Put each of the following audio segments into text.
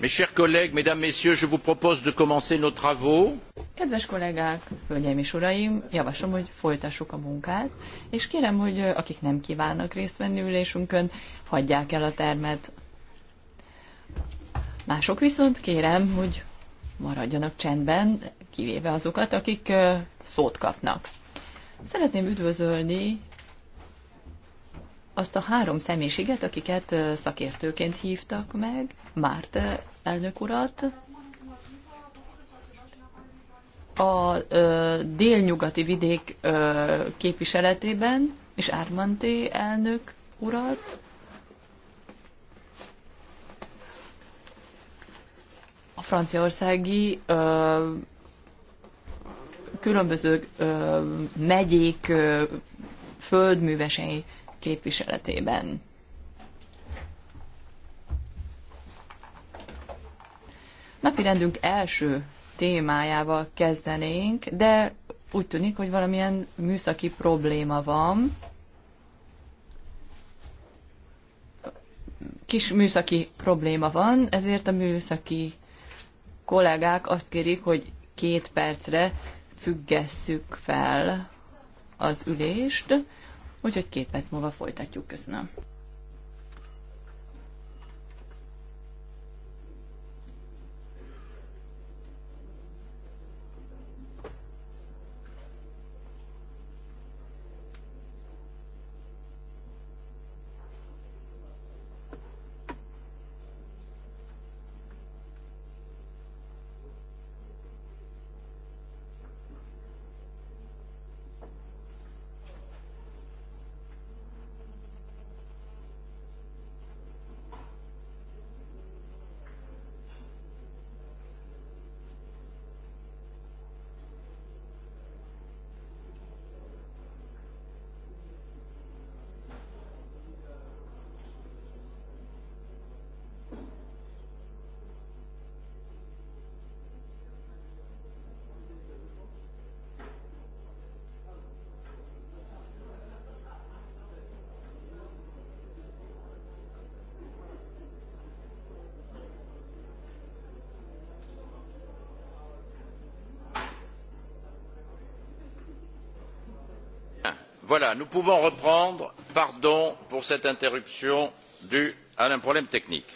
Mes chers collègues, mesdames, messieurs, je vous propose de commencer nos travaux. Kedves kollégák, hölgyeim és uraim, javaslom, hogy folytassuk a munkát, és kérem, hogy akik nem kívánnak részt venni ülésünkön, hagyják el a termet. Mások viszont kérem, hogy maradjanak csendben, kivéve azokat, akik szót kapnak. Szeretném üdvözölni azt a három személyiséget, akiket szakértőként hívtak meg, Márt elnök urat, a ö, délnyugati vidék ö, képviseletében, és Ármanté elnök urat, a franciaországi ö, különböző ö, megyék ö, földművesei képviseletében. rendünk első témájával kezdenénk, de úgy tűnik, hogy valamilyen műszaki probléma van. Kis műszaki probléma van, ezért a műszaki kollégák azt kérik, hogy két percre függesszük fel az ülést. Úgyhogy két perc múlva folytatjuk. Köszönöm. Voilà, nous pouvons reprendre. Pardon pour cette interruption due à un problème technique.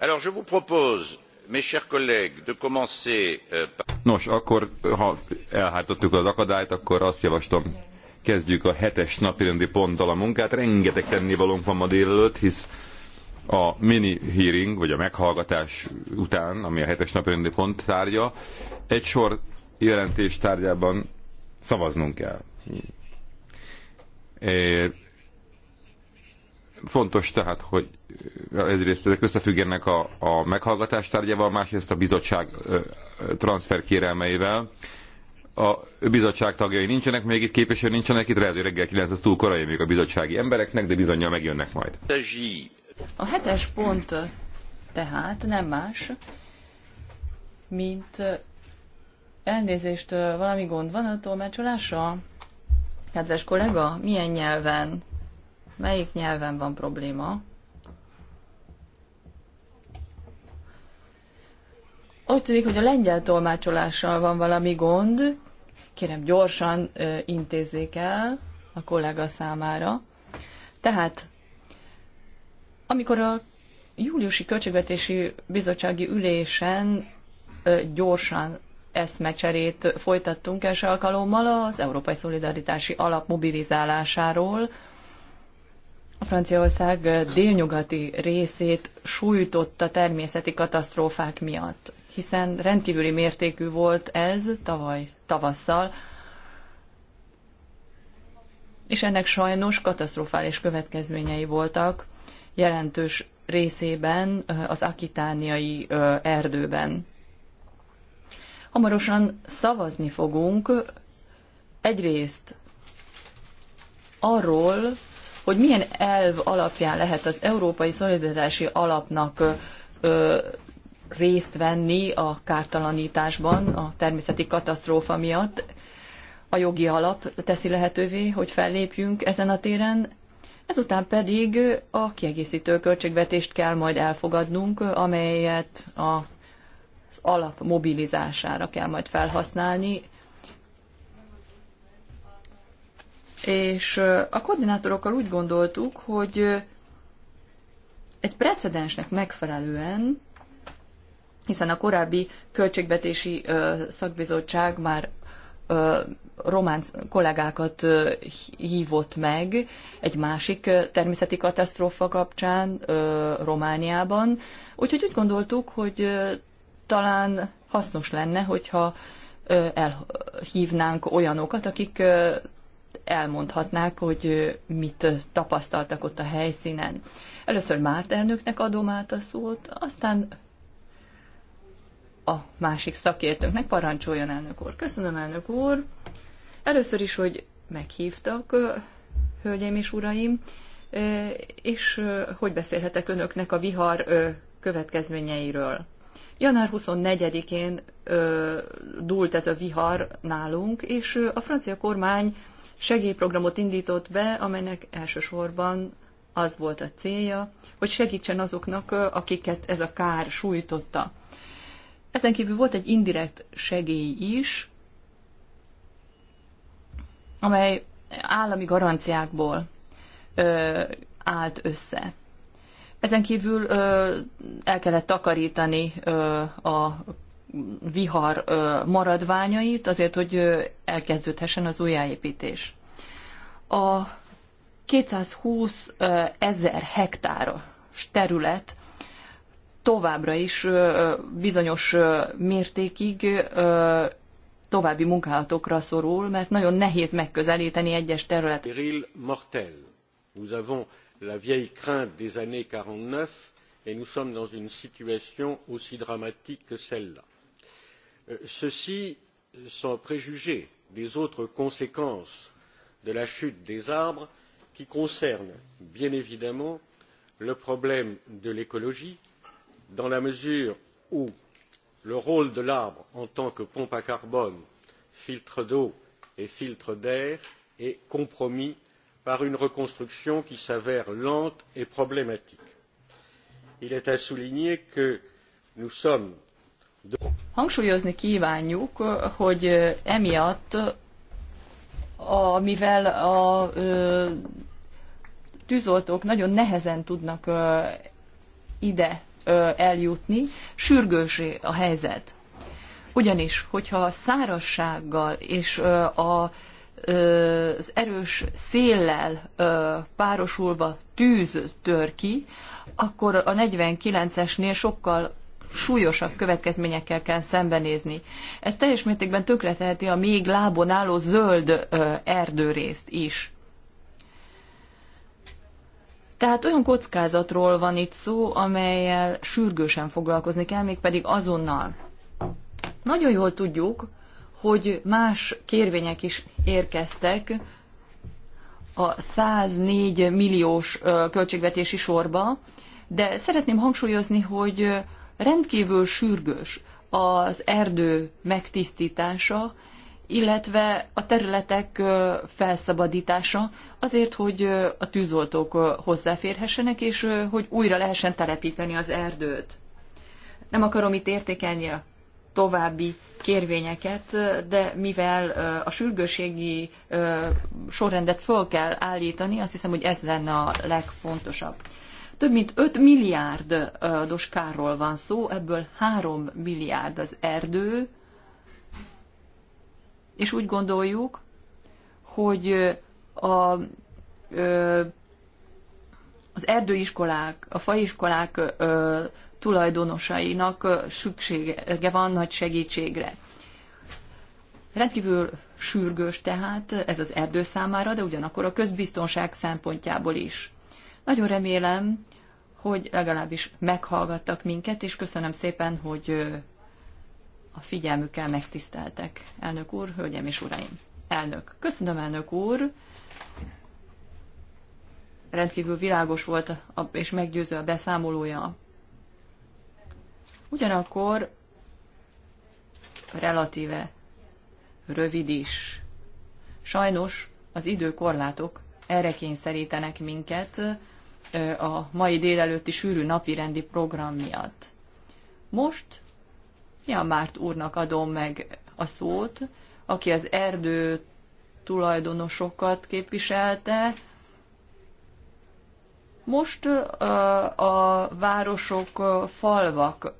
Alors, je vous propose, mes chers collègues, de commencer euh, par... Nos, akkor, ha elhártottuk az akadályt, akkor azt javaslom, kezdjük a hetes napirendi ponttal a munkát. Rengeteg tennivalónk van ma délelőtt, hisz a mini hearing, vagy a meghallgatás után, ami a hetes napirendi pont tárgya, egy sor jelentés tárgyában szavaznunk kell. Fontos tehát, hogy egyrészt ezek összefüggenek a, a meghallgatás tárgyával, másrészt a bizottság transfer kérelmeivel. A bizottság tagjai nincsenek, még itt képviselő nincsenek, itt lehet, hogy reggel 9 az túl korai még a bizottsági embereknek, de bizonyal megjönnek majd. A hetes pont tehát nem más, mint elnézést, valami gond van a tolmácsolással? Kedves kollega, milyen nyelven, melyik nyelven van probléma? Úgy tűnik, hogy a lengyel tolmácsolással van valami gond. Kérem, gyorsan ö, intézzék el a kollega számára. Tehát, amikor a júliusi költségvetési bizottsági ülésen ö, gyorsan eszmecserét folytattunk első alkalommal az Európai Szolidaritási Alap mobilizálásáról. A Franciaország délnyugati részét sújtotta természeti katasztrófák miatt, hiszen rendkívüli mértékű volt ez tavaly tavasszal, és ennek sajnos katasztrofális következményei voltak jelentős részében az akitániai erdőben. Hamarosan szavazni fogunk egyrészt arról, hogy milyen elv alapján lehet az Európai Szolidaritási Alapnak ö, részt venni a kártalanításban a természeti katasztrófa miatt. A jogi alap teszi lehetővé, hogy fellépjünk ezen a téren, ezután pedig a kiegészítő költségvetést kell majd elfogadnunk, amelyet a alap mobilizására kell majd felhasználni, és a koordinátorokkal úgy gondoltuk, hogy egy precedensnek megfelelően, hiszen a korábbi költségvetési szakbizottság már román kollégákat hívott meg egy másik természeti katasztrófa kapcsán Romániában. Úgyhogy úgy gondoltuk, hogy talán hasznos lenne, hogyha elhívnánk olyanokat, akik elmondhatnák, hogy mit tapasztaltak ott a helyszínen. Először Márt elnöknek adom át a szót, aztán a másik szakértőnknek parancsoljon elnök úr. Köszönöm, elnök úr. Először is, hogy meghívtak, hölgyeim és uraim, és hogy beszélhetek önöknek a vihar következményeiről. Január 24-én dúlt ez a vihar nálunk, és a francia kormány segélyprogramot indított be, amelynek elsősorban az volt a célja, hogy segítsen azoknak, akiket ez a kár sújtotta. Ezen kívül volt egy indirekt segély is, amely állami garanciákból ö, állt össze. Ezen kívül el kellett takarítani a vihar maradványait, azért, hogy elkezdődhessen az újjáépítés. A 220 ezer hektáros terület továbbra is bizonyos mértékig további munkálatokra szorul, mert nagyon nehéz megközelíteni egyes területeket la vieille crainte des années mille neuf cent quarante neuf et nous sommes dans une situation aussi dramatique que celle là. Euh, ceci sans préjuger des autres conséquences de la chute des arbres qui concernent bien évidemment le problème de l'écologie dans la mesure où le rôle de l'arbre en tant que pompe à carbone filtre d'eau et filtre d'air est compromis par une reconstruction qui s'avère lente et problématique. il est à souligner que nous sommes Hangsúlyozni kívánjuk, hogy emiatt, mivel a tűzoltók nagyon nehezen tudnak ide eljutni, sürgősé a helyzet. Ugyanis, hogyha a szárazsággal és a az erős széllel párosulva tűz tör ki, akkor a 49-esnél sokkal súlyosabb következményekkel kell szembenézni. Ez teljes mértékben tönkreteheti a még lábon álló zöld erdőrészt is. Tehát olyan kockázatról van itt szó, amelyel sürgősen foglalkozni kell, mégpedig azonnal. Nagyon jól tudjuk, hogy más kérvények is érkeztek a 104 milliós költségvetési sorba, de szeretném hangsúlyozni, hogy rendkívül sürgős az erdő megtisztítása, illetve a területek felszabadítása azért, hogy a tűzoltók hozzáférhessenek, és hogy újra lehessen telepíteni az erdőt. Nem akarom itt értékelni a további kérvényeket, de mivel a sürgőségi sorrendet föl kell állítani, azt hiszem, hogy ez lenne a legfontosabb. Több mint 5 milliárd doskárról van szó, ebből 3 milliárd az erdő, és úgy gondoljuk, hogy a, az erdőiskolák, a faiskolák tulajdonosainak szüksége van nagy segítségre. Rendkívül sürgős tehát ez az erdő számára, de ugyanakkor a közbiztonság szempontjából is. Nagyon remélem, hogy legalábbis meghallgattak minket, és köszönöm szépen, hogy a figyelmükkel megtiszteltek. Elnök úr, hölgyem és uraim. Elnök. Köszönöm, elnök úr. Rendkívül világos volt és meggyőző a beszámolója ugyanakkor relatíve rövid is. Sajnos az időkorlátok erre kényszerítenek minket a mai délelőtti sűrű napirendi program miatt. Most Márt úrnak adom meg a szót, aki az erdő tulajdonosokat képviselte, most a városok, falvak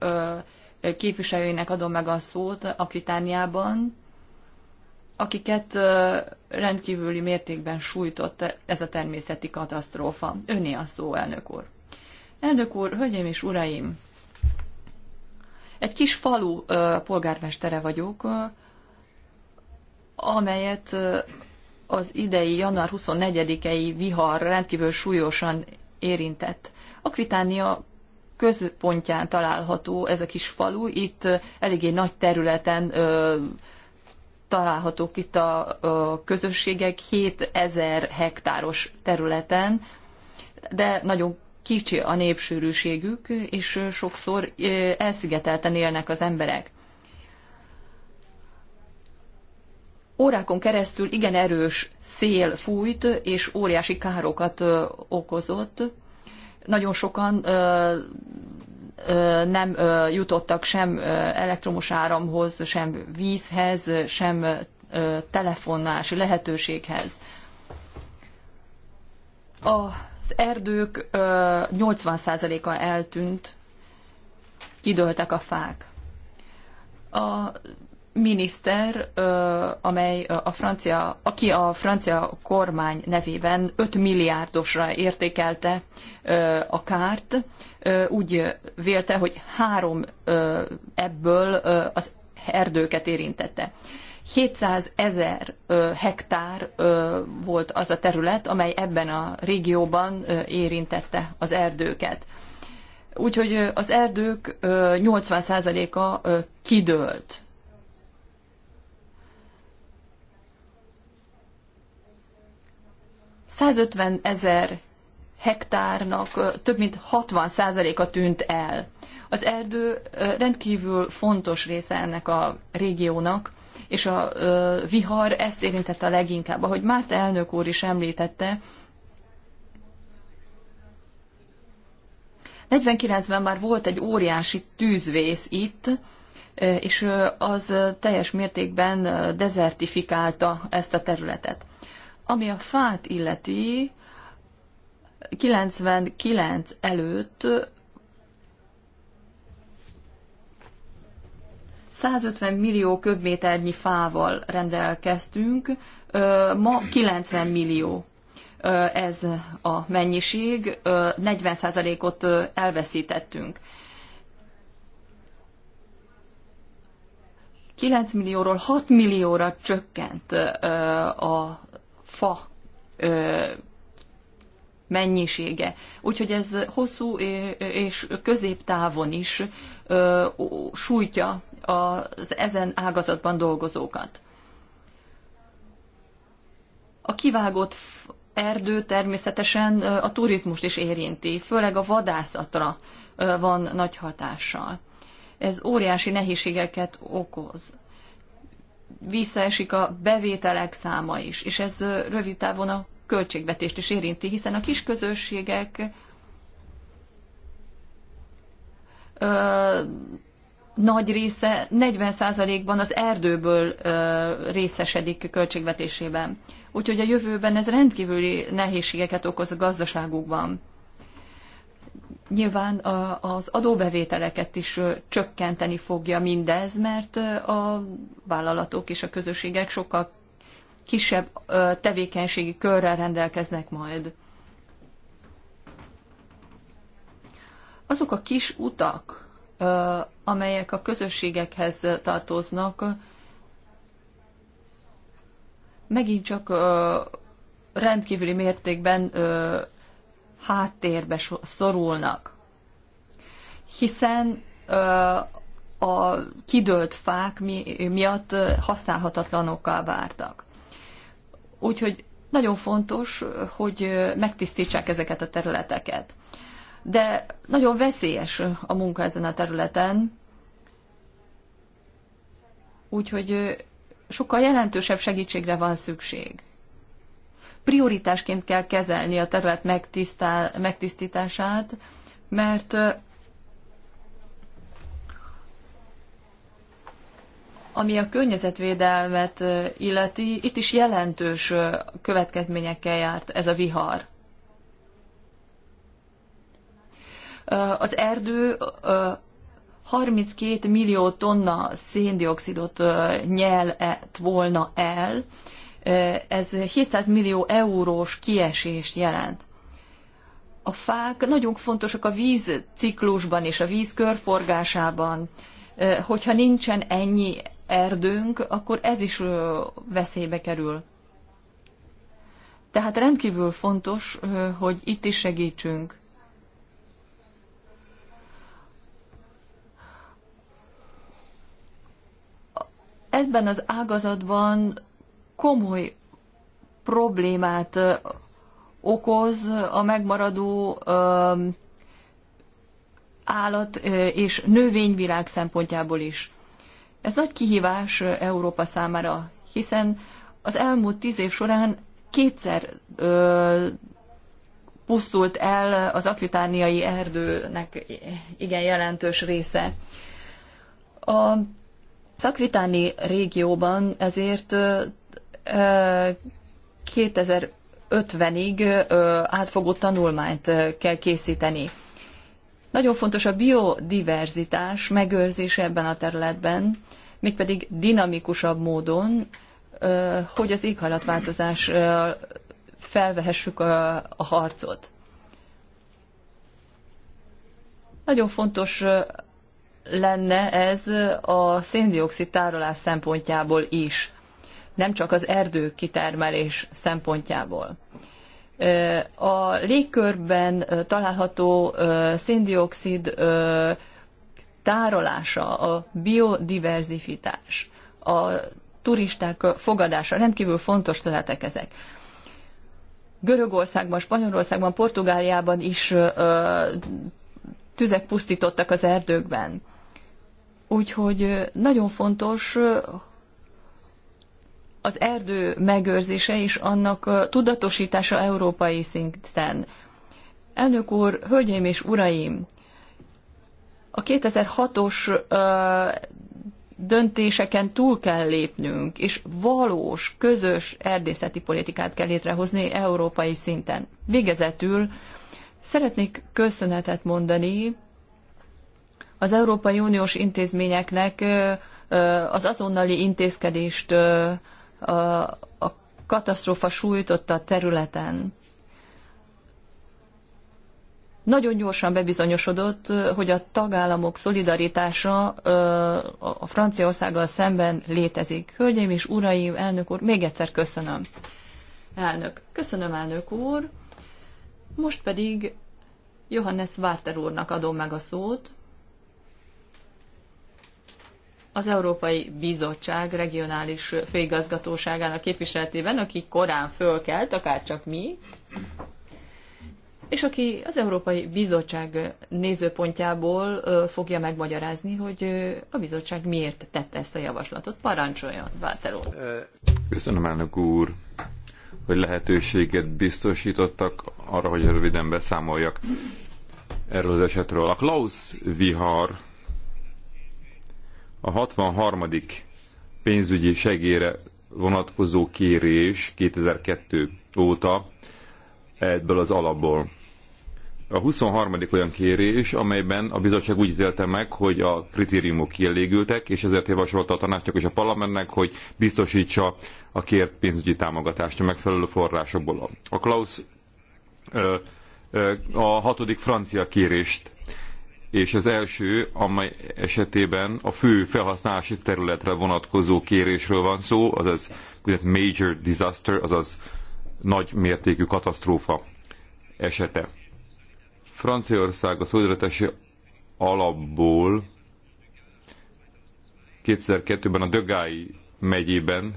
képviselőinek adom meg a szót Akitániában, akiket rendkívüli mértékben sújtott ez a természeti katasztrófa. Öné a szó, elnök úr. Elnök úr, hölgyeim és uraim! Egy kis falu polgármestere vagyok, amelyet az idei január 24-i vihar rendkívül súlyosan érintett. Akvitánia központján található ez a kis falu, itt eléggé nagy területen ö, találhatók itt a ö, közösségek 7000 hektáros területen, de nagyon kicsi a népsűrűségük, és sokszor elszigetelten élnek az emberek. órákon keresztül igen erős szél fújt, és óriási károkat okozott. Nagyon sokan nem jutottak sem elektromos áramhoz, sem vízhez, sem telefonási lehetőséghez. Az erdők 80%-a eltűnt, kidőltek a fák. A miniszter, amely a francia, aki a francia kormány nevében 5 milliárdosra értékelte a kárt, úgy vélte, hogy három ebből az erdőket érintette. 700 ezer hektár volt az a terület, amely ebben a régióban érintette az erdőket. Úgyhogy az erdők 80%-a kidőlt 150 ezer hektárnak több mint 60 százaléka tűnt el. Az erdő rendkívül fontos része ennek a régiónak, és a vihar ezt érintette a leginkább. Ahogy Márta elnök úr is említette, 49-ben már volt egy óriási tűzvész itt, és az teljes mértékben dezertifikálta ezt a területet. Ami a fát illeti, 99 előtt 150 millió köbméternyi fával rendelkeztünk, ma 90 millió ez a mennyiség, 40%-ot elveszítettünk. 9 millióról 6 millióra csökkent a fa ö, mennyisége. Úgyhogy ez hosszú és középtávon is ö, sújtja az ezen ágazatban dolgozókat. A kivágott erdő természetesen a turizmus is érinti, főleg a vadászatra van nagy hatással. Ez óriási nehézségeket okoz visszaesik a bevételek száma is, és ez rövid távon a költségvetést is érinti, hiszen a kis közösségek ö, nagy része 40%-ban az erdőből ö, részesedik költségvetésében. Úgyhogy a jövőben ez rendkívüli nehézségeket okoz a gazdaságukban nyilván az adóbevételeket is csökkenteni fogja mindez, mert a vállalatok és a közösségek sokkal kisebb tevékenységi körrel rendelkeznek majd. Azok a kis utak, amelyek a közösségekhez tartoznak, megint csak rendkívüli mértékben háttérbe szorulnak, hiszen a kidőlt fák miatt használhatatlanokká vártak. Úgyhogy nagyon fontos, hogy megtisztítsák ezeket a területeket. De nagyon veszélyes a munka ezen a területen, úgyhogy sokkal jelentősebb segítségre van szükség prioritásként kell kezelni a terület megtisztál, megtisztítását, mert ami a környezetvédelmet illeti, itt is jelentős következményekkel járt ez a vihar. Az erdő 32 millió tonna széndiokszidot nyelett volna el, ez 700 millió eurós kiesést jelent. A fák nagyon fontosak a vízciklusban és a víz körforgásában. Hogyha nincsen ennyi erdőnk, akkor ez is veszélybe kerül. Tehát rendkívül fontos, hogy itt is segítsünk. Ebben az ágazatban komoly problémát okoz a megmaradó állat és növényvilág szempontjából is. Ez nagy kihívás Európa számára, hiszen az elmúlt tíz év során kétszer ö, pusztult el az akvitániai erdőnek igen jelentős része. A szakvitáni régióban ezért 2050-ig átfogó tanulmányt kell készíteni. Nagyon fontos a biodiverzitás megőrzése ebben a területben, mégpedig dinamikusabb módon, hogy az éghajlatváltozás felvehessük a, harcot. Nagyon fontos lenne ez a széndiokszid tárolás szempontjából is nem csak az erdő kitermelés szempontjából. A légkörben található széndiokszid tárolása, a biodiverzifitás, a turisták fogadása, rendkívül fontos területek ezek. Görögországban, Spanyolországban, Portugáliában is ö, tüzek pusztítottak az erdőkben. Úgyhogy nagyon fontos, az erdő megőrzése és annak tudatosítása európai szinten. Elnök úr, hölgyeim és uraim, a 2006-os döntéseken túl kell lépnünk, és valós, közös erdészeti politikát kell létrehozni európai szinten. Végezetül szeretnék köszönetet mondani az Európai Uniós intézményeknek az azonnali intézkedést a katasztrófa sújtotta a területen. Nagyon gyorsan bebizonyosodott, hogy a tagállamok szolidaritása a Franciaországgal szemben létezik. Hölgyeim és uraim, elnök úr, még egyszer köszönöm. Elnök. Köszönöm, elnök úr. Most pedig Johannes Várter úrnak adom meg a szót, az Európai Bizottság regionális főigazgatóságának képviseletében, aki korán fölkelt, akár csak mi, és aki az Európai Bizottság nézőpontjából fogja megmagyarázni, hogy a bizottság miért tette ezt a javaslatot. Parancsoljon, Válteró. Köszönöm, elnök úr, hogy lehetőséget biztosítottak arra, hogy röviden beszámoljak erről az esetről. A Klaus vihar a 63. pénzügyi segélyre vonatkozó kérés 2002 óta ebből az alapból. A 23. olyan kérés, amelyben a bizottság úgy ítélte meg, hogy a kritériumok kielégültek, és ezért javasolta a tanácsnak és a parlamentnek, hogy biztosítsa a kért pénzügyi támogatást a megfelelő forrásokból. A Klaus a hatodik francia kérést és az első, amely esetében a fő felhasználási területre vonatkozó kérésről van szó, azaz major disaster, azaz nagy mértékű katasztrófa esete. Franciaország a szolidaritási alapból 2002-ben a Dögái megyében,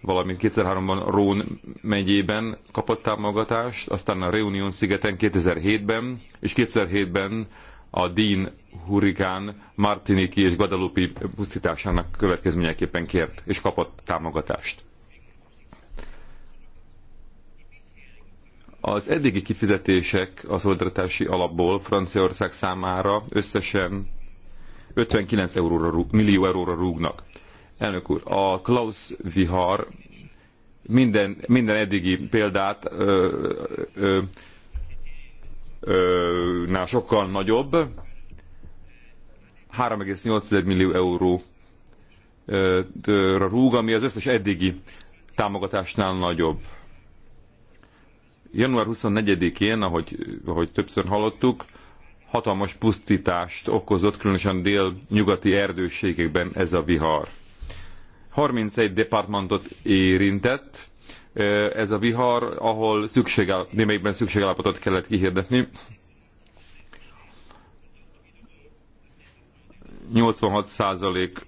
valamint 2003-ban Rón megyében kapott támogatást, aztán a Reunion szigeten 2007-ben, és 2007-ben a Dean hurrikán Martiniki és Guadalupe pusztításának következményeképpen kért és kapott támogatást. Az eddigi kifizetések az szolidaritási alapból Franciaország számára összesen 59 euróra, millió euróra rúgnak. Elnök úr, a Klaus vihar minden, minden eddigi példát ö, ö, nál sokkal nagyobb, 3,8 millió euróra rúg, ami az összes eddigi támogatásnál nagyobb. Január 24-én, ahogy, ahogy többször hallottuk, hatalmas pusztítást okozott, különösen dél-nyugati erdőségekben ez a vihar. 31 departmentot érintett, Eh, ez a vihar, ahol szükségállapot, némelyikben szükségállapotot kellett kihirdetni. 86 százalék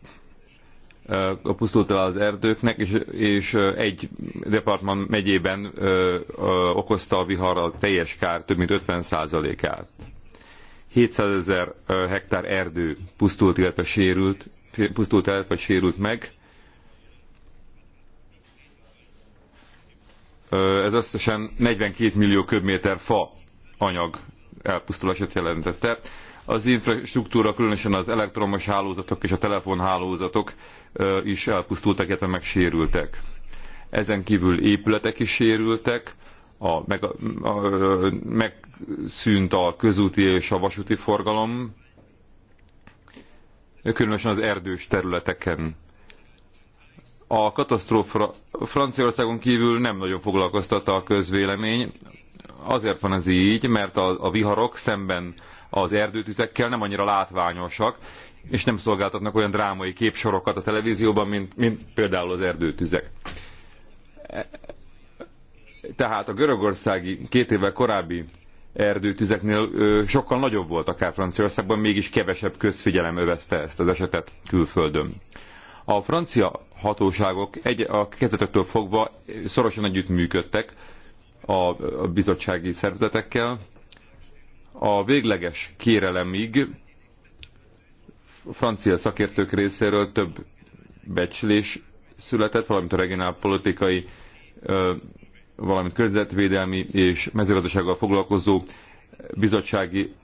eh, pusztult el az erdőknek, és, és eh, egy departman megyében ö, ö, okozta a vihar a teljes kár több mint 50 százalékát. 700 ezer hektár erdő pusztult, illetve sérült, pusztult el, vagy sérült meg, Ez összesen 42 millió köbméter fa anyag elpusztulását jelentette. Az infrastruktúra, különösen az elektromos hálózatok és a telefonhálózatok is elpusztultak, illetve megsérültek. Ezen kívül épületek is sérültek, a, meg, a, a, megszűnt a közúti és a vasúti forgalom, különösen az erdős területeken a katasztrófa Franciaországon kívül nem nagyon foglalkoztatta a közvélemény. Azért van ez így, mert a, a viharok szemben az erdőtüzekkel nem annyira látványosak, és nem szolgáltatnak olyan drámai képsorokat a televízióban, mint, mint például az erdőtüzek. Tehát a görögországi két évvel korábbi erdőtüzeknél ö, sokkal nagyobb volt akár Franciaországban, mégis kevesebb közfigyelem övezte ezt az esetet külföldön. A francia hatóságok egy, a kezdetektől fogva szorosan együttműködtek a bizottsági szervezetekkel. A végleges kérelemig francia szakértők részéről több becslés született, valamint a regionálpolitikai, valamint környezetvédelmi és mezőgazdasággal foglalkozó bizottsági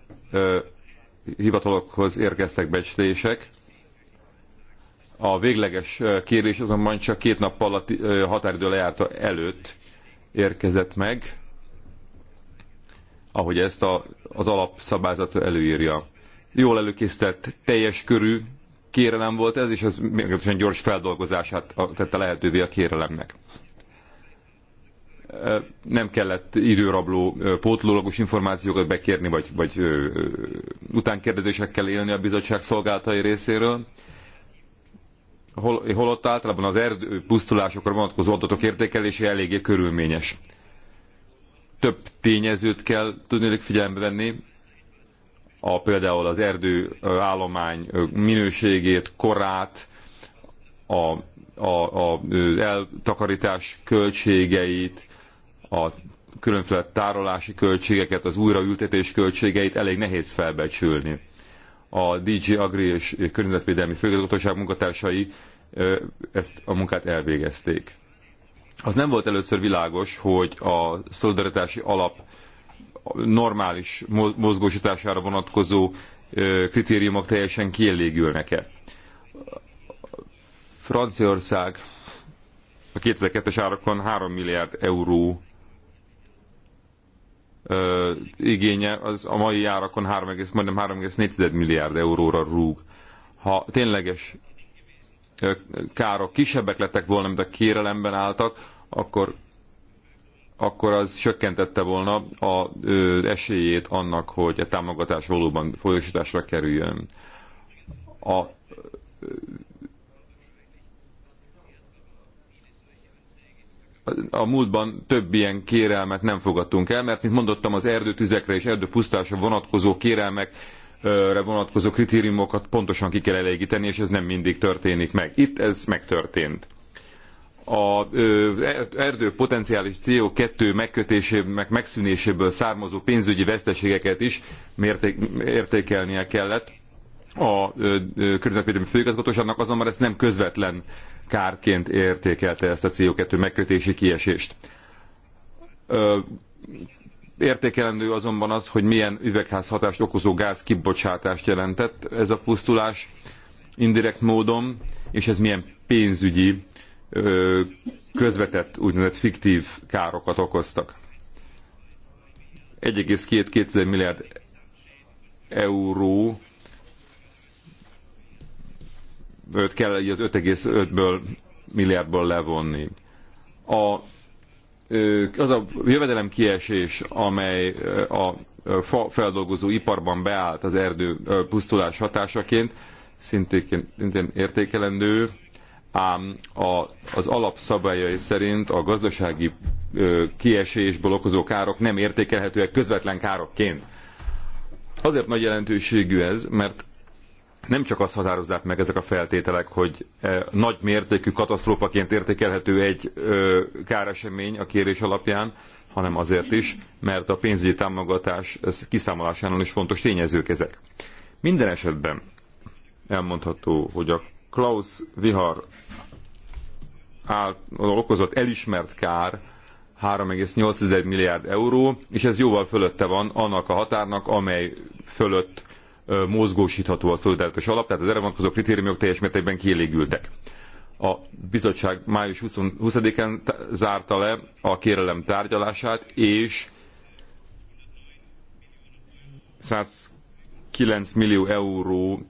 hivatalokhoz érkeztek becslések a végleges kérés azonban csak két nappal a határidő lejárta előtt érkezett meg, ahogy ezt a, az alapszabályzat előírja. Jól előkészített, teljes körű kérelem volt ez, és ez meglehetősen gyors feldolgozását tette lehetővé a kérelemnek. Nem kellett időrabló, pótlólagos információkat bekérni, vagy, vagy utánkérdezésekkel élni a bizottság szolgáltai részéről hol, holott általában az erdő pusztulásokra vonatkozó adatok értékelése eléggé körülményes. Több tényezőt kell tudni figyelembe venni, a, például az erdő állomány minőségét, korát, a, a, a eltakarítás költségeit, a különféle tárolási költségeket, az újraültetés költségeit elég nehéz felbecsülni a DG Agri és Környezetvédelmi Főgazgatóság munkatársai ezt a munkát elvégezték. Az nem volt először világos, hogy a szolidaritási alap normális mozgósítására vonatkozó kritériumok teljesen kielégülnek-e. Franciaország a 2002-es árakon 3 milliárd euró ö, igénye az a mai árakon 3, majdnem 3,4 milliárd euróra rúg. Ha tényleges károk kisebbek lettek volna, mint a kérelemben álltak, akkor, akkor az csökkentette volna a esélyét annak, hogy a támogatás valóban folyosításra kerüljön. A a múltban több ilyen kérelmet nem fogadtunk el, mert mint mondottam, az erdőtüzekre és erdőpusztásra vonatkozó kérelmekre vonatkozó kritériumokat pontosan ki kell elégíteni, és ez nem mindig történik meg. Itt ez megtörtént a erdő potenciális CO2 megkötésének megszűnéséből származó pénzügyi veszteségeket is mérték, értékelnie kellett a környezetvédelmi főigazgatóságnak, azonban ezt nem közvetlen kárként értékelte ezt a CO2 megkötési kiesést. Ö, értékelendő azonban az, hogy milyen üvegházhatást okozó gáz kibocsátást jelentett ez a pusztulás indirekt módon, és ez milyen pénzügyi ö, közvetett, úgynevezett fiktív károkat okoztak. 12 milliárd euró öt kell az 5,5-ből milliárdból levonni. A, az a jövedelem kiesés, amely a fa feldolgozó iparban beállt az erdő pusztulás hatásaként, szintén, szintén értékelendő, ám a, az alapszabályai szerint a gazdasági ö, kiesésből okozó károk nem értékelhetőek közvetlen károkként. Azért nagy jelentőségű ez, mert nem csak azt határozzák meg ezek a feltételek, hogy e, nagy mértékű katasztrófaként értékelhető egy káresemény a kérés alapján, hanem azért is, mert a pénzügyi támogatás kiszámolásánál is fontos tényezők ezek. Minden esetben elmondható, hogy a Klaus vihar által okozott elismert kár 3,8 milliárd euró, és ez jóval fölötte van annak a határnak, amely fölött mozgósítható a szolidáritás alap, tehát az erre vonatkozó kritériumok teljes mértékben kielégültek. A bizottság május 20-án zárta le a kérelem tárgyalását, és 109 millió euró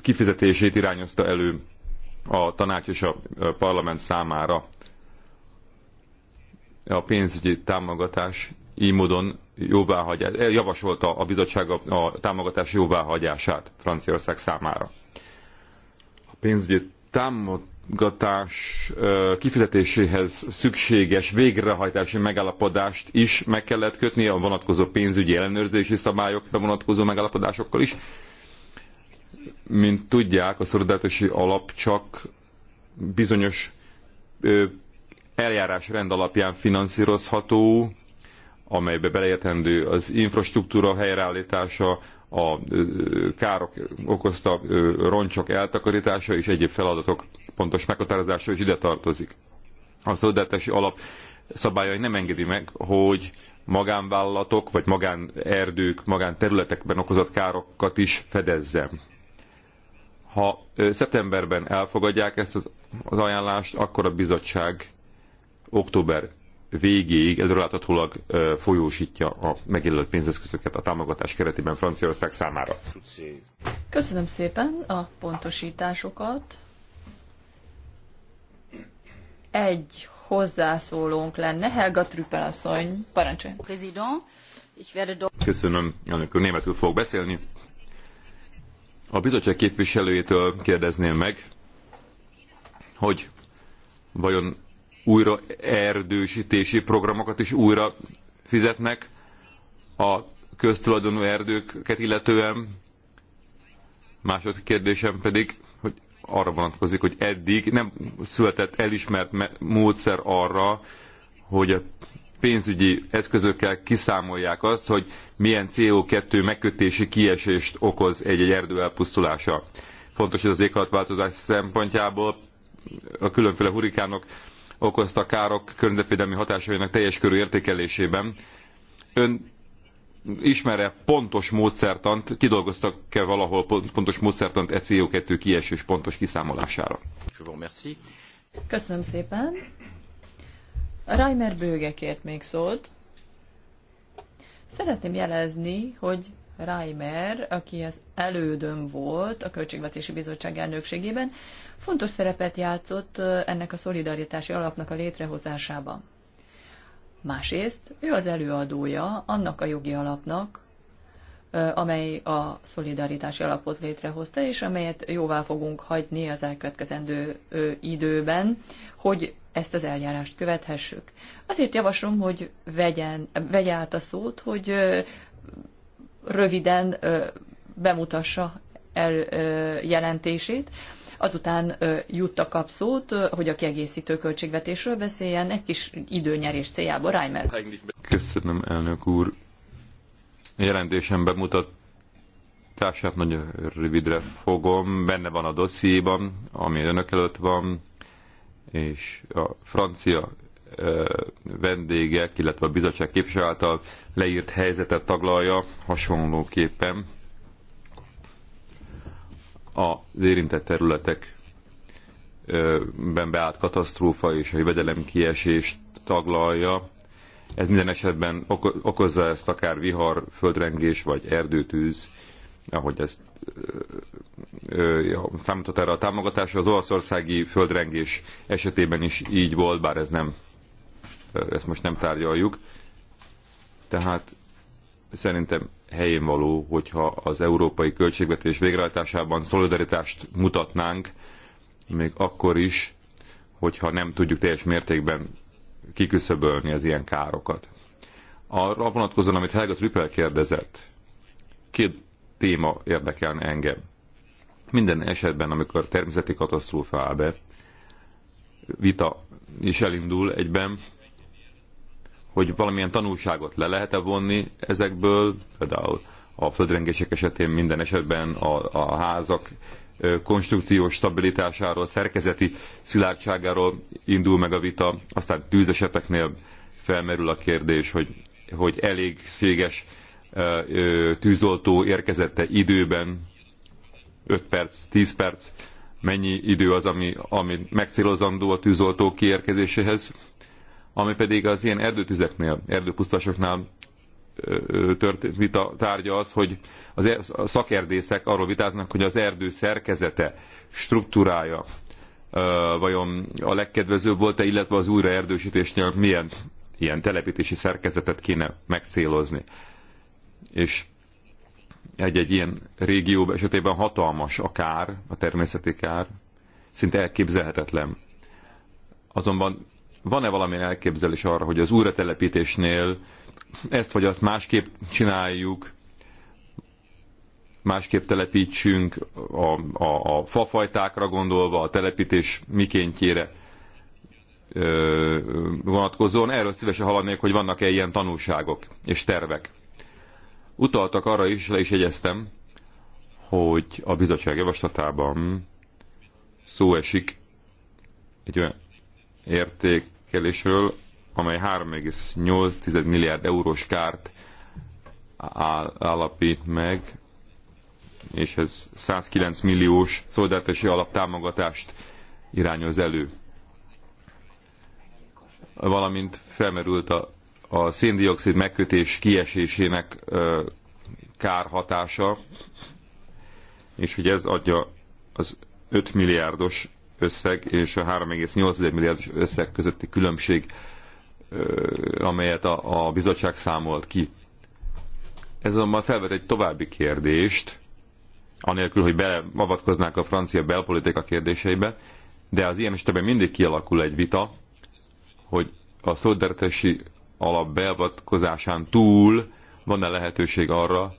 kifizetését irányozta elő a tanács és a parlament számára. A pénzügyi támogatás így módon eh, javasolta a bizottság a, támogatás jóváhagyását Franciaország számára. A pénzügyi támogatás eh, kifizetéséhez szükséges végrehajtási megállapodást is meg kellett kötni a vonatkozó pénzügyi ellenőrzési szabályokra vonatkozó megállapodásokkal is. Mint tudják, a szolidaritási alap csak bizonyos eh, eljárás rend alapján finanszírozható, amelybe beleértendő az infrastruktúra helyreállítása, a károk okozta roncsok eltakarítása és egyéb feladatok pontos meghatározása is ide tartozik. A szolidáltási alap szabályai nem engedi meg, hogy magánvállalatok vagy magánerdők, magánterületekben okozott károkat is fedezzem. Ha szeptemberben elfogadják ezt az ajánlást, akkor a bizottság október végéig előreláthatólag folyósítja a megjelölt pénzeszközöket a támogatás keretében Franciaország számára. Köszönöm szépen a pontosításokat. Egy hozzászólónk lenne, Helga Trüppel asszony, parancsoljon. Köszönöm, elnök úr, németül fog beszélni. A bizottság képviselőjétől kérdezném meg, hogy vajon újra erdősítési programokat is újra fizetnek a köztulajdonú erdőket illetően. Második kérdésem pedig, hogy arra vonatkozik, hogy eddig nem született elismert módszer arra, hogy a pénzügyi eszközökkel kiszámolják azt, hogy milyen CO2 megkötési kiesést okoz egy-egy erdő elpusztulása. Fontos ez az éghajlatváltozás szempontjából, a különféle hurikánok okozta károk környezetvédelmi hatásainak teljes körű értékelésében. Ön ismere pontos módszertant, kidolgoztak-e valahol pontos módszertant e CO2 kiesés pontos kiszámolására? Köszönöm szépen. Reimer Bőge kért még szót. Szeretném jelezni, hogy Reimer, aki az elődöm volt a Költségvetési Bizottság elnökségében, fontos szerepet játszott ennek a szolidaritási alapnak a létrehozásában. Másrészt ő az előadója annak a jogi alapnak, amely a szolidaritási alapot létrehozta, és amelyet jóvá fogunk hagyni az elkövetkezendő időben, hogy ezt az eljárást követhessük. Azért javaslom, hogy vegyen, vegye át a szót, hogy röviden bemutassa el jelentését. Azután Jutta kap szót, hogy a kiegészítő költségvetésről beszéljen, egy kis időnyerés céljából. Reimer. Köszönöm, elnök úr. A jelentésem bemutat nagyon rövidre fogom. Benne van a dossziéban, ami önök előtt van, és a francia vendégek, illetve a bizottság képviselő által leírt helyzetet taglalja hasonlóképpen az érintett területekben beállt katasztrófa és a jövedelem kiesést taglalja. Ez minden esetben okozza ezt akár vihar, földrengés vagy erdőtűz, ahogy ezt számított erre a támogatásra. Az olaszországi földrengés esetében is így volt, bár ez nem ezt most nem tárgyaljuk. Tehát szerintem helyén való, hogyha az európai költségvetés végrehajtásában szolidaritást mutatnánk, még akkor is, hogyha nem tudjuk teljes mértékben kiküszöbölni az ilyen károkat. Arra vonatkozóan, amit Helga Trüppel kérdezett, két téma érdekelne engem. Minden esetben, amikor természeti katasztrófa áll be, vita is elindul egyben, hogy valamilyen tanulságot le lehet-e vonni ezekből, például a földrengések esetén minden esetben a, a házak konstrukciós stabilitásáról, szerkezeti szilárdságáról indul meg a vita, aztán tűzeseteknél felmerül a kérdés, hogy, hogy elégséges tűzoltó érkezette időben, 5 perc, 10 perc, mennyi idő az, ami, ami megcélozandó a tűzoltó kiérkezéséhez ami pedig az ilyen erdőtüzeknél, erdőpusztásoknál tört, vita tárgya az, hogy az, er, a szakerdészek arról vitáznak, hogy az erdő szerkezete, struktúrája vajon a legkedvezőbb volt-e, illetve az erdősítésnél milyen ilyen telepítési szerkezetet kéne megcélozni. És egy-egy ilyen régió esetében hatalmas a kár, a természeti kár, szinte elképzelhetetlen. Azonban van-e valamilyen elképzelés arra, hogy az újratelepítésnél ezt vagy azt másképp csináljuk, másképp telepítsünk a, a, a fafajtákra gondolva, a telepítés mikéntjére ö, vonatkozóan. Erről szívesen hallanék, hogy vannak-e ilyen tanulságok és tervek. Utaltak arra is, le is jegyeztem, hogy a bizottság javaslatában szó esik egy olyan érték értékelésről, amely 3,8 milliárd eurós kárt állapít meg, és ez 109 milliós szolidaritási alaptámogatást irányoz elő. Valamint felmerült a, a széndiokszid megkötés kiesésének ö, kár hatása, és hogy ez adja az 5 milliárdos összeg és a 3,8 milliárdos összeg közötti különbség, amelyet a, a bizottság számolt ki. Ez azonban felvet egy további kérdést, anélkül, hogy beavatkoznák a francia belpolitika kérdéseibe, de az ilyen esetben mindig kialakul egy vita, hogy a szolidaritási alap beavatkozásán túl van-e lehetőség arra,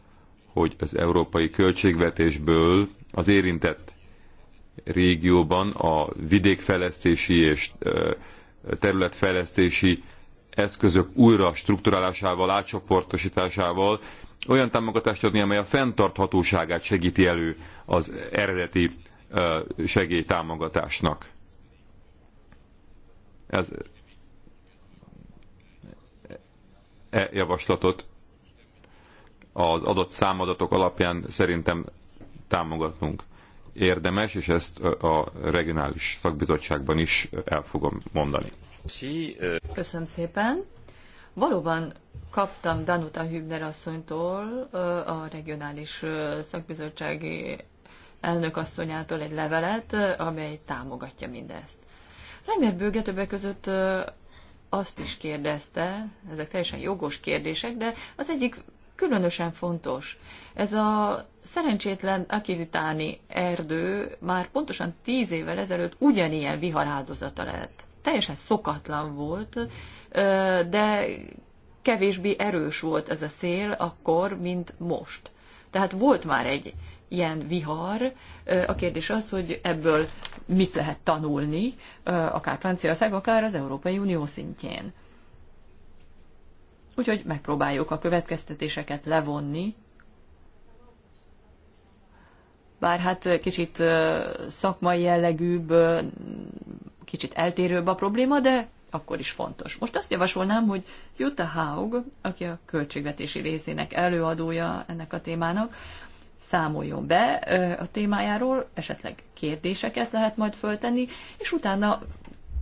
hogy az európai költségvetésből az érintett régióban a vidékfejlesztési és területfejlesztési eszközök újra strukturálásával, átcsoportosításával olyan támogatást adni, amely a fenntarthatóságát segíti elő az eredeti segélytámogatásnak. Ez e javaslatot az adott számadatok alapján szerintem támogatnunk érdemes, és ezt a regionális szakbizottságban is el fogom mondani. Köszönöm szépen. Valóban kaptam Danuta Hübner asszonytól, a regionális szakbizottsági asszonyától egy levelet, amely támogatja mindezt. Reimer Bőge többek között azt is kérdezte, ezek teljesen jogos kérdések, de az egyik különösen fontos. Ez a szerencsétlen Akiritáni erdő már pontosan tíz évvel ezelőtt ugyanilyen viharáldozata lett. Teljesen szokatlan volt, de kevésbé erős volt ez a szél akkor, mint most. Tehát volt már egy ilyen vihar. A kérdés az, hogy ebből mit lehet tanulni, akár Franciaország, akár az Európai Unió szintjén. Úgyhogy megpróbáljuk a következtetéseket levonni, bár hát kicsit szakmai jellegűbb, kicsit eltérőbb a probléma, de akkor is fontos. Most azt javasolnám, hogy Jutta Haug, aki a költségvetési részének előadója ennek a témának, számoljon be a témájáról, esetleg kérdéseket lehet majd föltenni, és utána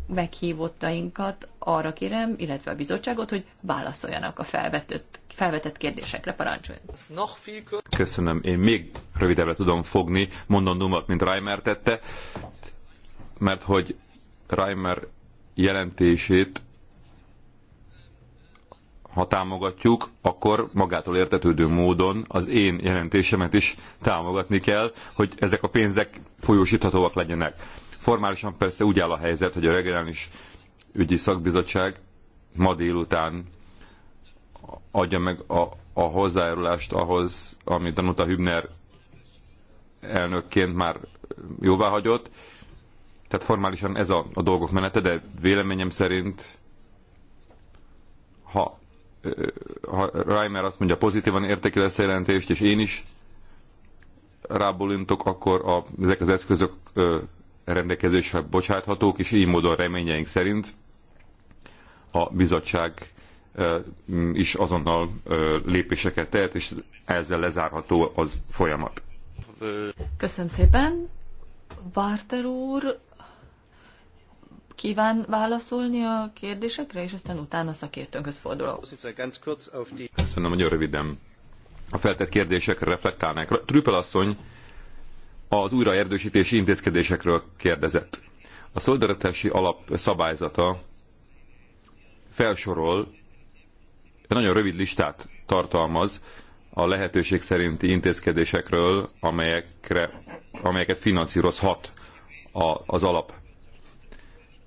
meghívottainkat arra kérem, illetve a bizottságot, hogy válaszoljanak a felvetett, felvetett kérdésekre, parancsoljon. Köszönöm, én még rövidebbre tudom fogni mondandómat, mint Reimer tette, mert hogy Reimer jelentését ha támogatjuk, akkor magától értetődő módon az én jelentésemet is támogatni kell, hogy ezek a pénzek folyósíthatóak legyenek Formálisan persze úgy áll a helyzet, hogy a regionális ügyi szakbizottság ma délután adja meg a, a hozzájárulást ahhoz, amit Danuta Hübner elnökként már jóvá hagyott. Tehát formálisan ez a, a dolgok menete, de véleményem szerint, ha, ha Reimer azt mondja, pozitívan értékel lesz a jelentést, és én is rábólintok, akkor a, ezek az eszközök ö, rendelkezésre bocsáthatók, és így módon reményeink szerint a bizottság mm, is azonnal lépéseket tehet, és ezzel lezárható az folyamat. Köszönöm szépen. Várter úr kíván válaszolni a kérdésekre, és aztán utána szakértőnkhöz fordulok. Köszönöm, nagyon röviden. A feltett kérdésekre reflektálnánk. Trüppel asszony az újraerdősítési intézkedésekről kérdezett. A szolidaritási alap szabályzata felsorol, egy nagyon rövid listát tartalmaz a lehetőség szerinti intézkedésekről, amelyekre, amelyeket finanszírozhat a, az alap.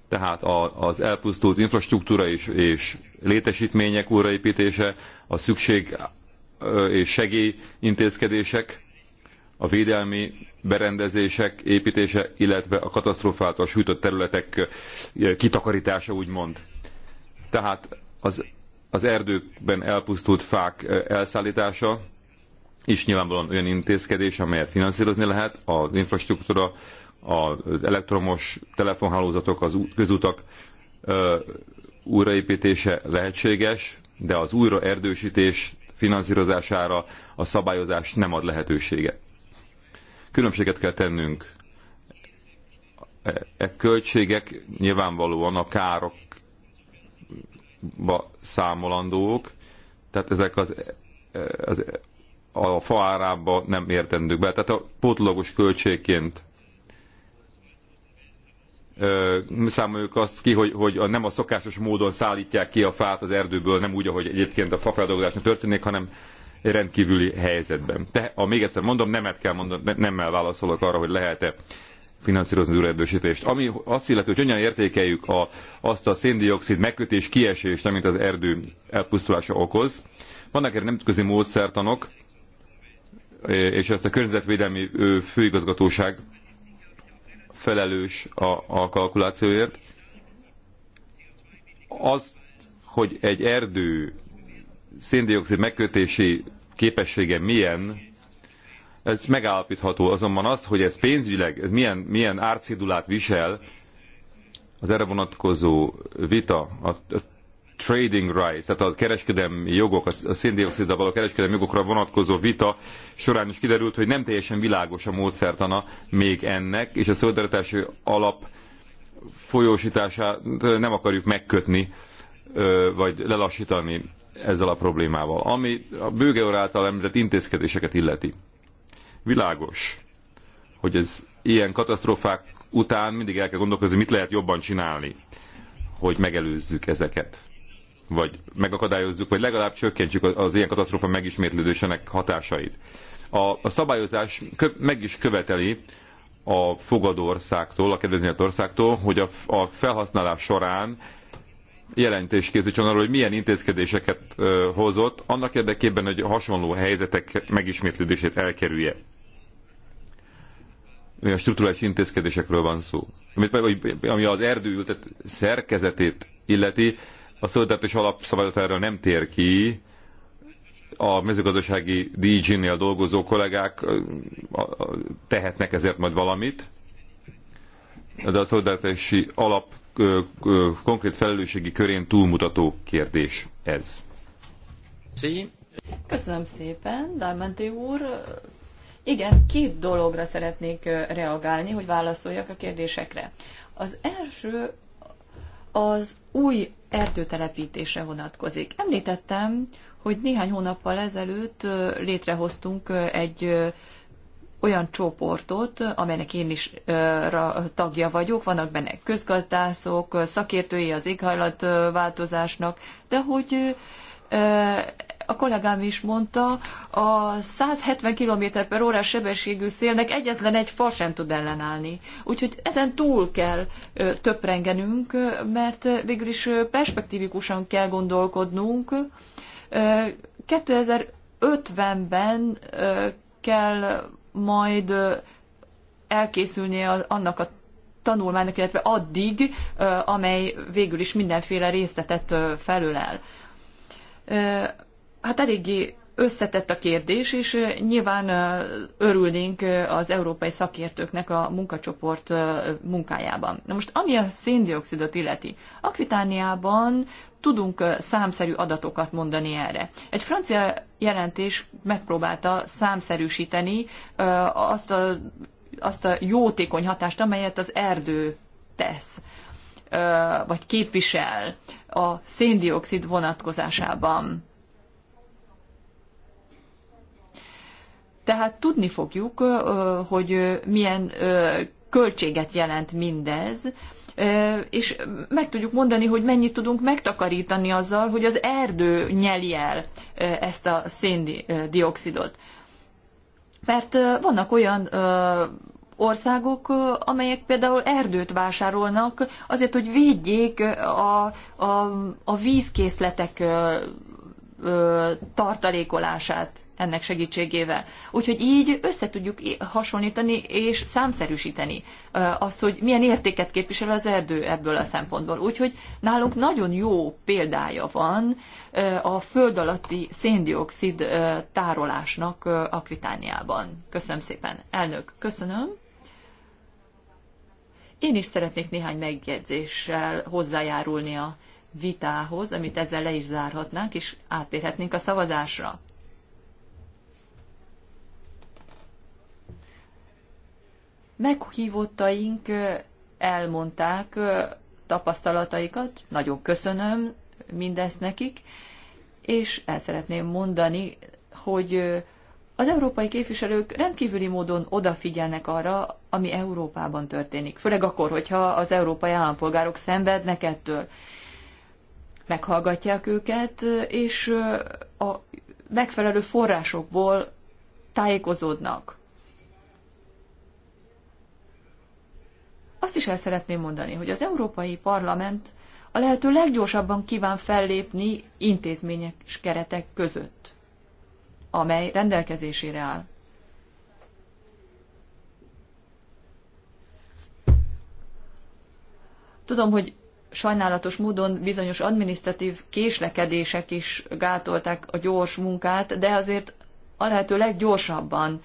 Tehát a, az elpusztult infrastruktúra és, és létesítmények újraépítése, a szükség és segély intézkedések, a védelmi berendezések építése, illetve a katasztrofáltal sújtott területek eh, kitakarítása, úgymond. Tehát az, az erdőkben elpusztult fák eh, elszállítása is nyilvánvalóan olyan intézkedés, amelyet finanszírozni lehet, az infrastruktúra, az elektromos telefonhálózatok, az közutak eh, újraépítése lehetséges, de az újraerdősítés finanszírozására a szabályozás nem ad lehetőséget. Különbséget kell tennünk e, e költségek nyilvánvalóan a károkba számolandók, tehát ezek az, e, az e, a faárába nem értendők be. Tehát a pótlagos költségként ö, számoljuk azt ki, hogy, hogy nem a szokásos módon szállítják ki a fát az erdőből, nem úgy, ahogy egyébként a fafeldolgozásnak történik, hanem rendkívüli helyzetben. Te, a még egyszer mondom, nemet kell mondani, ne, nemmel válaszolok arra, hogy lehet-e finanszírozni az újraerdősítést. Ami azt illeti, hogy hogyan értékeljük a, azt a széndiokszid megkötés kiesést, amit az erdő elpusztulása okoz. Vannak erre nemzetközi módszertanok, és ezt a környezetvédelmi főigazgatóság felelős a, a kalkulációért. Az, hogy egy erdő széndiokszid megkötési képessége milyen, ez megállapítható. Azonban az, hogy ez pénzügyileg, ez milyen, milyen árcidulát visel, az erre vonatkozó vita, a, a trading rights, tehát a kereskedelmi jogok, a széndioksziddal való kereskedelmi jogokra vonatkozó vita során is kiderült, hogy nem teljesen világos a módszertana még ennek, és a szolidaritási alap folyósítását nem akarjuk megkötni, vagy lelassítani ezzel a problémával, ami a bőge úr által említett intézkedéseket illeti. Világos, hogy ez ilyen katasztrófák után mindig el kell gondolkozni, mit lehet jobban csinálni, hogy megelőzzük ezeket vagy megakadályozzuk, vagy legalább csökkentsük az ilyen katasztrófa megismétlődésének hatásait. A, a szabályozás kö, meg is követeli a fogadó országtól, a kedvezményet országtól, hogy a, a felhasználás során jelentést készítsen arról, hogy milyen intézkedéseket hozott, annak érdekében, hogy hasonló helyzetek megismétlődését elkerülje. A strukturális intézkedésekről van szó. Ami az erdőültet szerkezetét illeti, a szolidaritás alapszabályzat erről nem tér ki, a mezőgazdasági DG-nél dolgozó kollégák tehetnek ezért majd valamit, de a szolidaritási alap konkrét felelősségi körén túlmutató kérdés ez. Köszönöm szépen, Dalmenti úr. Igen, két dologra szeretnék reagálni, hogy válaszoljak a kérdésekre. Az első az új erdőtelepítésre vonatkozik. Említettem, hogy néhány hónappal ezelőtt létrehoztunk egy olyan csoportot, amelynek én is tagja vagyok, vannak benne közgazdászok, szakértői az éghajlatváltozásnak, de hogy a kollégám is mondta, a 170 km per órás sebességű szélnek egyetlen egy fa sem tud ellenállni. Úgyhogy ezen túl kell töprengenünk, mert végül is perspektívikusan kell gondolkodnunk. 2050-ben kell majd elkészülnie annak a tanulmánynak, illetve addig, amely végül is mindenféle részletet felölel. Hát eléggé összetett a kérdés, és nyilván örülnénk az európai szakértőknek a munkacsoport munkájában. Na most, ami a széndiokszidot illeti, Akvitániában tudunk számszerű adatokat mondani erre. Egy francia jelentés megpróbálta számszerűsíteni azt a, azt a jótékony hatást, amelyet az erdő tesz vagy képvisel a széndiokszid vonatkozásában Tehát tudni fogjuk, hogy milyen költséget jelent mindez, és meg tudjuk mondani, hogy mennyit tudunk megtakarítani azzal, hogy az erdő nyeli el ezt a széndiokszidot. Mert vannak olyan országok, amelyek például erdőt vásárolnak azért, hogy védjék a, a, a vízkészletek tartalékolását ennek segítségével. Úgyhogy így össze tudjuk hasonlítani és számszerűsíteni azt, hogy milyen értéket képvisel az erdő ebből a szempontból. Úgyhogy nálunk nagyon jó példája van a föld alatti széndiokszid tárolásnak Akvitániában. Köszönöm szépen, elnök, köszönöm. Én is szeretnék néhány megjegyzéssel hozzájárulni a vitához, amit ezzel le is zárhatnánk, és áttérhetnénk a szavazásra. Meghívottaink elmondták tapasztalataikat, nagyon köszönöm mindezt nekik, és el szeretném mondani, hogy az európai képviselők rendkívüli módon odafigyelnek arra, ami Európában történik, főleg akkor, hogyha az európai állampolgárok szenvednek ettől. Meghallgatják őket, és a megfelelő forrásokból tájékozódnak. Azt is el szeretném mondani, hogy az Európai Parlament a lehető leggyorsabban kíván fellépni és keretek között, amely rendelkezésére áll. Tudom, hogy sajnálatos módon bizonyos administratív késlekedések is gátolták a gyors munkát, de azért a lehető leggyorsabban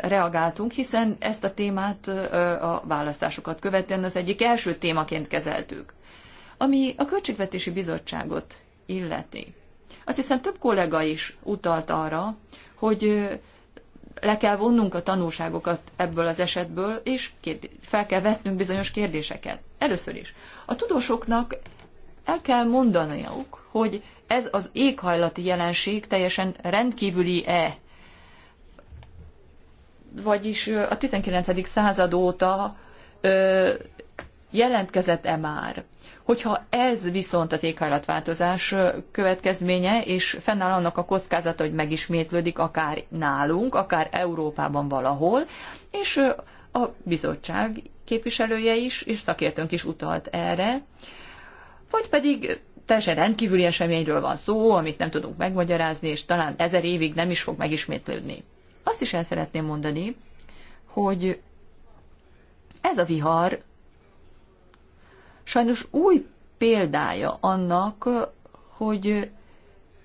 reagáltunk, hiszen ezt a témát a választásokat követően az egyik első témaként kezeltük. Ami a Költségvetési Bizottságot illeti. Azt hiszem több kollega is utalt arra, hogy le kell vonnunk a tanulságokat ebből az esetből, és fel kell vetnünk bizonyos kérdéseket. Először is. A tudósoknak el kell mondaniuk, hogy ez az éghajlati jelenség teljesen rendkívüli-e vagyis a 19. század óta jelentkezett-e már? Hogyha ez viszont az éghajlatváltozás következménye, és fennáll annak a kockázata, hogy megismétlődik akár nálunk, akár Európában valahol, és a bizottság képviselője is, és szakértőnk is utalt erre, vagy pedig teljesen rendkívüli eseményről van szó, amit nem tudunk megmagyarázni, és talán ezer évig nem is fog megismétlődni. Azt is el szeretném mondani, hogy ez a vihar sajnos új példája annak, hogy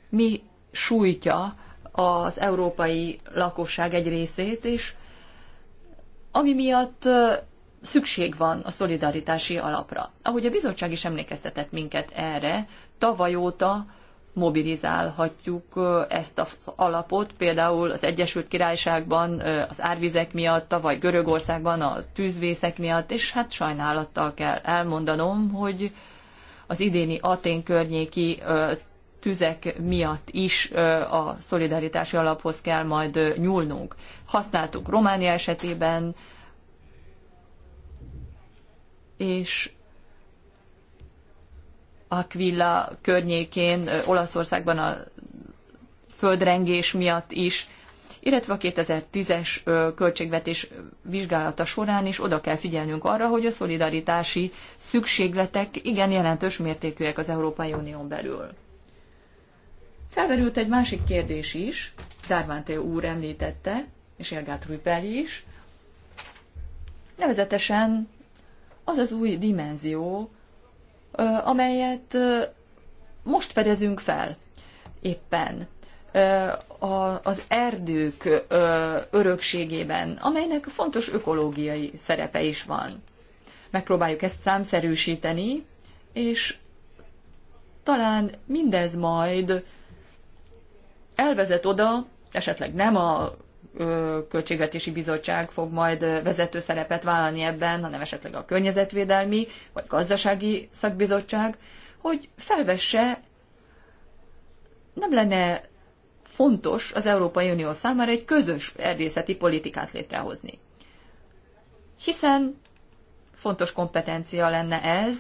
mi sújtja az európai lakosság egy részét, és ami miatt szükség van a szolidaritási alapra. Ahogy a bizottság is emlékeztetett minket erre, tavaly óta mobilizálhatjuk ezt az alapot, például az Egyesült Királyságban az árvizek miatt, vagy Görögországban a tűzvészek miatt, és hát sajnálattal kell elmondanom, hogy az idéni Atén környéki tüzek miatt is a szolidaritási alaphoz kell majd nyúlnunk. Használtuk Románia esetében, és Aquila környékén, Olaszországban a földrengés miatt is, illetve a 2010-es költségvetés vizsgálata során is oda kell figyelnünk arra, hogy a szolidaritási szükségletek igen jelentős mértékűek az Európai Unión belül. Felverült egy másik kérdés is, Dárvánté úr említette, és Ergát Rüppel is, nevezetesen az az új dimenzió, amelyet most fedezünk fel éppen az erdők örökségében, amelynek fontos ökológiai szerepe is van. Megpróbáljuk ezt számszerűsíteni, és talán mindez majd elvezet oda, esetleg nem a Költségvetési Bizottság fog majd vezető szerepet vállalni ebben, hanem esetleg a Környezetvédelmi vagy Gazdasági Szakbizottság, hogy felvesse, nem lenne fontos az Európai Unió számára egy közös erdészeti politikát létrehozni. Hiszen fontos kompetencia lenne ez,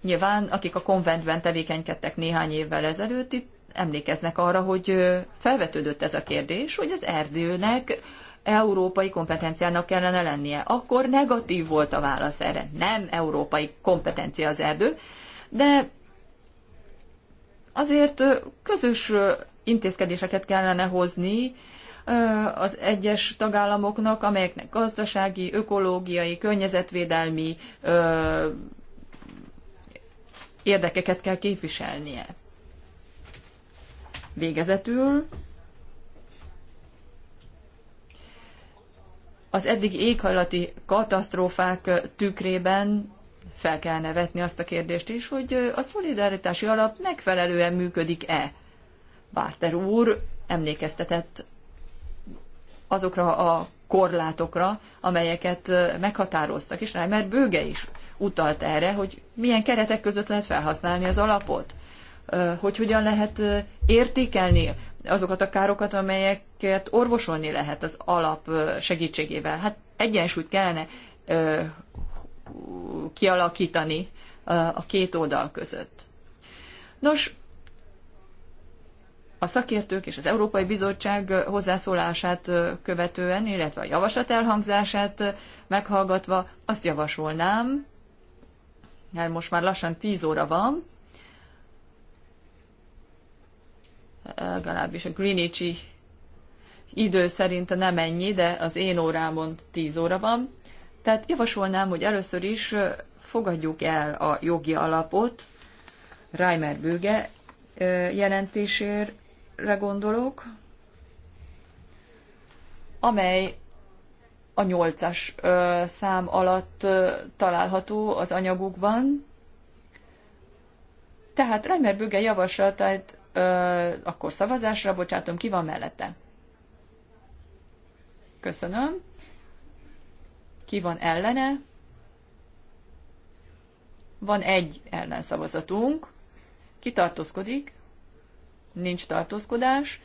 nyilván akik a konventben tevékenykedtek néhány évvel ezelőtt, itt emlékeznek arra, hogy felvetődött ez a kérdés, hogy az erdőnek európai kompetenciának kellene lennie. Akkor negatív volt a válasz erre. Nem európai kompetencia az erdő, de azért közös intézkedéseket kellene hozni az egyes tagállamoknak, amelyeknek gazdasági, ökológiai, környezetvédelmi érdekeket kell képviselnie. Végezetül az eddig éghajlati katasztrófák tükrében fel kell nevetni azt a kérdést is, hogy a szolidaritási alap megfelelően működik-e. Bárter úr emlékeztetett azokra a korlátokra, amelyeket meghatároztak, és Reimer bőge is utalt erre, hogy milyen keretek között lehet felhasználni az alapot hogy hogyan lehet értékelni azokat a károkat, amelyeket orvosolni lehet az alap segítségével. Hát egyensúlyt kellene kialakítani a két oldal között. Nos, a szakértők és az Európai Bizottság hozzászólását követően, illetve a javaslat elhangzását meghallgatva azt javasolnám, mert most már lassan 10 óra van, legalábbis a Greenwichi idő szerint nem ennyi, de az én órámon 10 óra van. Tehát javasolnám, hogy először is fogadjuk el a jogi alapot, Reimer Bőge jelentésére gondolok, amely a nyolcas szám alatt található az anyagukban. Tehát Reimer Bőge javaslatát akkor szavazásra bocsátom, ki van mellette? Köszönöm. Ki van ellene? Van egy ellenszavazatunk. Ki tartózkodik? Nincs tartózkodás.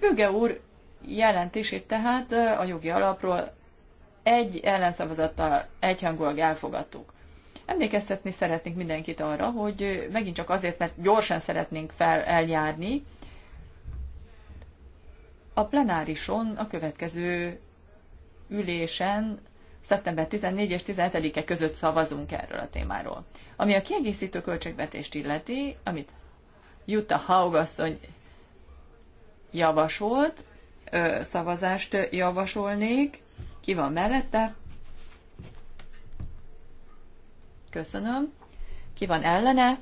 Böge úr jelentését tehát a jogi alapról egy ellenszavazattal egyhangulag elfogadtuk. Emlékeztetni szeretnénk mindenkit arra, hogy megint csak azért, mert gyorsan szeretnénk fel eljárni, a plenárison a következő ülésen szeptember 14 és 17-e között szavazunk erről a témáról. Ami a kiegészítő költségvetést illeti, amit Jutta Haugasszony javasolt, szavazást javasolnék, ki van mellette, Köszönöm. Ki van ellene?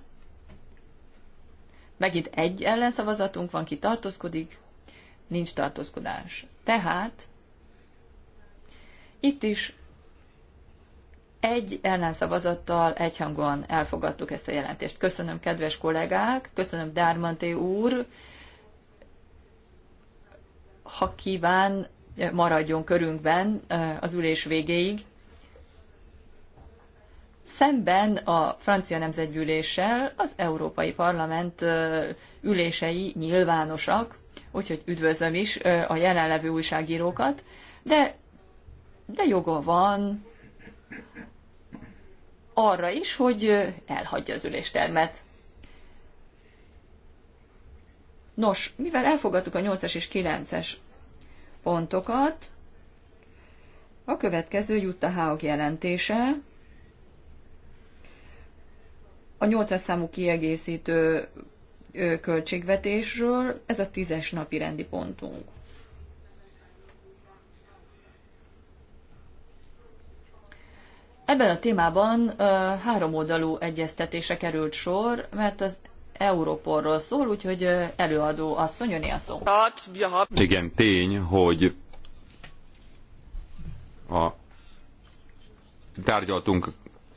Megint egy ellenszavazatunk van, ki tartózkodik? Nincs tartózkodás. Tehát itt is egy ellenszavazattal egyhangon elfogadtuk ezt a jelentést. Köszönöm, kedves kollégák, köszönöm, Dármanté úr. Ha kíván, maradjon körünkben az ülés végéig szemben a francia nemzetgyűléssel az Európai Parlament ülései nyilvánosak, úgyhogy üdvözlöm is a jelenlevő újságírókat, de, de joga van arra is, hogy elhagyja az üléstermet. Nos, mivel elfogadtuk a 8-as és 9-es pontokat, a következő Jutta jelentése, a 800 számú kiegészítő költségvetésről, ez a tízes napi rendi pontunk. Ebben a témában uh, háromoldalú egyeztetése került sor, mert az Európorról szól, úgyhogy uh, előadó asszony, jönni a szó. Igen, tény, hogy a tárgyaltunk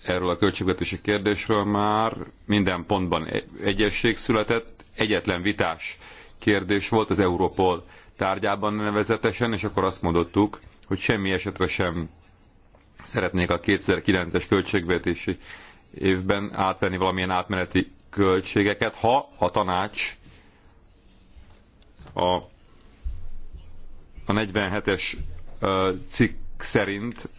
erről a költségvetési kérdésről már minden pontban e- egyesség született, egyetlen vitás kérdés volt az Europol tárgyában nevezetesen, és akkor azt mondottuk, hogy semmi esetre sem szeretnék a 2009-es költségvetési évben átvenni valamilyen átmeneti költségeket, ha a tanács a, a 47-es cikk szerint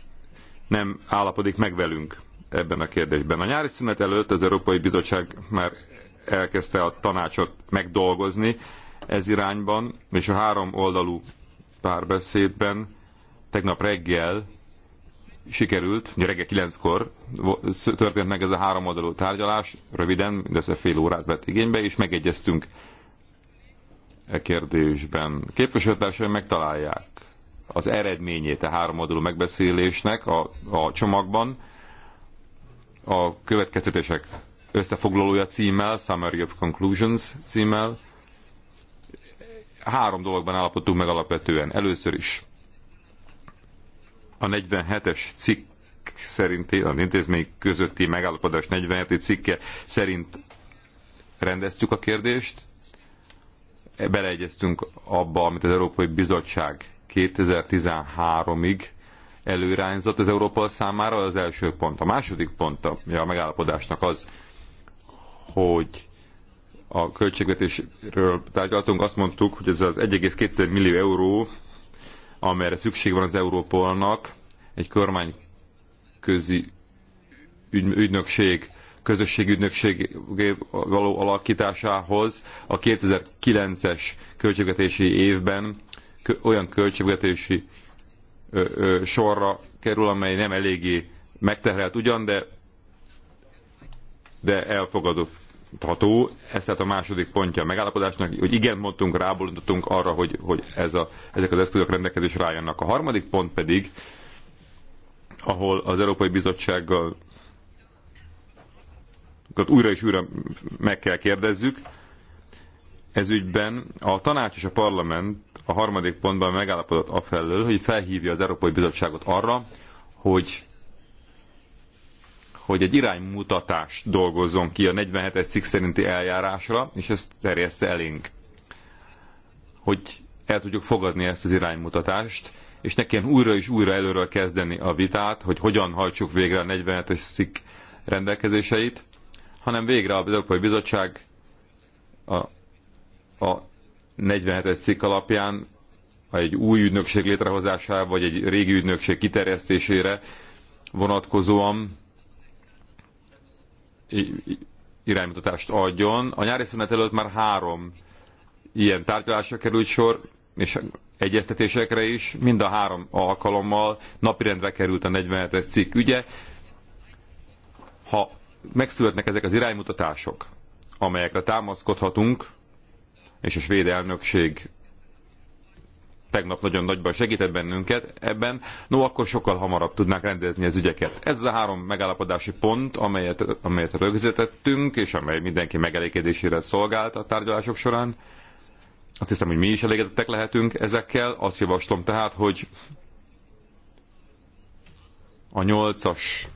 nem állapodik meg velünk ebben a kérdésben. A nyári szünet előtt az Európai Bizottság már elkezdte a tanácsot megdolgozni ez irányban, és a három oldalú párbeszédben tegnap reggel sikerült, ugye reggel kilenckor történt meg ez a három oldalú tárgyalás, röviden, mindössze fél órát vett igénybe, és megegyeztünk e kérdésben. Képviselőtársai megtalálják az eredményét a három oldalú megbeszélésnek a, a csomagban, a következtetések összefoglalója címmel, Summary of Conclusions címmel. Három dologban állapodtunk meg alapvetően. Először is a 47-es cikk szerint, az intézmény közötti megállapodás 47. cikke szerint rendeztük a kérdést, beleegyeztünk abba, amit az Európai Bizottság 2013-ig előirányzat az Európa számára, az első pont. A második pont a, a megállapodásnak az, hogy a költségvetésről tárgyaltunk, azt mondtuk, hogy ez az 1,2 millió euró, amelyre szükség van az Európolnak, egy kormányközi ügy, ügynökség, közösségi ügynökség való alakításához a 2009-es költségvetési évben olyan költségvetési sorra kerül, amely nem eléggé megterhelt ugyan, de, de elfogadható. Ez tehát a második pontja a megállapodásnak, hogy igen mondtunk, rábólintottunk arra, hogy, hogy ez a, ezek az eszközök rendelkezés rájönnek. A harmadik pont pedig, ahol az Európai Bizottsággal újra és újra meg kell kérdezzük, ez ügyben a tanács és a parlament a harmadik pontban megállapodott a felől, hogy felhívja az Európai Bizottságot arra, hogy hogy egy iránymutatást dolgozzon ki a 47-es cikk szerinti eljárásra, és ezt terjessze elénk. Hogy el tudjuk fogadni ezt az iránymutatást, és nekem újra és újra előről kezdeni a vitát, hogy hogyan hajtsuk végre a 47-es cikk rendelkezéseit, hanem végre a Európai Bizottság a, a 47. cikk alapján egy új ügynökség létrehozására, vagy egy régi ügynökség kiterjesztésére vonatkozóan iránymutatást adjon. A nyári szünet előtt már három ilyen tárgyalásra került sor, és egyeztetésekre is, mind a három alkalommal napirendre került a 47. cikk ügye. Ha megszületnek ezek az iránymutatások, amelyekre támaszkodhatunk, és a svéd elnökség tegnap nagyon nagyban segített bennünket ebben, no akkor sokkal hamarabb tudnánk rendezni az ügyeket. Ez a három megállapodási pont, amelyet, amelyet rögzítettünk, és amely mindenki megelégedésére szolgált a tárgyalások során. Azt hiszem, hogy mi is elégedettek lehetünk ezekkel. Azt javaslom tehát, hogy a nyolcas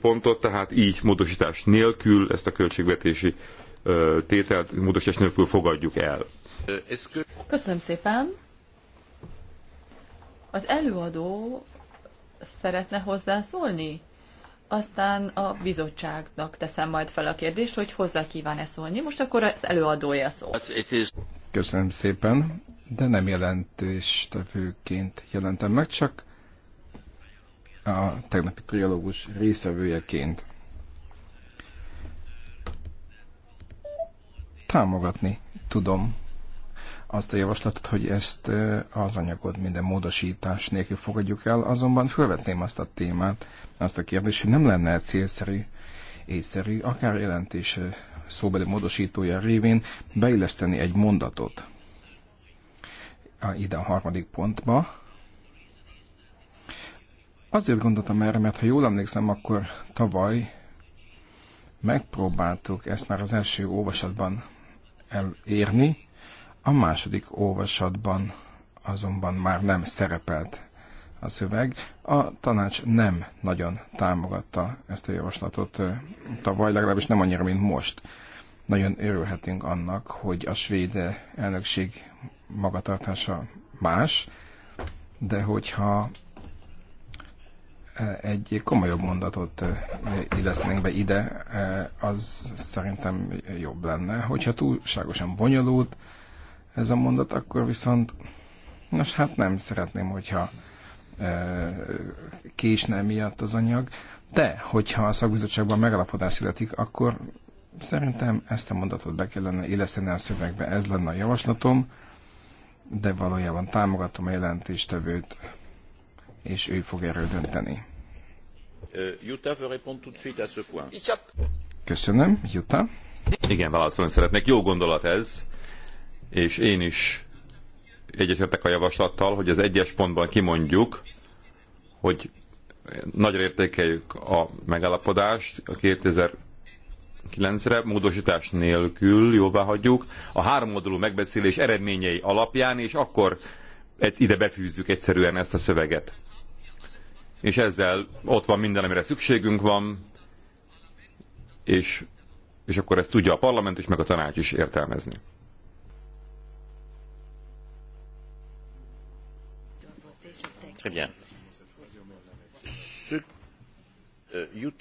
pontot, tehát így módosítás nélkül ezt a költségvetési tételt módosítás nélkül fogadjuk el. Köszönöm szépen. Az előadó szeretne hozzászólni? Aztán a bizottságnak teszem majd fel a kérdést, hogy hozzá kíván-e szólni. Most akkor az előadója szól. Köszönöm szépen, de nem jelentős tevőként jelentem meg, csak a tegnapi trialógus részvevőjeként. támogatni tudom azt a javaslatot, hogy ezt az anyagot minden módosítás nélkül fogadjuk el, azonban felvetném azt a témát, azt a kérdést, hogy nem lenne -e célszerű, észszerű, akár jelentés szóbeli módosítója révén beilleszteni egy mondatot ide a harmadik pontba. Azért gondoltam erre, mert ha jól emlékszem, akkor tavaly megpróbáltuk ezt már az első óvasatban elérni. A második olvasatban azonban már nem szerepelt a szöveg. A tanács nem nagyon támogatta ezt a javaslatot tavaly, legalábbis nem annyira, mint most. Nagyon örülhetünk annak, hogy a svéd elnökség magatartása más, de hogyha egy komolyabb mondatot illesztenénk be ide, az szerintem jobb lenne. Hogyha túlságosan bonyolult ez a mondat, akkor viszont, nos hát nem szeretném, hogyha késne miatt az anyag, de hogyha a szakbizottságban megalapodás születik, akkor szerintem ezt a mondatot be kellene illeszteni a szövegbe, ez lenne a javaslatom, de valójában támogatom a jelentéstevőt, és ő fog erről dönteni. Euh, Jutta veut répondre tout de suite à ce point. Köszönöm, Jutta. Igen, válaszolni szeretnék. Jó gondolat ez, és én is egyetértek a javaslattal, hogy az egyes pontban kimondjuk, hogy nagyra értékeljük a megállapodást, a 2009-re módosítás nélkül jóvá hagyjuk, a háromoldalú megbeszélés eredményei alapján, és akkor ide befűzzük egyszerűen ezt a szöveget és ezzel ott van minden, amire szükségünk van, és, és akkor ezt tudja a parlament is, meg a tanács is értelmezni. Très bien. Ce... Euh,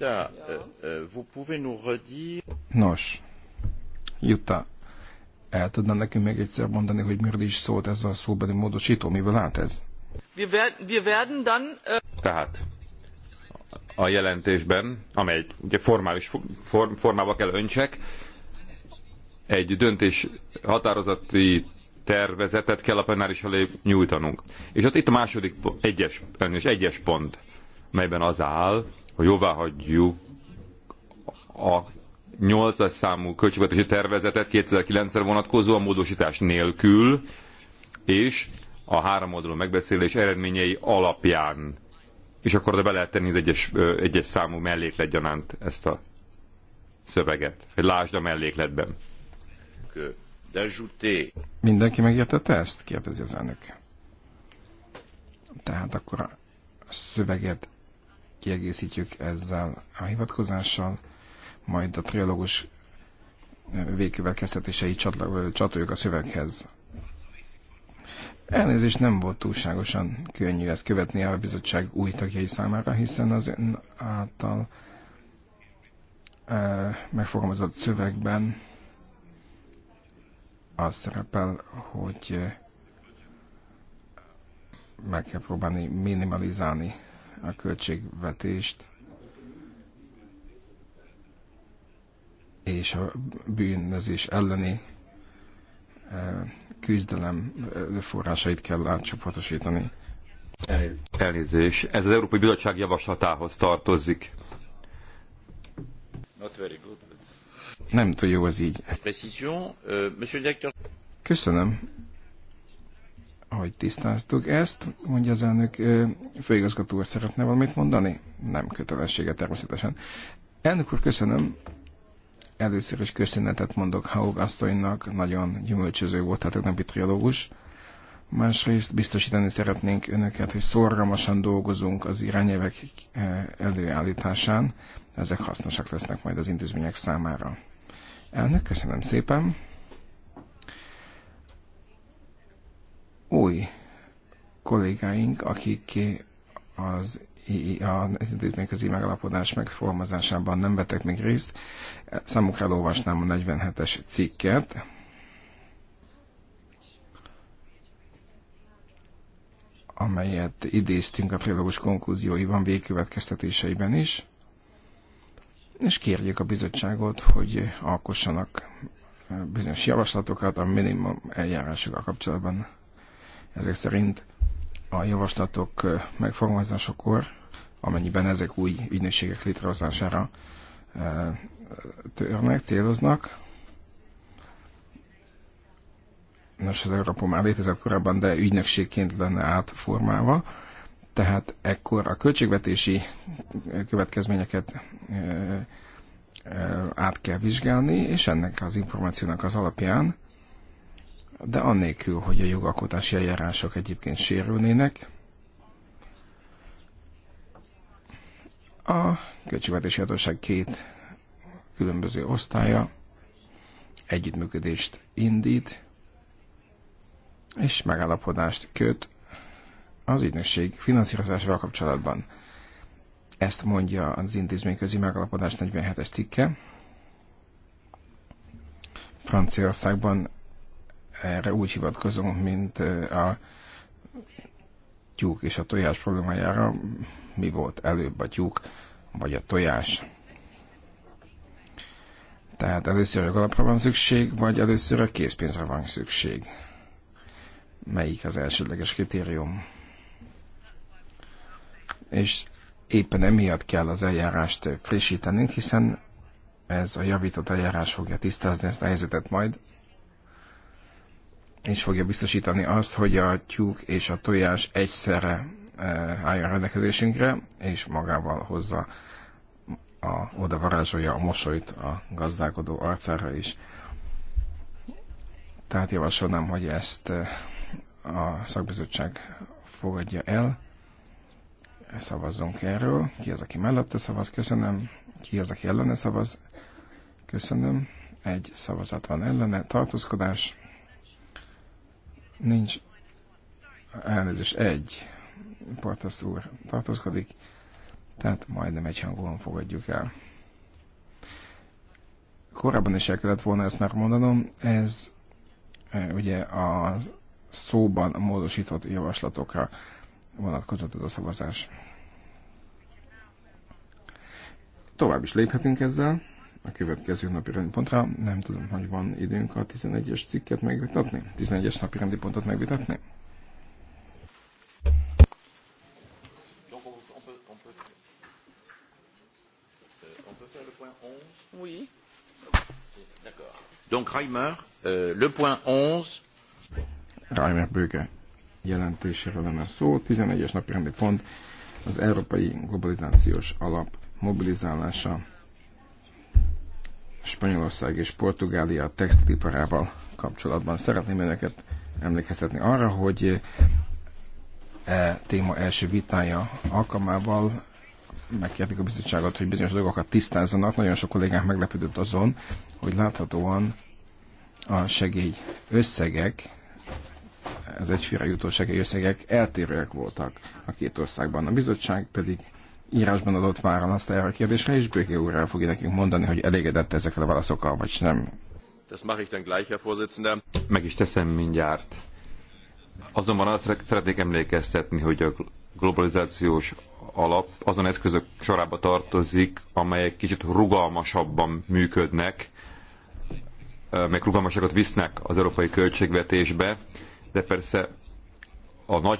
euh, euh, vous pouvez nous redire... Nos, Utah, el tudna nekünk még egyszer mondani, hogy miről is szólt ez a szóbeli módosító, mivel állt ez? Wir werden, wir werden dann, uh... Tehát a jelentésben, amely ugye formális form, formába kell öntsek, egy döntés határozati tervezetet kell a plenáris elé nyújtanunk. És ott itt a második egyes, és egyes pont, melyben az áll, hogy jóvá hagyjuk a 8-as számú költségvetési tervezetet 2009-re vonatkozóan módosítás nélkül, és a három oldalú megbeszélés eredményei alapján és akkor oda be lehet tenni az egyes, egyes számú mellékletgyanánt ezt a szöveget, hogy lásd a mellékletben. Mindenki megértette ezt? kérdezi az elnök. Tehát akkor a szöveget kiegészítjük ezzel a hivatkozással, majd a trilógus végkövetkeztetései csatoljuk a szöveghez. Elnézést nem volt túlságosan könnyű ezt követni a bizottság új tagjai számára, hiszen az ön által eh, megfogalmazott szövegben az szerepel, hogy eh, meg kell próbálni minimalizálni a költségvetést, és a bűnözés elleni küzdelem forrásait kell átcsoportosítani. Elnézés, ez az Európai Bizottság javaslatához tartozik. Not very good, but... Nem túl jó az így. Euh, köszönöm, hogy tisztáztuk ezt. Mondja az elnök, főigazgató szeretne valamit mondani? Nem kötelessége természetesen. Elnök úr, köszönöm. Először is köszönetet mondok Haug asszonynak, nagyon gyümölcsöző volt a tegnapi trialógus. Másrészt biztosítani szeretnénk önöket, hogy szorgalmasan dolgozunk az irányelvek eh, előállításán. Ezek hasznosak lesznek majd az intézmények számára. Elnök, köszönöm szépen. Új kollégáink, akik az az intézményközi megalapodás megformazásában nem vettek még részt, Számukra elolvasnám a 47-es cikket. amelyet idéztünk a trilógus konklúzióiban, végkövetkeztetéseiben is, és kérjük a bizottságot, hogy alkossanak bizonyos javaslatokat a minimum eljárásokkal kapcsolatban. Ezek szerint a javaslatok megformázásakor, amennyiben ezek új ügynökségek létrehozására törnek, céloznak. Nos, az Európa már létezett korábban, de ügynökségként lenne átformálva. Tehát ekkor a költségvetési eh, következményeket eh, eh, át kell vizsgálni, és ennek az információnak az alapján, de annélkül, hogy a jogalkotási eljárások egyébként sérülnének, a költségvetési hatóság két különböző osztálya együttműködést indít, és megállapodást köt az ügynökség finanszírozásával kapcsolatban. Ezt mondja az intézményközi megállapodás 47-es cikke. Franciaországban erre úgy hivatkozunk, mint a tyúk és a tojás problémájára. Mi volt előbb a tyúk vagy a tojás? Tehát először a alapra van szükség, vagy először a készpénzre van szükség? Melyik az elsődleges kritérium? És éppen emiatt kell az eljárást frissítenünk, hiszen ez a javított eljárás fogja tisztázni ezt a helyzetet majd, és fogja biztosítani azt, hogy a tyúk és a tojás egyszerre eh, álljon rendelkezésünkre, és magával hozza a, oda varázsolja a mosolyt a gazdálkodó arcára is. Tehát javasolnám, hogy ezt eh, a szakbizottság fogadja el. Szavazzunk erről. Ki az, aki mellette szavaz? Köszönöm. Ki az, aki ellene szavaz? Köszönöm. Egy szavazat van ellene. Tartózkodás. Nincs. Elnézést. Egy. Portasz úr tartózkodik tehát majdnem hangon fogadjuk el. Korábban is el kellett volna ezt megmondanom, mondanom, ez eh, ugye a szóban módosított javaslatokra vonatkozott ez a szavazás. Tovább is léphetünk ezzel a következő napi rendi pontra. Nem tudom, hogy van időnk a 11-es cikket megvitatni, 11-es napi rendi pontot megvitatni. Oui. Donc Reimer, euh, le point 11. Reimer bőke jelentésére lenne szó. 11-es napirendi pont az Európai Globalizációs Alap mobilizálása Spanyolország és Portugália textiliparával kapcsolatban. Szeretném önöket emlékeztetni arra, hogy e téma első vitája alkalmával megkérték a bizottságot, hogy bizonyos dolgokat tisztázzanak. Nagyon sok kollégánk meglepődött azon, hogy láthatóan a segély összegek, az egyfőre jutó összegek eltérőek voltak a két országban. A bizottság pedig írásban adott azt erre a kérdésre, és Bőké úr el fogja nekünk mondani, hogy elégedett ezekkel a válaszokkal, vagy nem. Das mache ich dann gleich, Herr Vorsitzender. Meg is teszem mindjárt. Azonban azt szeretnék emlékeztetni, hogy a globalizációs alap azon eszközök sorába tartozik, amelyek kicsit rugalmasabban működnek, meg rugalmasakat visznek az európai költségvetésbe, de persze a nagy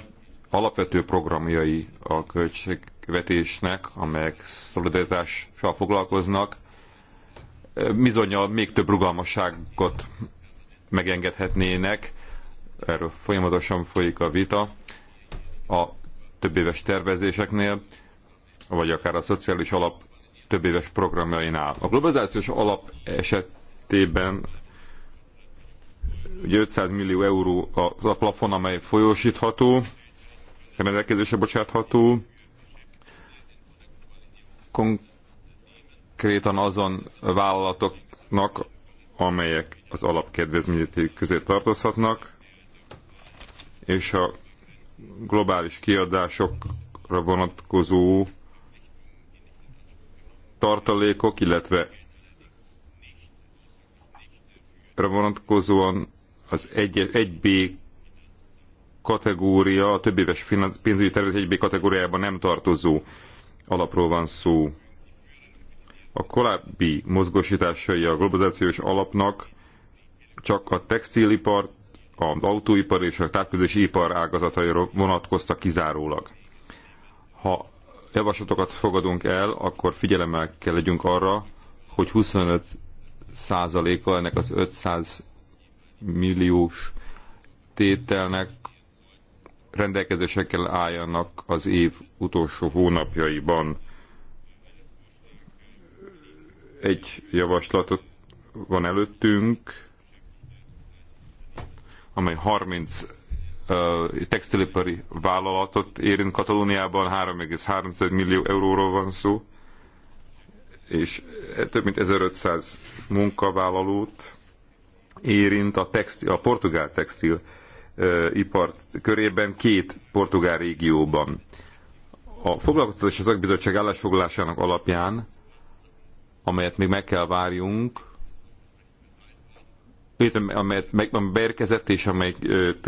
alapvető programjai a költségvetésnek, amelyek szolidaritással foglalkoznak, bizonyal még több rugalmasságot megengedhetnének, erről folyamatosan folyik a vita. A többéves tervezéseknél, vagy akár a szociális alap többéves programjainál. A globalizációs alap esetében ugye 500 millió euró az a plafon, amely folyósítható, rendelkezésre bocsátható, konkrétan azon vállalatoknak, amelyek az alapkedvezményeték közé tartozhatnak, és a globális kiadásokra vonatkozó tartalékok, illetve vonatkozóan az 1, b kategória, a többéves pénzügyi tervezet 1B kategóriában nem tartozó alapról van szó. A korábbi mozgósításai a globalizációs alapnak csak a textilipart az autóipar és a távközlési ipar ágazataira vonatkoztak kizárólag. Ha javaslatokat fogadunk el, akkor figyelemmel kell legyünk arra, hogy 25 százaléka ennek az 500 milliós tételnek rendelkezésekkel álljanak az év utolsó hónapjaiban. Egy javaslatot van előttünk, amely 30 textilipari vállalatot érint Katalóniában, 3,3 millió euróról van szó, és több mint 1500 munkavállalót érint a, textil, a portugál textil ipart körében két portugál régióban. A foglalkoztatási szakbizottság állásfoglalásának alapján, amelyet még meg kell várjunk, amelyet, amelyet beérkezett és amelyet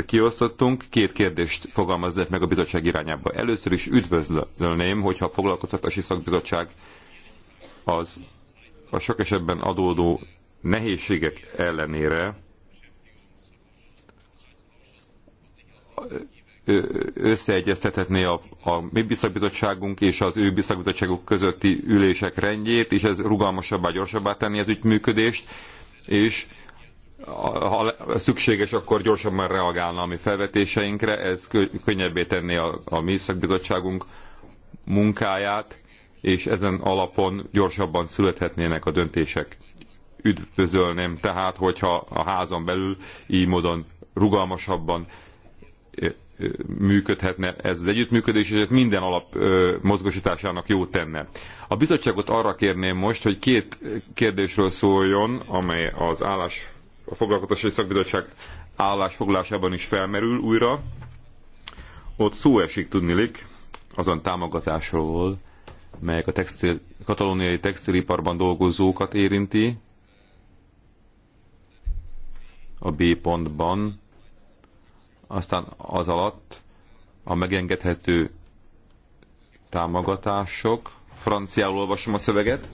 kiosztottunk, két kérdést fogalmazzak meg a bizottság irányába. Először is üdvözlölném, hogyha a foglalkoztatási szakbizottság az a sok esetben adódó nehézségek ellenére összeegyeztethetné a, a mi bizottságunk és az ő bizottságuk közötti ülések rendjét, és ez rugalmasabbá, gyorsabbá tenni az ügyműködést, és ha szükséges, akkor gyorsabban reagálna a mi felvetéseinkre, ez könnyebbé tenni a, a mi szakbizottságunk munkáját, és ezen alapon gyorsabban születhetnének a döntések. Üdvözölném tehát, hogyha a házon belül így módon rugalmasabban működhetne ez az együttműködés, és ez minden alap ö, mozgosításának jó tenne. A bizottságot arra kérném most, hogy két kérdésről szóljon, amely az állás a foglalkoztatási szakbizottság állásfoglásában is felmerül újra. Ott szó esik tudnilik azon támogatásról, melyek a textil, katalóniai textiliparban dolgozókat érinti. A B pontban, aztán az alatt a megengedhető támogatások. Franciául olvasom a szöveget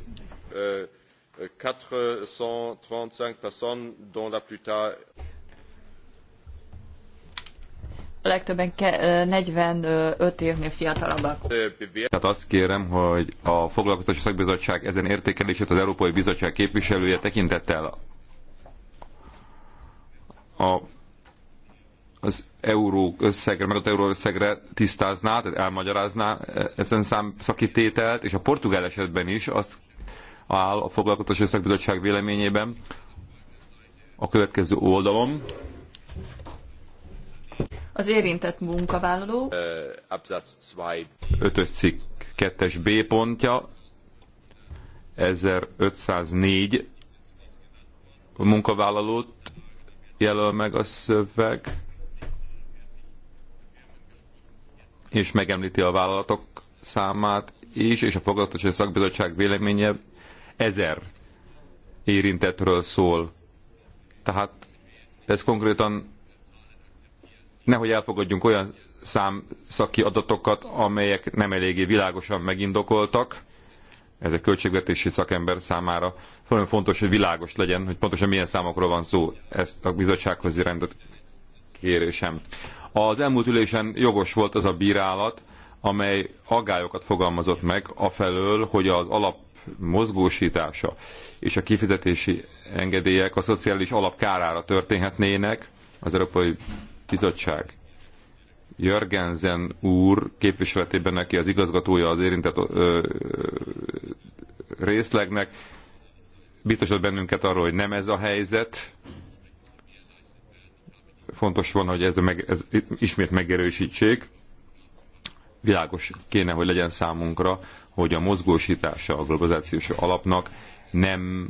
quatre cent trente cinq personnes dont la plupart a legtöbben 45 évnél fiatalabbak. Tehát azt kérem, hogy a Foglalkoztatási Szakbizottság ezen értékelését az Európai Bizottság képviselője tekintettel a, az euró összegre, meg az euró összegre tisztázná, tehát elmagyarázná e- ezen szám szakítételt, és a portugál esetben is azt áll a Foglalkoztatási Szakbizottság véleményében a következő oldalon. Az érintett munkavállaló. Ötös cikk kettes B pontja. 1504 munkavállalót jelöl meg a szöveg, és megemlíti a vállalatok számát is, és a foglalkoztatási szakbizottság véleménye ezer érintetről szól. Tehát ez konkrétan nehogy elfogadjunk olyan számszaki adatokat, amelyek nem eléggé világosan megindokoltak. Ez a költségvetési szakember számára nagyon fontos, hogy világos legyen, hogy pontosan milyen számokról van szó. Ezt a bizottsághoz rendet kérésem. Az elmúlt ülésen jogos volt az a bírálat, amely aggályokat fogalmazott meg afelől, hogy az alap mozgósítása és a kifizetési engedélyek a szociális alap kárára történhetnének, az Európai Bizottság Jörgensen úr képviseletében neki az igazgatója az érintett ö, ö, részlegnek biztosod bennünket arról, hogy nem ez a helyzet. Fontos van, hogy ez, meg, ez ismét megerősítsék. Világos kéne, hogy legyen számunkra hogy a mozgósítása a globalizációs alapnak nem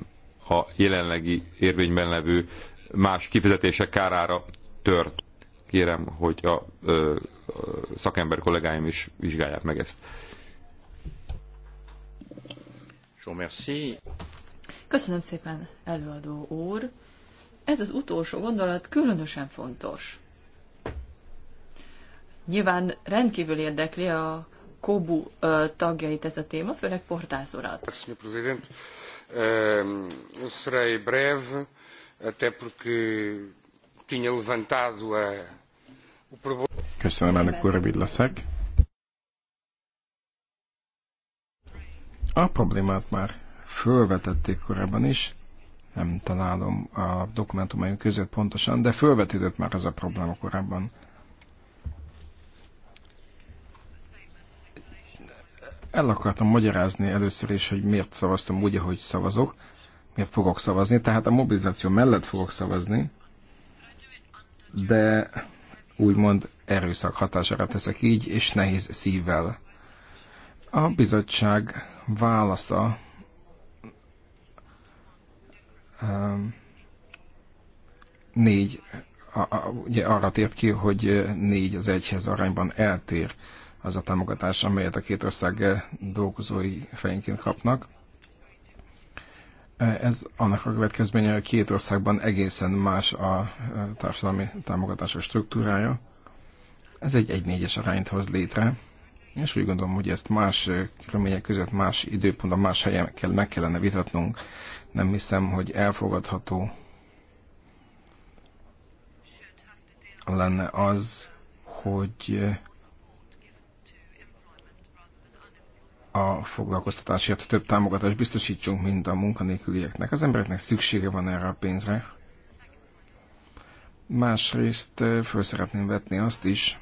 a jelenlegi érvényben levő más kifizetések kárára tört. Kérem, hogy a ö, ö, szakember kollégáim is vizsgálják meg ezt. Köszönöm szépen, előadó úr. Ez az utolsó gondolat különösen fontos. Nyilván rendkívül érdekli a Kobu tagjait ez a téma, főleg Portász urat. serei breve, até porque tinha levantado a, o problema. Köszönöm, elnök úr, rövid leszek. A problémát már fölvetették korábban is, nem találom a dokumentumaim között pontosan, de fölvetődött már ez a probléma korábban. El akartam magyarázni először is, hogy miért szavaztam úgy, ahogy szavazok, miért fogok szavazni. Tehát a mobilizáció mellett fogok szavazni, de úgymond erőszak hatására teszek így, és nehéz szívvel. A bizottság válasza um, négy, a, a, ugye arra tért ki, hogy négy az egyhez arányban eltér az a támogatás, amelyet a két ország dolgozói fejénként kapnak. Ez annak a következménye, hogy két országban egészen más a eh, társadalmi támogatások struktúrája. Ez egy 1 4 arányt hoz létre, és úgy gondolom, hogy ezt más eh, körülmények között, más időpontban, más helyen kell, meg kellene vitatnunk. Nem hiszem, hogy elfogadható lenne az, hogy eh, a foglalkoztatásért több támogatást biztosítsunk, mint a munkanélkülieknek. Az embereknek szüksége van erre a pénzre. Másrészt föl szeretném vetni azt is,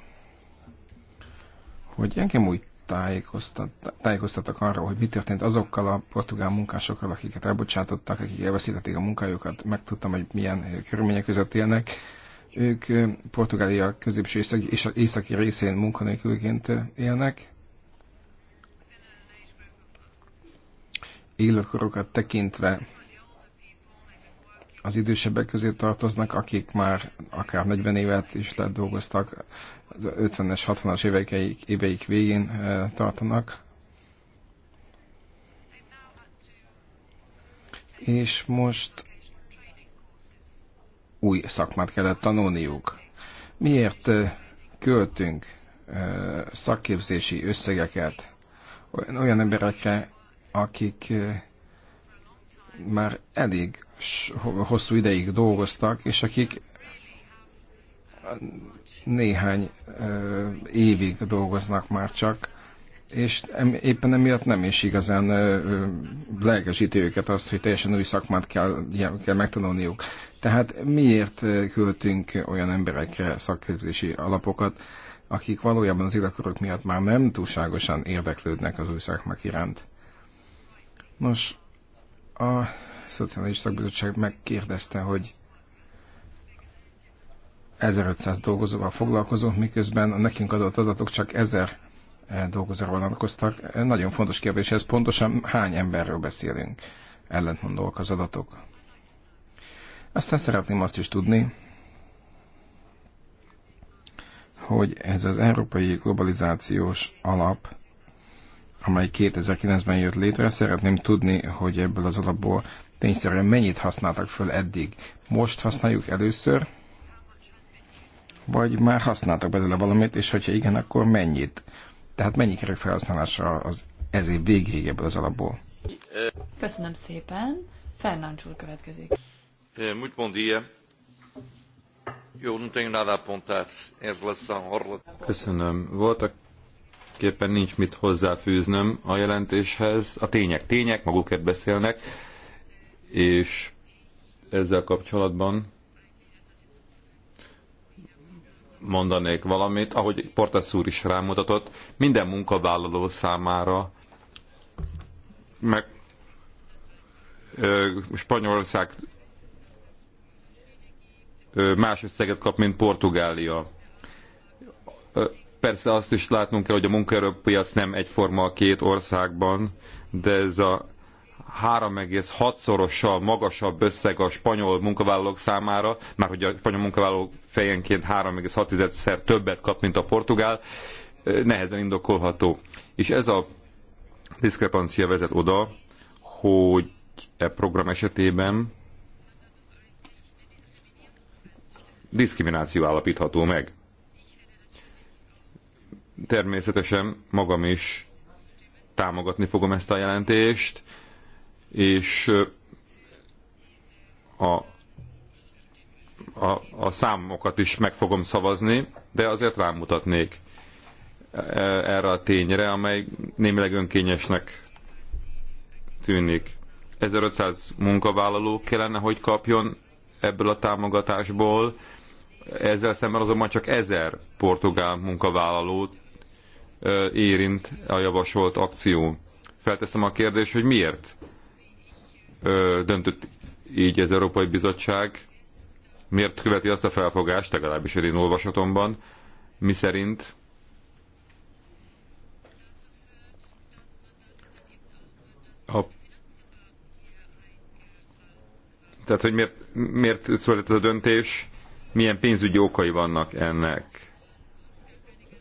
hogy engem úgy tájékoztat, tájékoztattak arról, hogy mi történt azokkal a portugál munkásokkal, akiket elbocsátottak, akik elveszítették a munkájukat, megtudtam, hogy milyen körülmények között élnek. Ők Portugália középső és északi részén munkanélkülként élnek, életkorokat tekintve az idősebbek közé tartoznak, akik már akár 40 évet is dolgoztak, az 50-es, 60-as éveik, éveik végén eh, tartanak. És most új szakmát kellett tanulniuk. Miért eh, költünk eh, szakképzési összegeket olyan emberekre, akik már elég hosszú ideig dolgoztak, és akik néhány évig dolgoznak már csak, és éppen emiatt nem is igazán lelkesíti őket azt, hogy teljesen új szakmát kell, kell megtanulniuk. Tehát miért költünk olyan emberekre szakképzési alapokat, akik valójában az életkorok miatt már nem túlságosan érdeklődnek az új szakmák iránt? Nos, a Szociális Szakbizottság megkérdezte, hogy 1500 dolgozóval foglalkozunk, miközben a nekünk adott adatok csak 1000 eh, dolgozóra vonatkoztak. Nagyon fontos kérdés ez, pontosan hány emberről beszélünk? Ellentmondóak az adatok. Aztán szeretném azt is tudni, hogy ez az európai globalizációs alap amely 2009-ben jött létre. Szeretném tudni, hogy ebből az alapból tényszerűen mennyit használtak föl eddig. Most használjuk először, vagy már használtak belőle valamit, és hogyha igen, akkor mennyit? Tehát mennyi kerek felhasználásra az ez év végéig ebből az alapból? Köszönöm szépen. Fernáncs úr következik. Muito bom dia. Eu não tenho nada a apontar em relação ao Köszönöm. Voltak tulajdonképpen nincs mit hozzáfűznöm a jelentéshez. A tények tények, magukért beszélnek, és ezzel kapcsolatban mondanék valamit, ahogy Portas úr is rámutatott, minden munkavállaló számára, meg ö, Spanyolország ö, más összeget kap, mint Portugália. Persze azt is látnunk kell, hogy a munkaerőpiac nem egyforma a két országban, de ez a 3,6-szorossal magasabb összeg a spanyol munkavállalók számára, már hogy a spanyol munkavállalók fejenként 3,6-szer többet kap, mint a portugál, nehezen indokolható. És ez a diszkrepancia vezet oda, hogy e program esetében diszkrimináció állapítható meg. Természetesen magam is támogatni fogom ezt a jelentést, és a, a, a számokat is meg fogom szavazni, de azért rámutatnék e, erre a tényre, amely némileg önkényesnek tűnik. 1500 munkavállaló kellene, hogy kapjon ebből a támogatásból, ezzel szemben azonban csak 1000 portugál munkavállalót érint a javasolt akció. Felteszem a kérdést, hogy miért döntött így az Európai Bizottság, miért követi azt a felfogást, legalábbis én olvasatomban, mi szerint a tehát, hogy miért, miért született ez a döntés, milyen pénzügyi okai vannak ennek.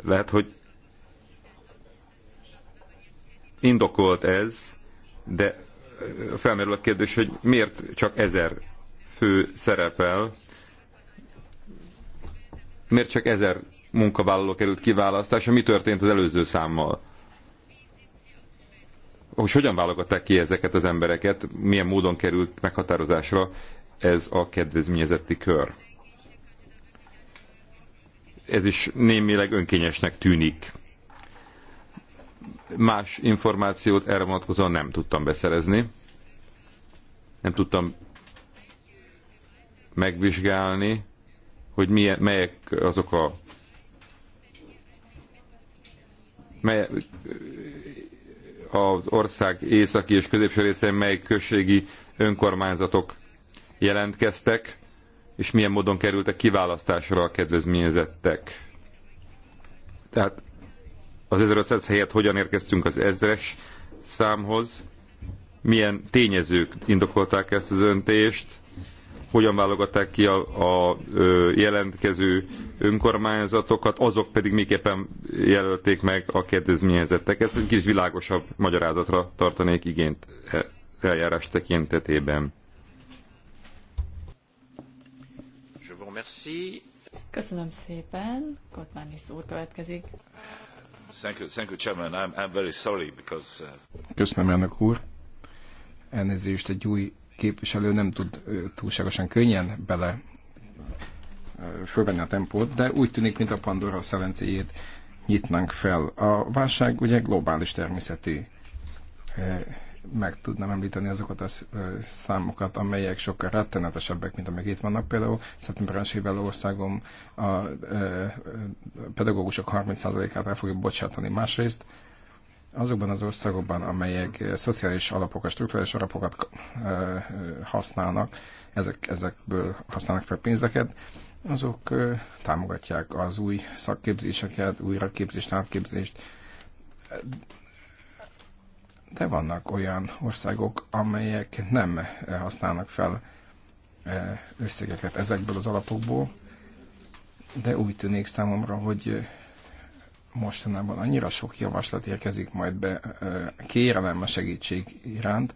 Lehet, hogy Indokolt ez, de felmerül a kérdés, hogy miért csak ezer fő szerepel, miért csak ezer munkavállaló került kiválasztásra, mi történt az előző számmal? Hogy hogyan válogatták ki ezeket az embereket, milyen módon került meghatározásra ez a kedvezményezetti kör? Ez is némileg önkényesnek tűnik más információt erre vonatkozóan nem tudtam beszerezni. Nem tudtam megvizsgálni, hogy milyen, melyek azok a mely, az ország északi és középső részein mely községi önkormányzatok jelentkeztek, és milyen módon kerültek kiválasztásra a kedvezményezettek. Tehát az 1500 helyett hogyan érkeztünk az ezres számhoz, milyen tényezők indokolták ezt az öntést, hogyan válogatták ki a, a jelentkező önkormányzatokat, azok pedig miképpen jelölték meg a kedvezményezettek. Ezt egy kis világosabb magyarázatra tartanék igényt e, eljárás tekintetében. Köszönöm szépen, Kotmánis úr következik. Thank you, thank you, Chairman. I'm, I'm very sorry because... Uh, Köszönöm, elnök úr. Elnézést, egy új képviselő nem tud túlságosan könnyen bele fölvenni a tempót, de úgy tűnik, mint a Pandora szelencéjét nyitnánk fel. A válság ugye globális természetű meg tudnám említeni azokat a számokat, amelyek sokkal rettenetesebbek, mint amik itt vannak. Például szeptemberensében országom a pedagógusok 30%-át el fogja bocsátani. Másrészt azokban az országokban, amelyek szociális alapokat, struktúrális alapokat használnak, ezek, ezekből használnak fel pénzeket, azok támogatják az új szakképzéseket, újraképzést, átképzést, de vannak olyan országok, amelyek nem eh, használnak fel eh, összegeket ezekből az alapokból, de úgy tűnik számomra, hogy eh, mostanában annyira sok javaslat érkezik majd be kérelem a segítség iránt,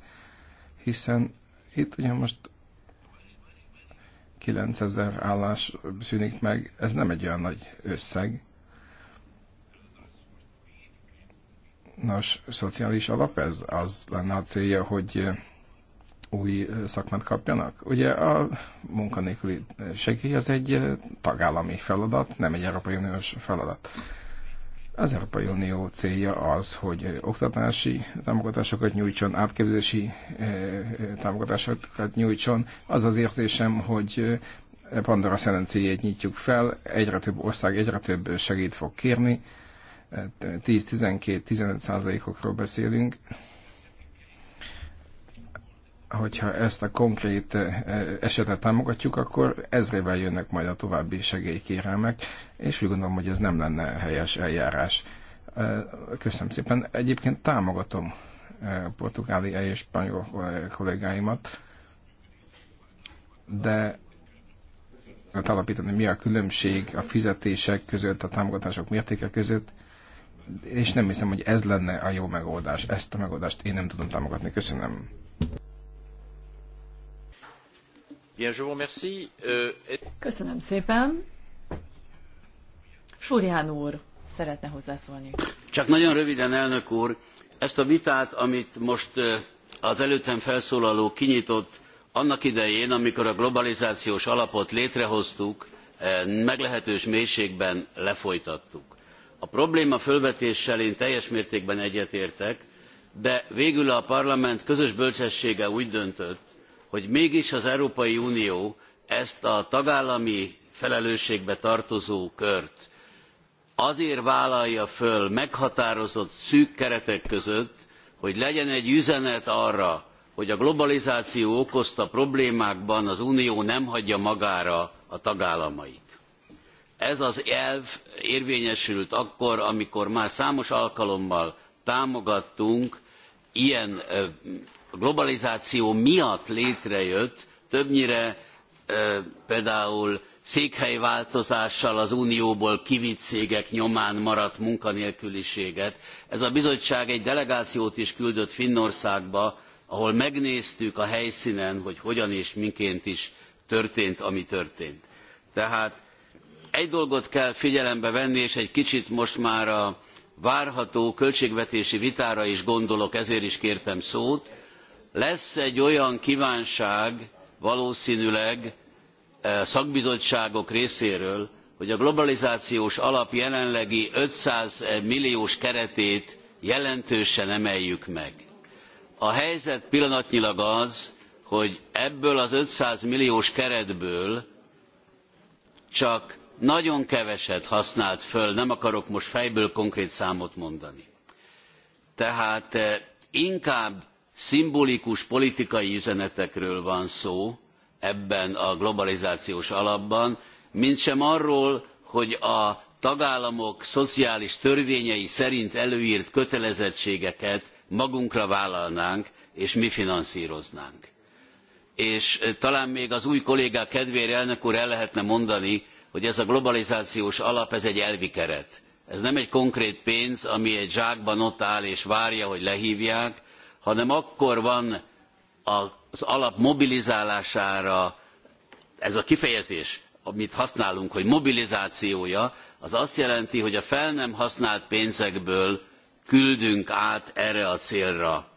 hiszen itt ugye most 9000 állás szűnik meg, ez nem egy olyan nagy összeg, Nos, szociális alap ez az lenne a célja, hogy eh, új eh, szakmát kapjanak? Ugye a munkanélküli segély az egy eh, tagállami feladat, nem egy Európai Uniós feladat. Az Európai Unió célja az, hogy oktatási támogatásokat nyújtson, átképzési támogatásokat nyújtson. Az az érzésem, hogy Pandora szerencéjét nyitjuk fel, egyre több ország egyre több segít fog kérni, 10-12-15 százalékokról beszélünk, hogyha ezt a konkrét eh, esetet támogatjuk, akkor ezrével jönnek majd a további segélykérelmek, és úgy gondolom, hogy ez nem lenne helyes eljárás. Eh, köszönöm szépen. Egyébként támogatom eh, portugáli és spanyol kollégáimat, de hát alapítani, mi a különbség a fizetések között, a támogatások mértéke között, és nem hiszem, hogy ez lenne a jó megoldás. Ezt a megoldást én nem tudom támogatni. Köszönöm. Euh, Köszönöm szépen. Súrján úr szeretne hozzászólni. Csak nagyon röviden, elnök úr, ezt a vitát, amit most az előttem felszólaló kinyitott, annak idején, amikor a globalizációs alapot létrehoztuk, meglehetős mélységben lefolytattuk a probléma fölvetéssel én teljes mértékben egyetértek, de végül a parlament közös bölcsessége úgy döntött, hogy mégis az Európai Unió ezt a tagállami felelősségbe tartozó kört azért vállalja föl meghatározott szűk keretek között, hogy legyen egy üzenet arra, hogy a globalizáció okozta problémákban az Unió nem hagyja magára a tagállamait. Ez az elv érvényesült akkor, amikor már számos alkalommal támogattunk ilyen globalizáció miatt létrejött, többnyire például székhelyváltozással az unióból kivitt cégek nyomán maradt munkanélküliséget. Ez a bizottság egy delegációt is küldött Finnországba, ahol megnéztük a helyszínen, hogy hogyan és miként is történt, ami történt. Tehát egy dolgot kell figyelembe venni, és egy kicsit most már a várható költségvetési vitára is gondolok, ezért is kértem szót. Lesz egy olyan kívánság valószínűleg eh, szakbizottságok részéről, hogy a globalizációs alap jelenlegi 500 milliós keretét jelentősen emeljük meg. A helyzet pillanatnyilag az, hogy ebből az 500 milliós keretből csak nagyon keveset használt föl, nem akarok most fejből konkrét számot mondani. Tehát eh, inkább szimbolikus politikai üzenetekről van szó ebben a globalizációs alapban, mintsem arról, hogy a tagállamok szociális törvényei szerint előírt kötelezettségeket magunkra vállalnánk, és mi finanszíroznánk. És eh, talán még az új kollégák kedvére elnök úr el lehetne mondani, hogy ez a globalizációs alap, ez egy elvi keret. Ez nem egy konkrét pénz, ami egy zsákban ott áll és várja, hogy lehívják, hanem akkor van az alap mobilizálására, ez a kifejezés, amit használunk, hogy mobilizációja, az azt jelenti, hogy a fel nem használt pénzekből küldünk át erre a célra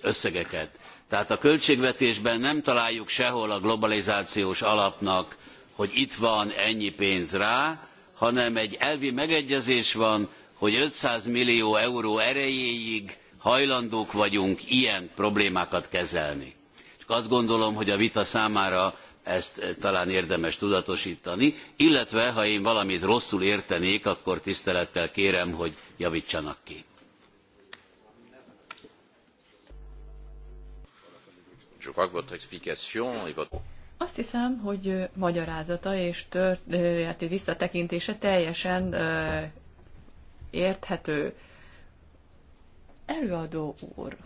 összegeket. Tehát a költségvetésben nem találjuk sehol a globalizációs alapnak hogy itt van ennyi pénz rá, hanem egy elvi megegyezés van, hogy 500 millió euró erejéig hajlandók vagyunk ilyen problémákat kezelni. Csak azt gondolom, hogy a vita számára ezt eh, talán érdemes tudatosítani, illetve ha én valamit rosszul értenék, akkor tisztelettel kérem, hogy javítsanak ki. Azt hiszem, hogy magyarázata és történeti visszatekintése teljesen érthető. Előadó úr,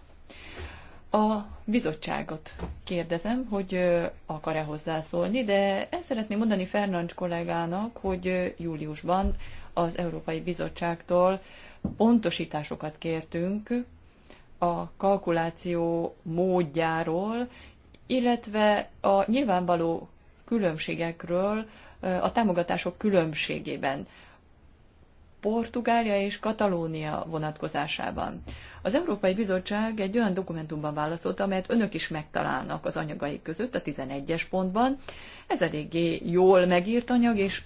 a bizottságot kérdezem, hogy akar-e hozzászólni, de ezt szeretném mondani Fernancs kollégának, hogy júliusban az Európai Bizottságtól pontosításokat kértünk a kalkuláció módjáról, illetve a nyilvánvaló különbségekről a támogatások különbségében. Portugália és Katalónia vonatkozásában. Az Európai Bizottság egy olyan dokumentumban válaszolt, amelyet önök is megtalálnak az anyagai között, a 11-es pontban. Ez eléggé jól megírt anyag, és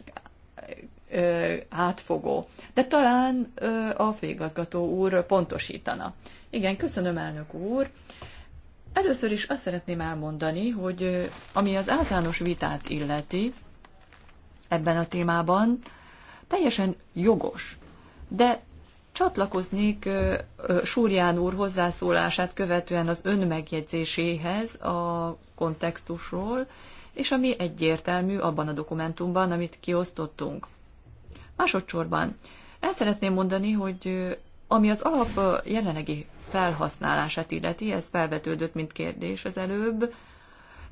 ö, átfogó. De talán ö, a főigazgató úr pontosítana. Igen, köszönöm, elnök úr. Először is azt szeretném elmondani, hogy ami az általános vitát illeti ebben a témában, teljesen jogos. De csatlakoznék Súrján úr hozzászólását követően az önmegjegyzéséhez a kontextusról, és ami egyértelmű abban a dokumentumban, amit kiosztottunk. Másodszorban el szeretném mondani, hogy ami az alap jelenlegi felhasználását illeti, ez felvetődött, mint kérdés az előbb.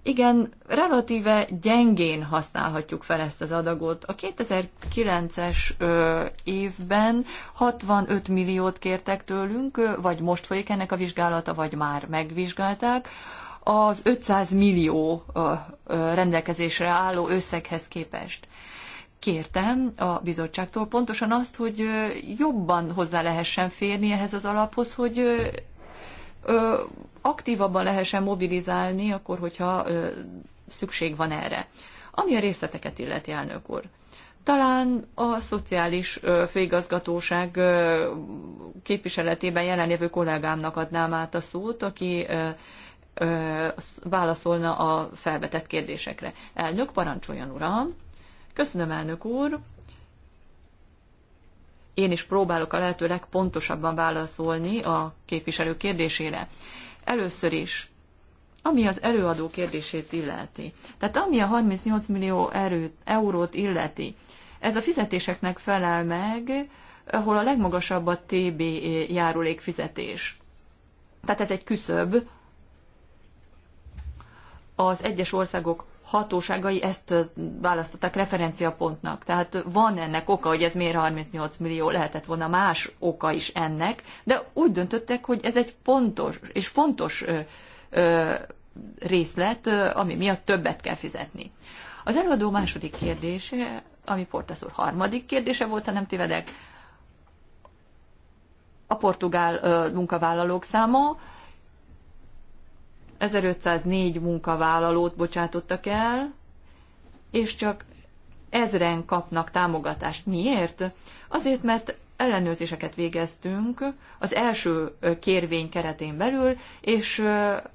Igen, relatíve gyengén használhatjuk fel ezt az adagot. A 2009-es évben 65 milliót kértek tőlünk, vagy most folyik ennek a vizsgálata, vagy már megvizsgálták. Az 500 millió rendelkezésre álló összeghez képest kértem a bizottságtól pontosan azt, hogy jobban hozzá lehessen férni ehhez az alaphoz, hogy aktívabban lehessen mobilizálni, akkor, hogyha szükség van erre. Ami a részleteket illeti, elnök úr. Talán a szociális főigazgatóság képviseletében jelenlévő kollégámnak adnám át a szót, aki válaszolna a felvetett kérdésekre. Elnök, parancsoljon uram! Köszönöm, elnök úr! Én is próbálok a lehető legpontosabban válaszolni a képviselő kérdésére. Először is, ami az előadó kérdését illeti. Tehát ami a 38 millió erőt, eurót illeti, ez a fizetéseknek felel meg, ahol a legmagasabb a TB járulék fizetés. Tehát ez egy küszöb az egyes országok hatóságai ezt választották referenciapontnak. Tehát van ennek oka, hogy ez miért 38 millió, lehetett volna más oka is ennek, de úgy döntöttek, hogy ez egy pontos és fontos részlet, ami miatt többet kell fizetni. Az előadó második kérdése, ami Portas úr harmadik kérdése volt, ha nem tévedek, a portugál munkavállalók száma, 1504 munkavállalót bocsátottak el, és csak ezren kapnak támogatást. Miért? Azért, mert ellenőrzéseket végeztünk az első kérvény keretén belül, és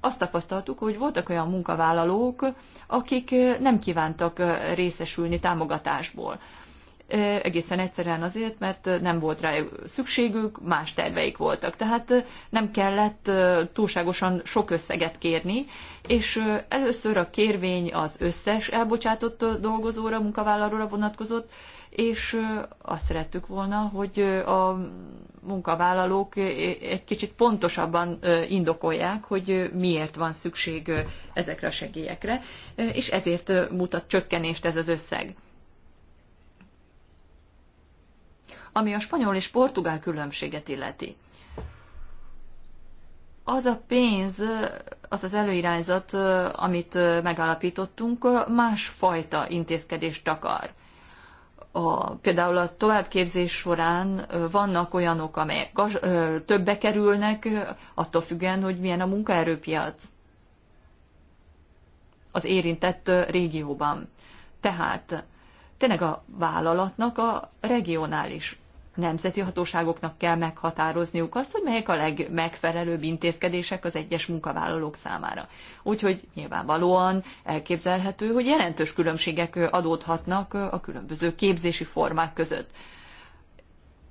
azt tapasztaltuk, hogy voltak olyan munkavállalók, akik nem kívántak részesülni támogatásból egészen egyszerűen azért, mert nem volt rá szükségük, más terveik voltak. Tehát nem kellett túlságosan sok összeget kérni, és először a kérvény az összes elbocsátott dolgozóra, munkavállalóra vonatkozott, és azt szerettük volna, hogy a munkavállalók egy kicsit pontosabban indokolják, hogy miért van szükség ezekre a segélyekre, és ezért mutat csökkenést ez az összeg. ami a spanyol és portugál különbséget illeti. Az a pénz, az az előirányzat, amit megállapítottunk, másfajta intézkedést akar. A, például a továbbképzés során vannak olyanok, amelyek gaz, ö, többe kerülnek, attól függően, hogy milyen a munkaerőpiac az érintett régióban. Tehát tényleg a vállalatnak a regionális nemzeti hatóságoknak kell meghatározniuk azt, hogy melyek a legmegfelelőbb intézkedések az egyes munkavállalók számára. Úgyhogy nyilvánvalóan elképzelhető, hogy jelentős különbségek adódhatnak a különböző képzési formák között.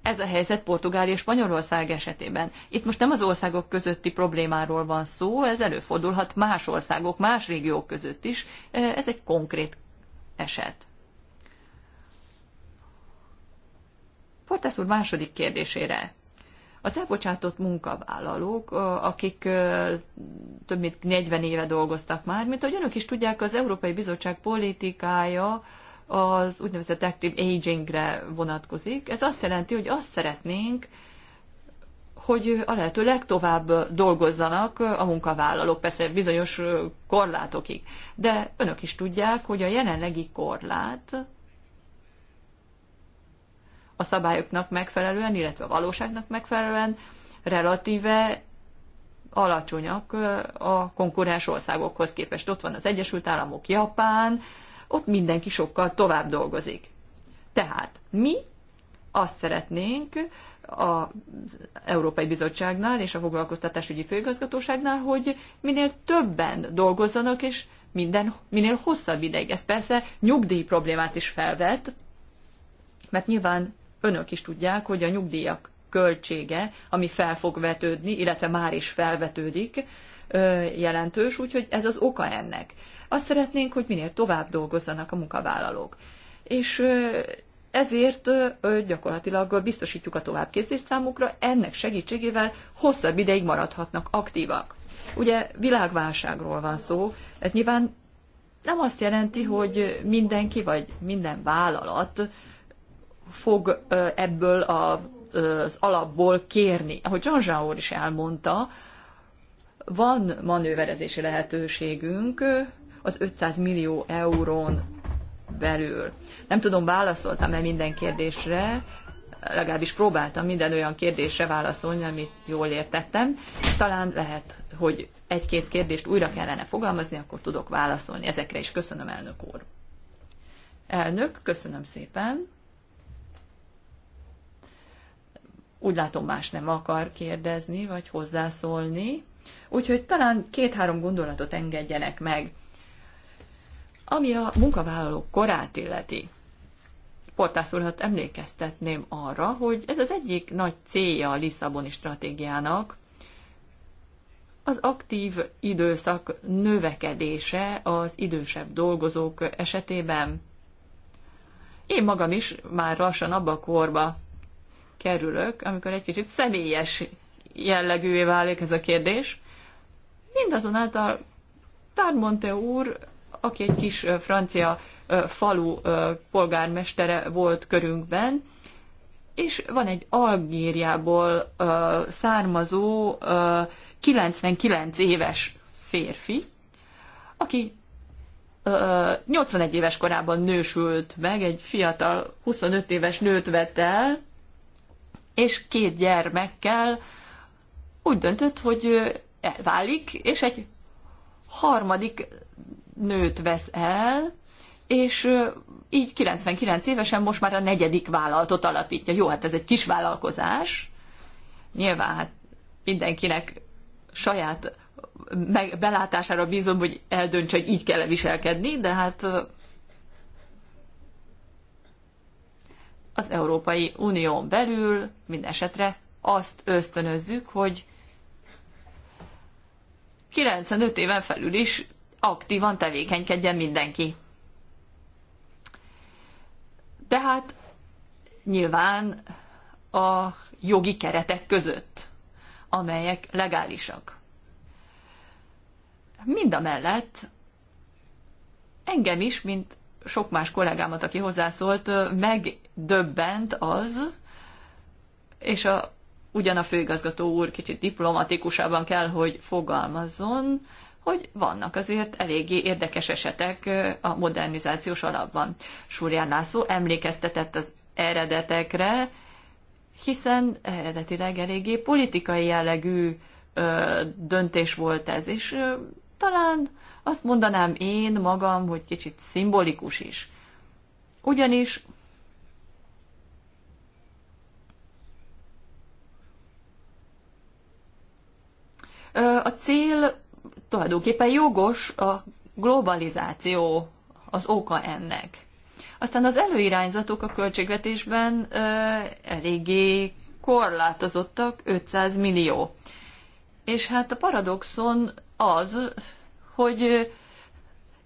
Ez a helyzet Portugália és Spanyolország esetében. Itt most nem az országok közötti problémáról van szó, ez előfordulhat más országok, más régiók között is. Ez egy konkrét eset. Fortes úr második kérdésére. Az elbocsátott munkavállalók, akik több mint 40 éve dolgoztak már, mint ahogy önök is tudják, az Európai Bizottság politikája az úgynevezett active agingre vonatkozik. Ez azt jelenti, hogy azt szeretnénk, hogy a lehető legtovább dolgozzanak a munkavállalók, persze bizonyos korlátokig. De önök is tudják, hogy a jelenlegi korlát a szabályoknak megfelelően, illetve a valóságnak megfelelően relatíve alacsonyak a konkurens országokhoz képest. Ott van az Egyesült Államok, Japán, ott mindenki sokkal tovább dolgozik. Tehát mi azt szeretnénk az Európai Bizottságnál és a Foglalkoztatásügyi Főigazgatóságnál, hogy minél többen dolgozzanak, és minden, minél hosszabb ideig. Ez persze nyugdíj problémát is felvet, mert nyilván önök is tudják, hogy a nyugdíjak költsége, ami fel fog vetődni, illetve már is felvetődik, jelentős, úgyhogy ez az oka ennek. Azt szeretnénk, hogy minél tovább dolgozzanak a munkavállalók. És ezért gyakorlatilag biztosítjuk a továbbképzés számukra, ennek segítségével hosszabb ideig maradhatnak aktívak. Ugye világválságról van szó, ez nyilván nem azt jelenti, hogy mindenki vagy minden vállalat fog ebből a, az alapból kérni. Ahogy John Jean is elmondta, van manőverezési lehetőségünk az 500 millió eurón belül. Nem tudom, válaszoltam-e minden kérdésre, legalábbis próbáltam minden olyan kérdésre válaszolni, amit jól értettem. Talán lehet, hogy egy-két kérdést újra kellene fogalmazni, akkor tudok válaszolni ezekre is. Köszönöm, elnök úr. Elnök, köszönöm szépen. Úgy látom, más nem akar kérdezni vagy hozzászólni, úgyhogy talán két-három gondolatot engedjenek meg. Ami a munkavállalók korát illeti, Portász úrhat emlékeztetném arra, hogy ez az egyik nagy célja a Lisszaboni stratégiának, az aktív időszak növekedése az idősebb dolgozók esetében. Én magam is már lassan abba a korba kerülök, amikor egy kicsit személyes jellegűvé válik ez a kérdés. Mindazonáltal Tármonte úr, aki egy kis francia falu polgármestere volt körünkben, és van egy Algériából származó 99 éves férfi, aki 81 éves korában nősült meg, egy fiatal 25 éves nőt vett el, és két gyermekkel úgy döntött, hogy elválik, és egy harmadik nőt vesz el, és így 99 évesen most már a negyedik vállalatot alapítja. Jó, hát ez egy kis vállalkozás. Nyilván hát mindenkinek saját meg, belátására bízom, hogy eldöntse, hogy így kell -e viselkedni, de hát az Európai Unión belül minden esetre azt ösztönözzük, hogy 95 éven felül is aktívan tevékenykedjen mindenki. Tehát nyilván a jogi keretek között, amelyek legálisak. Mind a mellett engem is, mint sok más kollégámat, aki hozzászólt, megdöbbent az, és a, ugyan a főigazgató úr kicsit diplomatikusabban kell, hogy fogalmazzon, hogy vannak azért eléggé érdekes esetek a modernizációs alapban. Súrján László emlékeztetett az eredetekre, hiszen eredetileg eléggé politikai jellegű ö, döntés volt ez, és ö, talán azt mondanám én magam, hogy kicsit szimbolikus is. Ugyanis a cél tulajdonképpen jogos a globalizáció az oka ennek. Aztán az előirányzatok a költségvetésben ö, eléggé korlátozottak, 500 millió. És hát a paradoxon az, hogy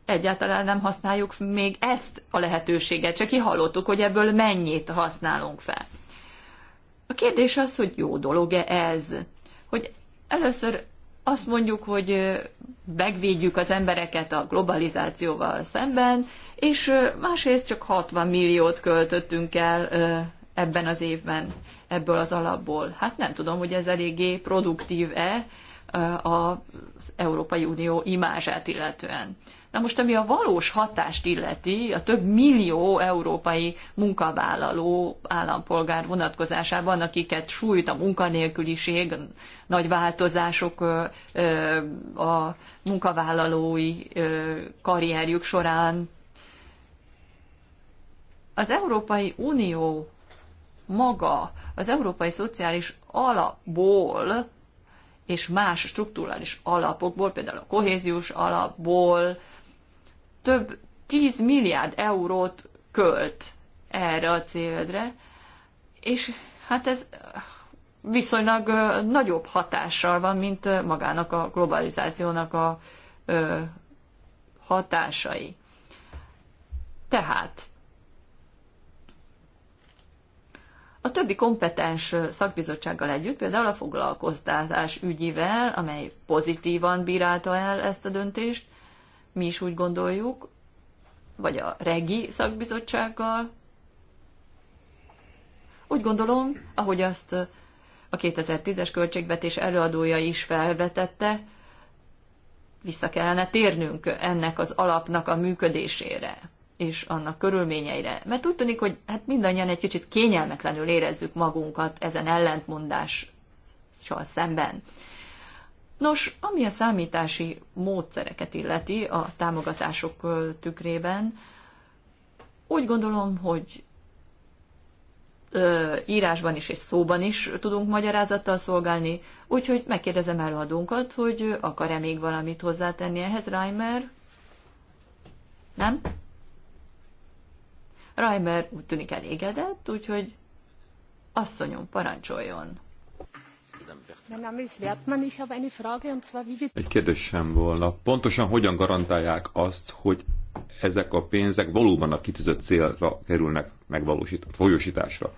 egyáltalán nem használjuk még ezt a lehetőséget, csak kihallottuk, hogy ebből mennyit használunk fel. A kérdés az, hogy jó dolog-e ez? Hogy először azt mondjuk, hogy megvédjük az embereket a globalizációval szemben, és másrészt csak 60 milliót költöttünk el ebben az évben ebből az alapból. Hát nem tudom, hogy ez eléggé produktív-e, az Európai Unió imázsát illetően. Na most, ami a valós hatást illeti, a több millió európai munkavállaló állampolgár vonatkozásában, akiket sújt a munkanélküliség, a nagy változások a munkavállalói karrierjük során. Az Európai Unió maga az Európai Szociális Alapból és más strukturális alapokból, például a kohéziós alapból több 10 milliárd eurót költ erre a célra, és hát ez viszonylag nagyobb hatással van, mint magának a globalizációnak a hatásai. Tehát a többi kompetens szakbizottsággal együtt, például a foglalkoztatás ügyivel, amely pozitívan bírálta el ezt a döntést, mi is úgy gondoljuk, vagy a regi szakbizottsággal. Úgy gondolom, ahogy azt a 2010-es költségvetés előadója is felvetette, vissza kellene térnünk ennek az alapnak a működésére és annak körülményeire. Mert úgy tűnik, hogy hát mindannyian egy kicsit kényelmetlenül érezzük magunkat ezen ellentmondással szemben. Nos, ami a számítási módszereket illeti a támogatások tükrében, úgy gondolom, hogy írásban is és szóban is tudunk magyarázattal szolgálni, úgyhogy megkérdezem előadónkat, hogy akar-e még valamit hozzátenni ehhez, Reimer? Nem? Reimer úgy tűnik elégedett, úgyhogy asszonyom, parancsoljon. Egy sem volna. Pontosan hogyan garantálják azt, hogy ezek a pénzek valóban a kitűzött célra kerülnek megvalósít, folyosításra?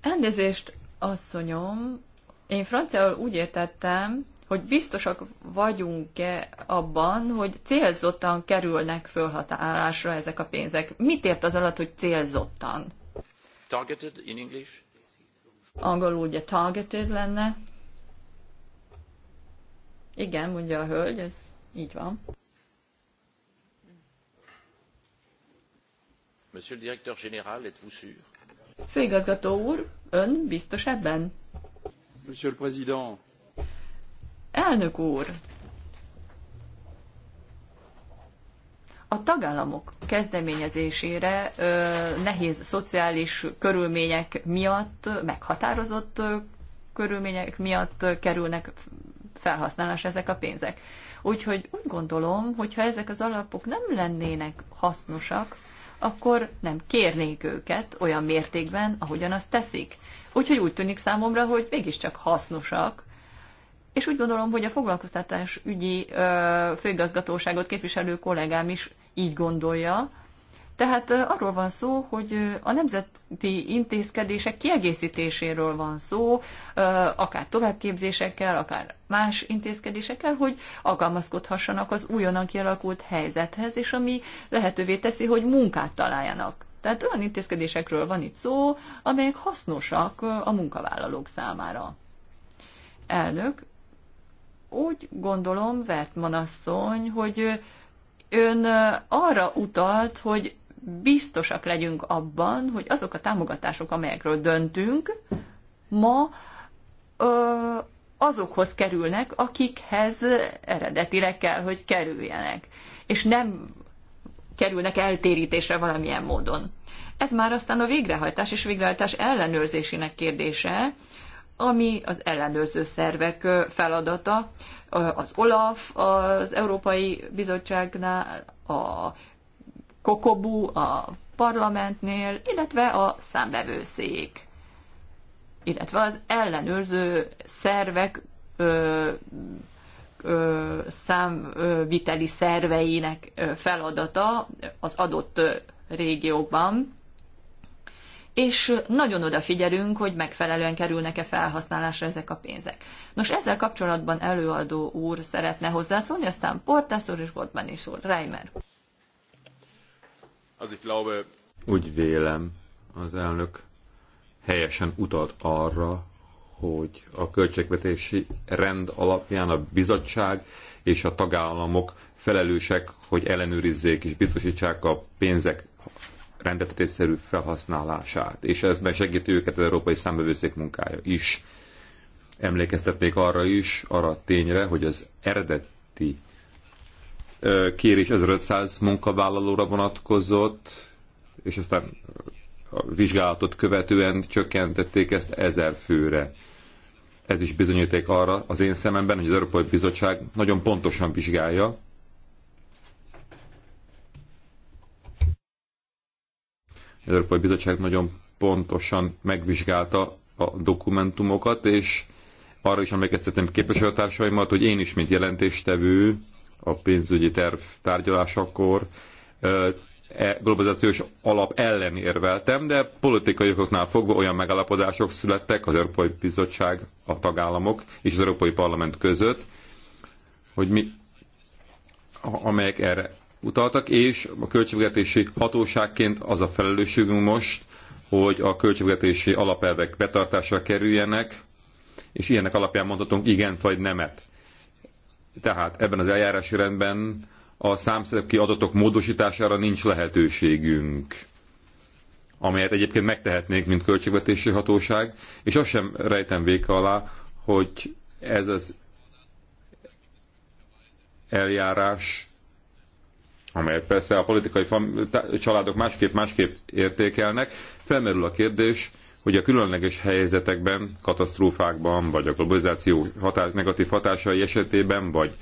Elnézést, asszonyom. Én franciaul úgy értettem, hogy biztosak vagyunk-e abban, hogy célzottan kerülnek fölhatálásra ezek a pénzek. Mit ért az alatt, hogy célzottan? Targeted in English? Angolul ugye targeted lenne. Igen, mondja a hölgy, ez így van. Monsieur le directeur général, êtes-vous sûr? Főigazgató úr, ön biztos ebben? Monsieur le président, Elnök úr, a tagállamok kezdeményezésére ö, nehéz szociális körülmények miatt, meghatározott ö, körülmények miatt kerülnek felhasználás ezek a pénzek. Úgyhogy úgy gondolom, hogy ha ezek az alapok nem lennének hasznosak, akkor nem kérnék őket olyan mértékben, ahogyan azt teszik. Úgyhogy úgy tűnik számomra, hogy mégiscsak hasznosak, és úgy gondolom, hogy a foglalkoztatás ügyi ö, főigazgatóságot képviselő kollégám is így gondolja. Tehát ö, arról van szó, hogy a nemzeti intézkedések kiegészítéséről van szó, ö, akár továbbképzésekkel, akár más intézkedésekkel, hogy alkalmazkodhassanak az újonnan kialakult helyzethez, és ami lehetővé teszi, hogy munkát találjanak. Tehát olyan intézkedésekről van itt szó, amelyek hasznosak a munkavállalók számára elnök, úgy gondolom, Vertman asszony, hogy ön arra utalt, hogy biztosak legyünk abban, hogy azok a támogatások, amelyekről döntünk, ma ö, azokhoz kerülnek, akikhez eredetileg kell, hogy kerüljenek, és nem kerülnek eltérítésre valamilyen módon. Ez már aztán a végrehajtás és végrehajtás ellenőrzésének kérdése, ami az ellenőrző szervek feladata, az OLAF, az Európai Bizottságnál, a Kokobu, a parlamentnél, illetve a számbevőszék, illetve az ellenőrző szervek ö, ö, számviteli szerveinek feladata az adott régiókban, és nagyon odafigyelünk, hogy megfelelően kerülnek-e felhasználásra ezek a pénzek. Nos, ezzel kapcsolatban előadó úr szeretne hozzászólni, aztán Portász úr és Botman is úr. Reimer. Úgy vélem, az elnök helyesen utalt arra, hogy a költségvetési rend alapján a bizottság és a tagállamok felelősek, hogy ellenőrizzék és biztosítsák a pénzek rendetetésszerű felhasználását, és ezben segíti őket az Európai Számbevőszék munkája is. Emlékeztetnék arra is, arra a tényre, hogy az eredeti kérés 1500 munkavállalóra vonatkozott, és aztán a vizsgálatot követően csökkentették ezt 1000 főre. Ez is bizonyíték arra az én szememben, hogy az Európai Bizottság nagyon pontosan vizsgálja Az Európai Bizottság nagyon pontosan megvizsgálta a dokumentumokat, és arra is emlékeztetem képviselőtársaimat, hogy én is, mint jelentéstevő a pénzügyi terv tárgyalásakor e globalizációs alap ellen érveltem, de politikai okoknál fogva olyan megállapodások születtek az Európai Bizottság, a tagállamok és az Európai Parlament között, hogy mi, amelyek erre utaltak, és a költségvetési hatóságként az a felelősségünk most, hogy a költségvetési alapelvek betartásra kerüljenek, és ilyenek alapján mondhatunk igen vagy nemet. Tehát ebben az eljárási rendben a számszerűki adatok módosítására nincs lehetőségünk amelyet egyébként megtehetnénk, mint költségvetési hatóság, és azt sem rejtem véka alá, hogy ez az eljárás amelyet persze a politikai családok másképp-másképp értékelnek, felmerül a kérdés, hogy a különleges helyzetekben, katasztrófákban, vagy a globalizáció hatás, negatív hatásai esetében, vagy,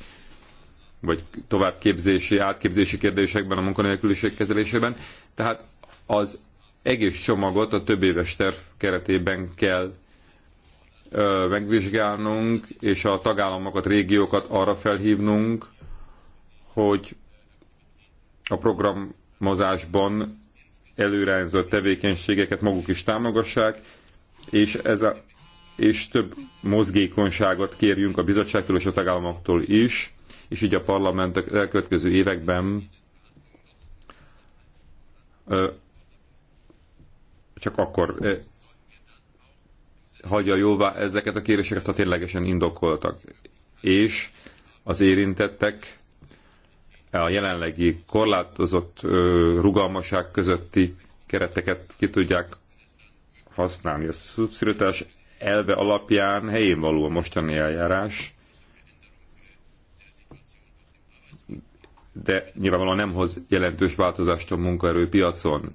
vagy továbbképzési, átképzési kérdésekben, a munkanélküliség kezelésében. Tehát az egész csomagot a több éves terv keretében kell ö, megvizsgálnunk, és a tagállamokat, régiókat arra felhívnunk, hogy a programozásban előrehányzott tevékenységeket maguk is támogassák, és, ez a, és több mozgékonyságot kérjünk a bizottságtól és a tagállamoktól is, és így a parlament a elkövetkező években csak akkor hagyja jóvá ezeket a kéréseket, ha ténylegesen indokoltak. És az érintettek a jelenlegi korlátozott rugalmaság közötti kereteket ki tudják használni. A szubszidiaritás elve alapján helyén való a mostani eljárás, de nyilvánvalóan nem hoz jelentős változást a munkaerőpiacon.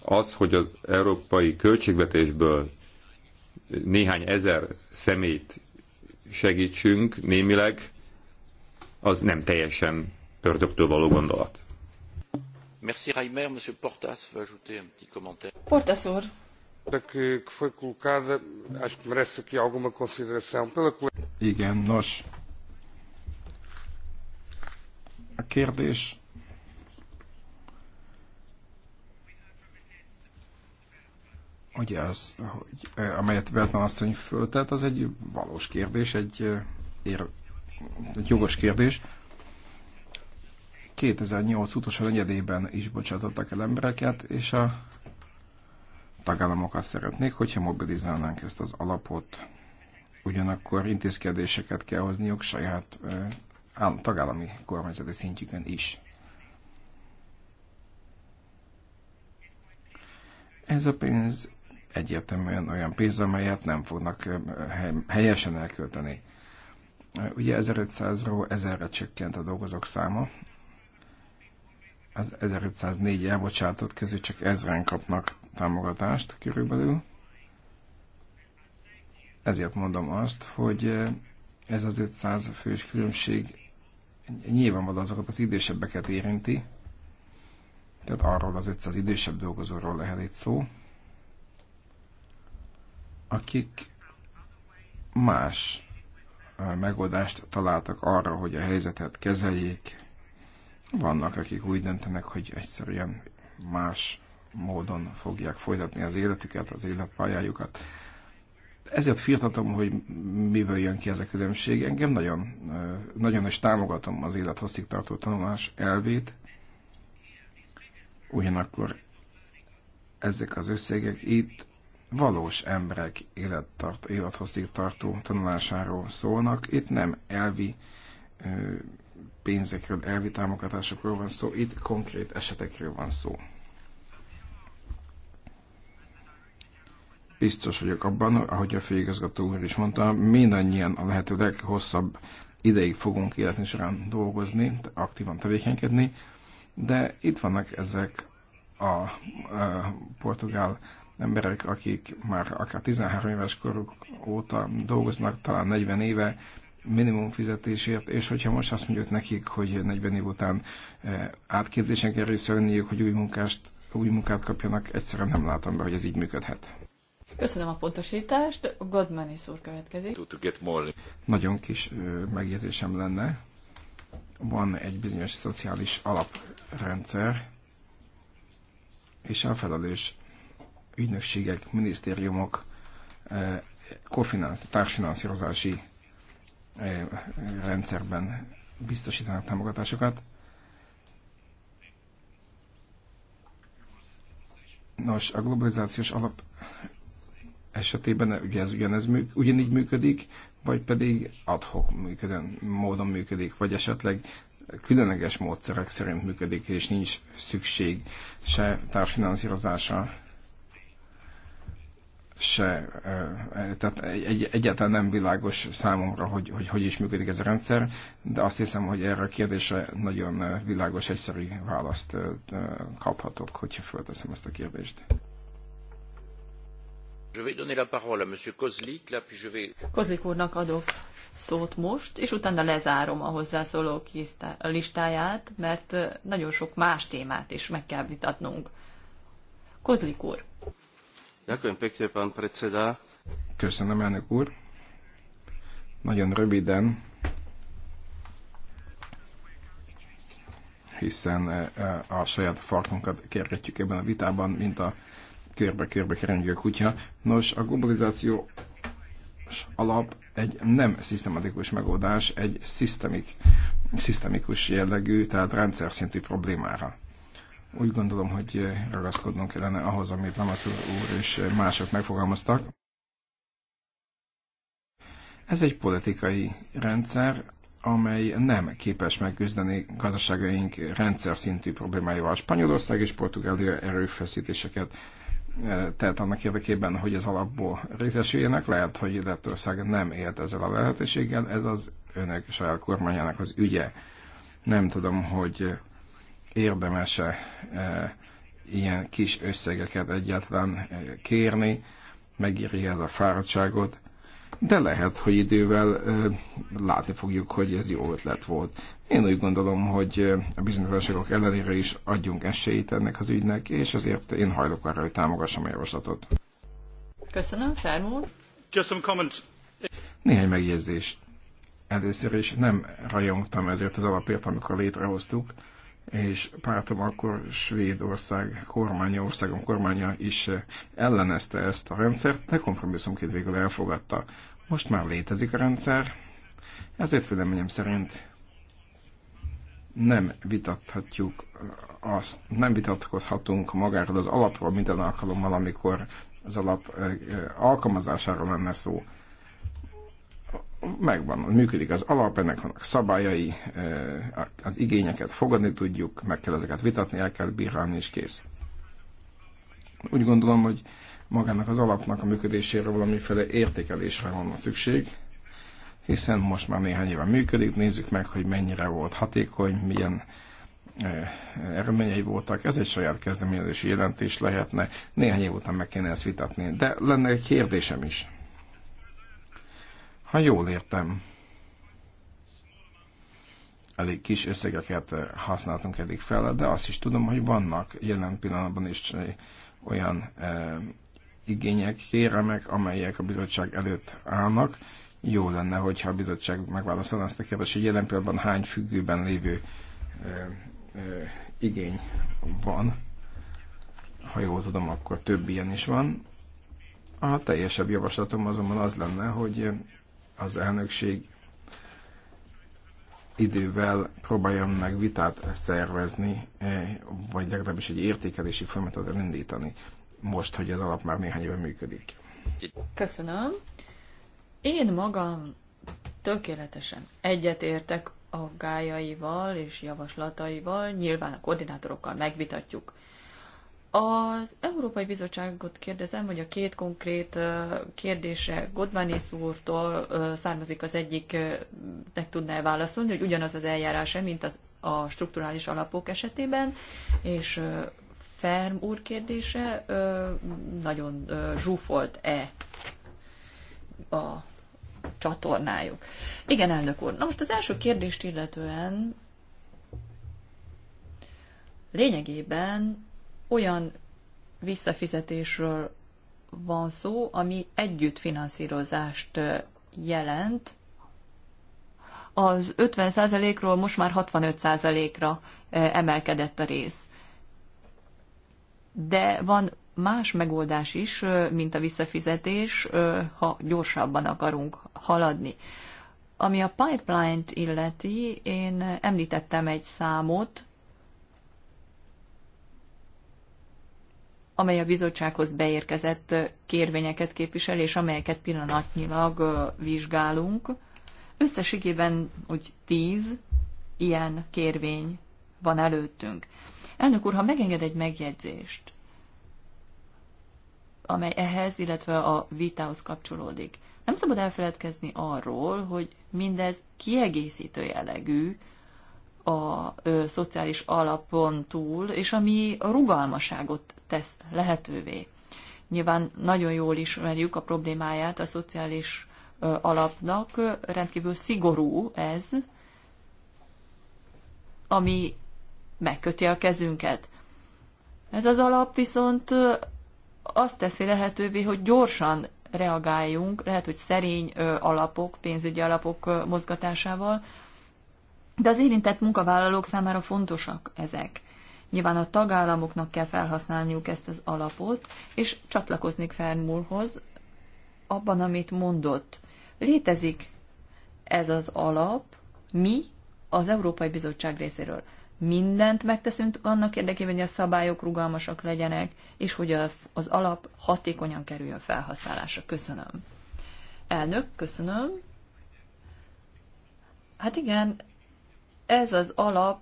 Az, hogy az európai költségvetésből néhány ezer szemét segítsünk némileg, az nem teljesen ördögtől való gondolat. Merci Reimer, Monsieur Portas vous ajoutez un petit commentaire. Portas úr. Que, que foi colocada, acho que merece aqui alguma consideração pela Igen, nos. A kérdés ugye az, hogy, eh, amelyet Bertman asszony föltett, az egy valós kérdés, egy eh, egy jogos kérdés. 2008 utolsó negyedében is bocsátottak el embereket, és a tagállamokat szeretnék, hogyha mobilizálnánk ezt az alapot. Ugyanakkor intézkedéseket kell hozniuk saját állam, tagállami kormányzati szintjükön is. Ez a pénz egyértelműen olyan pénz, amelyet nem fognak helyesen elkölteni. Ugye 1500-ról 1000-re csökkent a dolgozók száma. Az 1504 elbocsátott közül csak 1000 kapnak támogatást körülbelül. Ezért mondom azt, hogy eh, ez az 500 fős különbség nyilvánvalóan azokat az idősebbeket érinti, tehát arról az 500 idősebb dolgozóról lehet itt szó, akik más megoldást találtak arra, hogy a helyzetet kezeljék. Vannak, akik úgy döntenek, hogy egyszerűen más módon fogják folytatni az életüket, az életpályájukat. Ezért firtatom, hogy miből jön ki ez a különbség. Engem nagyon, nagyon is támogatom az élethosszig tartó tanulás elvét, ugyanakkor ezek az összegek itt valós emberek élettart, élethosszig tartó tanulásáról szólnak. Itt nem elvi pénzekről, elvi támogatásokról van szó, itt konkrét esetekről van szó. Biztos vagyok abban, ahogy a főigazgató úr is mondta, mindannyian a lehető leghosszabb ideig fogunk életni során dolgozni, aktívan tevékenykedni, de itt vannak ezek a, a portugál emberek, akik már akár 13 éves koruk óta dolgoznak, talán 40 éve minimum fizetésért, és hogyha most azt mondjuk nekik, hogy 40 év után eh, átképzésen kell részt venniük, hogy új, munkást, új munkát kapjanak, egyszerűen nem látom be, hogy ez így működhet. Köszönöm a pontosítást. Godman is úr következik. Nagyon kis megjegyzésem lenne. Van egy bizonyos szociális alaprendszer, és a felelős ügynökségek, minisztériumok eh, kofinansz, társfinanszírozási eh, rendszerben biztosítanak támogatásokat. Nos, a globalizációs alap esetében ugye ez ugyanez műk, ugyanígy működik, vagy pedig adhok működön, módon működik, vagy esetleg különleges módszerek szerint működik, és nincs szükség se társfinanszírozásra, se, tehát egy, egyáltalán nem világos számomra, hogy, hogy hogy is működik ez a rendszer, de azt hiszem, hogy erre a kérdésre nagyon világos, egyszerű választ kaphatok, hogyha fölteszem ezt a kérdést. Kozlik, Kozlik úrnak adok szót most, és utána lezárom a hozzászólók listáját, mert nagyon sok más témát is meg kell vitatnunk. Kozlik úr, Köszönöm, elnök úr. Nagyon röviden, hiszen e, e, a saját farkunkat kergetjük ebben a vitában, mint a körbe-körbe keringő kutya. Nos, a globalizáció alap egy nem szisztematikus megoldás, egy szisztemik, szisztemikus jellegű, tehát rendszer szintű problémára. Úgy gondolom, hogy eh, ragaszkodnunk kellene ahhoz, amit Lamasz úr és mások megfogalmaztak. Ez egy politikai rendszer, amely nem képes megküzdeni gazdaságaink rendszer szintű problémáival. Spanyolország és Portugália erőfeszítéseket eh, tehát annak érdekében, hogy az alapból részesüljenek, lehet, hogy Lettország nem élt ezzel a lehetőséggel, ez az önök saját kormányának az ügye. Nem tudom, hogy érdemese e, ilyen kis összegeket egyáltalán e, kérni, megírja ez a fáradtságot, de lehet, hogy idővel e, látni fogjuk, hogy ez jó ötlet volt. Én úgy gondolom, hogy a bizonytalanságok ellenére is adjunk esélyt ennek az ügynek, és azért én hajlok arra, hogy támogassam a javaslatot. Köszönöm, Fermúr. Just some comments. Néhány megjegyzés. Először is nem rajongtam ezért az alapért, amikor létrehoztuk, és pártom akkor Svédország kormánya, országom kormánya is ellenezte ezt a rendszert, de kompromisszumként végül elfogadta. Most már létezik a rendszer, ezért véleményem szerint nem vitathatjuk azt, nem vitatkozhatunk magáról az alapról minden alkalommal, amikor az alap eh, eh, alkalmazásáról lenne szó megvan, működik az alap, ennek vannak szabályai, eh, az igényeket fogadni tudjuk, meg kell ezeket vitatni, el kell bírálni, és kész. Úgy gondolom, hogy magának az alapnak a működésére valamiféle értékelésre van szükség, hiszen most már néhány éve működik, nézzük meg, hogy mennyire volt hatékony, milyen eh, eredményei voltak. Ez egy saját kezdeményezési jelentés lehetne, néhány év után meg kéne ezt vitatni. De lenne egy kérdésem is ha jól értem, elég kis összegeket eh, használtunk eddig fel, de azt is tudom, hogy vannak jelen pillanatban is eh, olyan e, igények, kéremek, amelyek a bizottság előtt állnak. Jó lenne, hogyha a bizottság megválaszolna ezt a kérdést, hogy jelen pillanatban hány függőben lévő e, e, igény van. Ha jól tudom, akkor több ilyen is van. A teljesebb javaslatom azonban az lenne, hogy az elnökség idővel próbálja meg vitát szervezni, eh, vagy legalábbis egy értékelési folyamatot elindítani, most, hogy az alap már néhány éve működik. Köszönöm. Én magam tökéletesen egyetértek aggájaival és javaslataival, nyilván a koordinátorokkal megvitatjuk az Európai Bizottságot kérdezem, hogy a két konkrét kérdése Godmanis úrtól származik az egyik, meg tudná -e válaszolni, hogy ugyanaz az -e, mint az, a strukturális alapok esetében, és Ferm úr kérdése nagyon zsúfolt-e a csatornájuk. Igen, elnök úr. Na most az első kérdést illetően lényegében olyan visszafizetésről van szó, ami együtt finanszírozást jelent. Az 50%-ról most már 65%-ra emelkedett a rész. De van más megoldás is, mint a visszafizetés, ha gyorsabban akarunk haladni. Ami a pipeline-t illeti, én említettem egy számot, amely a bizottsághoz beérkezett kérvényeket képvisel, és amelyeket pillanatnyilag vizsgálunk. Összességében úgy tíz ilyen kérvény van előttünk. Elnök úr, ha megenged egy megjegyzést, amely ehhez, illetve a vitához kapcsolódik. Nem szabad elfeledkezni arról, hogy mindez kiegészítő jellegű a ö, szociális alapon túl, és ami a rugalmaságot tesz lehetővé. Nyilván nagyon jól ismerjük a problémáját a szociális ö, alapnak, ö, rendkívül szigorú ez, ami megköti a kezünket. Ez az alap viszont ö, azt teszi lehetővé, hogy gyorsan reagáljunk, lehet, hogy szerény ö, alapok, pénzügyi alapok ö, mozgatásával, de az érintett munkavállalók számára fontosak ezek. Nyilván a tagállamoknak kell felhasználniuk ezt az alapot, és csatlakozni Fernmúrhoz abban, amit mondott. Létezik ez az alap, mi az Európai Bizottság részéről mindent megteszünk annak érdekében, hogy a szabályok rugalmasak legyenek, és hogy az alap hatékonyan kerüljön felhasználásra. Köszönöm. Elnök, köszönöm. Hát igen, ez az alap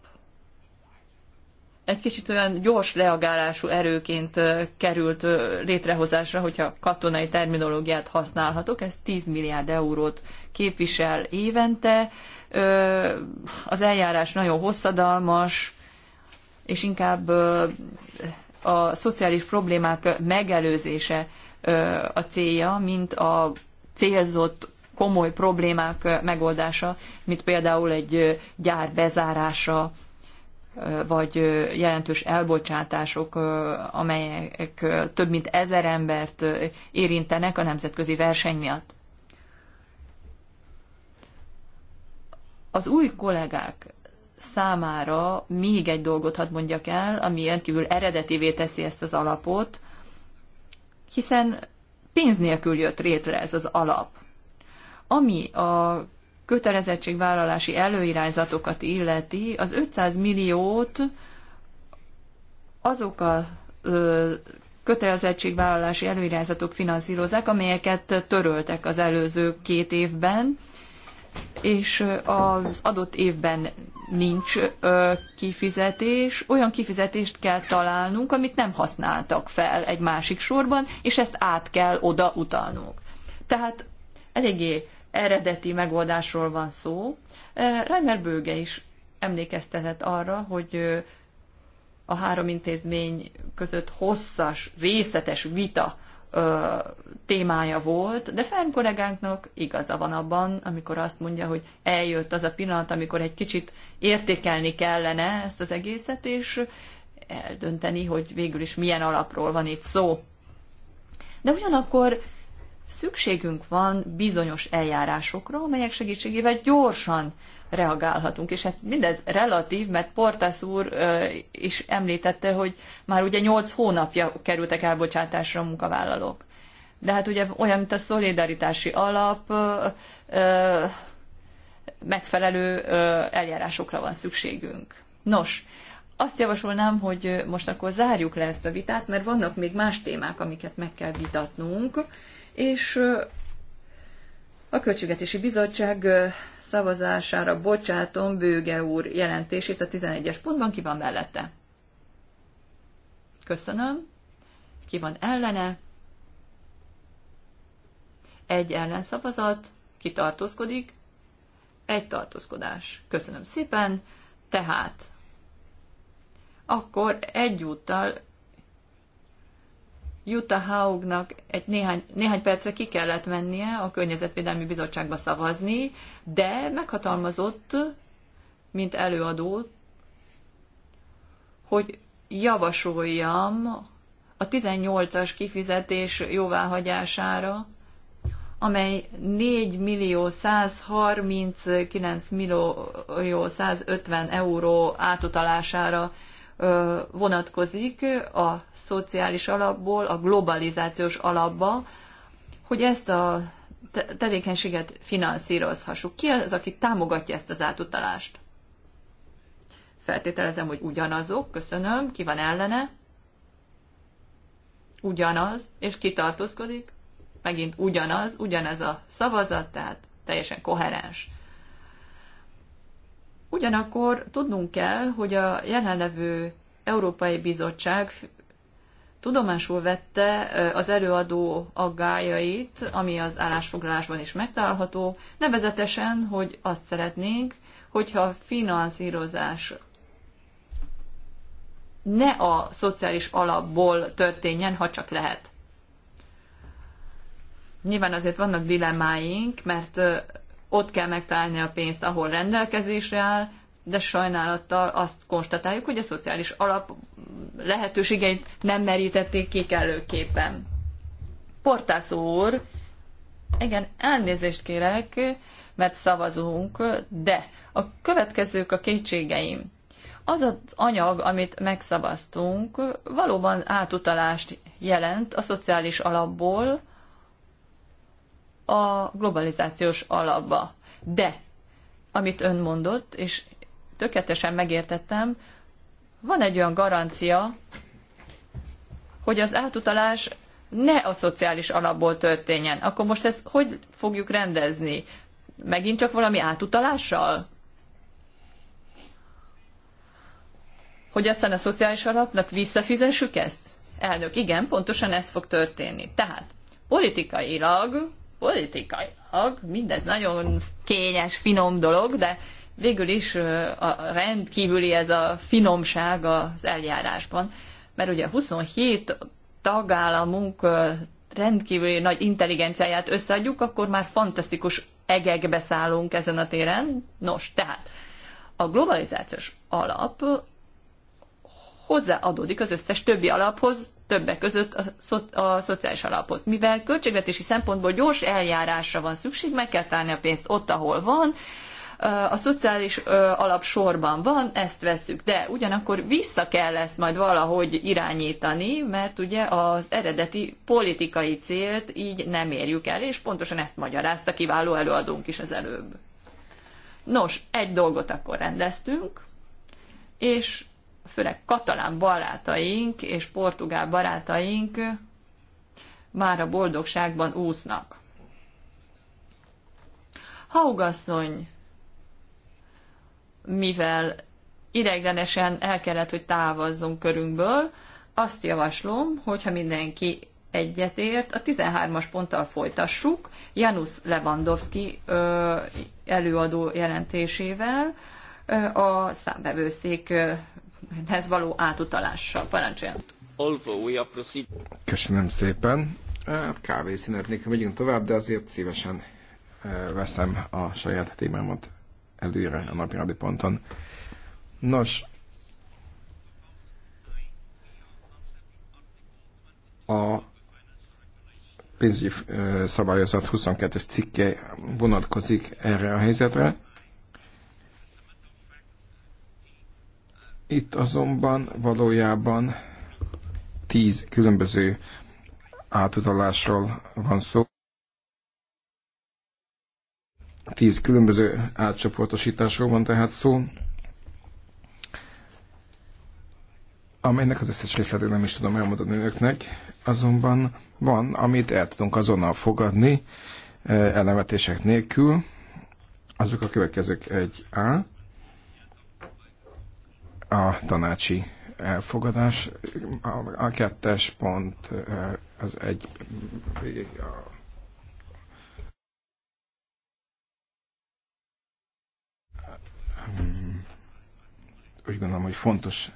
egy kicsit olyan gyors reagálású erőként került létrehozásra, hogyha katonai terminológiát használhatok, ez 10 milliárd eurót képvisel évente. Az eljárás nagyon hosszadalmas, és inkább a szociális problémák megelőzése a célja, mint a célzott komoly problémák megoldása, mint például egy gyár bezárása, vagy jelentős elbocsátások, amelyek több mint ezer embert érintenek a nemzetközi verseny miatt. Az új kollégák számára még egy dolgot hadd mondjak el, ami rendkívül eredetivé teszi ezt az alapot, hiszen pénz nélkül jött létre ez az alap. Ami a kötelezettségvállalási előirányzatokat illeti, az 500 milliót azok a ö, kötelezettségvállalási előirányzatok finanszírozzák, amelyeket töröltek az előző két évben, és az adott évben nincs ö, kifizetés, olyan kifizetést kell találnunk, amit nem használtak fel egy másik sorban, és ezt át kell oda utalnunk. Tehát eléggé eredeti megoldásról van szó. Reimer Bőge is emlékeztetett arra, hogy a három intézmény között hosszas, részletes vita témája volt, de Fern kollégánknak igaza van abban, amikor azt mondja, hogy eljött az a pillanat, amikor egy kicsit értékelni kellene ezt az egészet, és eldönteni, hogy végül is milyen alapról van itt szó. De ugyanakkor szükségünk van bizonyos eljárásokra, amelyek segítségével gyorsan reagálhatunk. És hát mindez relatív, mert Portas úr ö, is említette, hogy már ugye 8 hónapja kerültek elbocsátásra a munkavállalók. De hát ugye olyan, mint a szolidaritási alap, ö, ö, megfelelő ö, eljárásokra van szükségünk. Nos, azt javasolnám, hogy most akkor zárjuk le ezt a vitát, mert vannak még más témák, amiket meg kell vitatnunk és a Költségvetési Bizottság szavazására bocsátom Bőge úr jelentését a 11-es pontban, ki van mellette. Köszönöm. Ki van ellene? Egy ellenszavazat, ki tartózkodik? Egy tartózkodás. Köszönöm szépen. Tehát akkor egyúttal Jutta Haugnak egy néhány, néhány percre ki kellett mennie a Környezetvédelmi Bizottságba szavazni, de meghatalmazott, mint előadó, hogy javasoljam a 18-as kifizetés jóváhagyására, amely 4 millió 139 millió 150 euró átutalására vonatkozik a szociális alapból a globalizációs alapba, hogy ezt a tevékenységet finanszírozhassuk. Ki az, aki támogatja ezt az átutalást? Feltételezem, hogy ugyanazok, köszönöm, ki van ellene? Ugyanaz, és ki tartózkodik? Megint ugyanaz, ugyanez a szavazat, tehát teljesen koherens. Ugyanakkor tudnunk kell, hogy a jelenlevő Európai Bizottság tudomásul vette az előadó aggájait, ami az állásfoglalásban is megtalálható, nevezetesen, hogy azt szeretnénk, hogyha a finanszírozás ne a szociális alapból történjen, ha csak lehet. Nyilván azért vannak dilemmáink, mert ott kell megtalálni a pénzt, ahol rendelkezésre áll, de sajnálattal azt konstatáljuk, hogy a szociális alap lehetőségeit nem merítették ki kellőképpen. Portász úr, igen, elnézést kérek, mert szavazunk, de a következők a kétségeim. Az az anyag, amit megszavaztunk, valóban átutalást jelent a szociális alapból, a globalizációs alapba. De, amit ön mondott, és tökéletesen megértettem, van egy olyan garancia, hogy az átutalás ne a szociális alapból történjen. Akkor most ezt hogy fogjuk rendezni? Megint csak valami átutalással? Hogy aztán a szociális alapnak visszafizessük ezt? Elnök, igen, pontosan ez fog történni. Tehát politikailag politikailag mindez nagyon kényes, finom dolog, de végül is a rendkívüli ez a finomság az eljárásban, mert ugye 27 tagállamunk rendkívüli nagy intelligenciáját összeadjuk, akkor már fantasztikus egekbe szállunk ezen a téren. Nos, tehát a globalizációs alap hozzáadódik az összes többi alaphoz, többek között a, szo- a szociális alaphoz. Mivel költségvetési szempontból gyors eljárásra van szükség, meg kell tárni a pénzt ott, ahol van, a szociális alap sorban van, ezt veszük, de ugyanakkor vissza kell ezt majd valahogy irányítani, mert ugye az eredeti politikai célt így nem érjük el, és pontosan ezt magyarázta kiváló előadónk is az előbb. Nos, egy dolgot akkor rendeztünk, és főleg katalán barátaink és portugál barátaink már a boldogságban úsznak. Haugasszony, mivel ideiglenesen el kellett, hogy távozzunk körünkből, azt javaslom, hogyha mindenki egyetért, a 13-as ponttal folytassuk, Janusz Lewandowski előadó jelentésével, a számbevőszék hez való átutalással. Parancsoljon! Köszönöm szépen. Hát Kávészünet nélkül megyünk tovább, de azért szívesen veszem a saját témámat előre a napirendi ponton. Nos, a pénzügyi szabályozat 22-es cikke vonatkozik erre a helyzetre. Itt azonban valójában tíz különböző átutalásról van szó. Tíz különböző átcsoportosításról van tehát szó, amelynek az összes részletét nem is tudom elmondani önöknek, azonban van, amit el tudunk azonnal fogadni, eh, elemetések nélkül, azok a következők 1A, a tanácsi elfogadás. A kettes pont az egy úgy gondolom, hogy fontos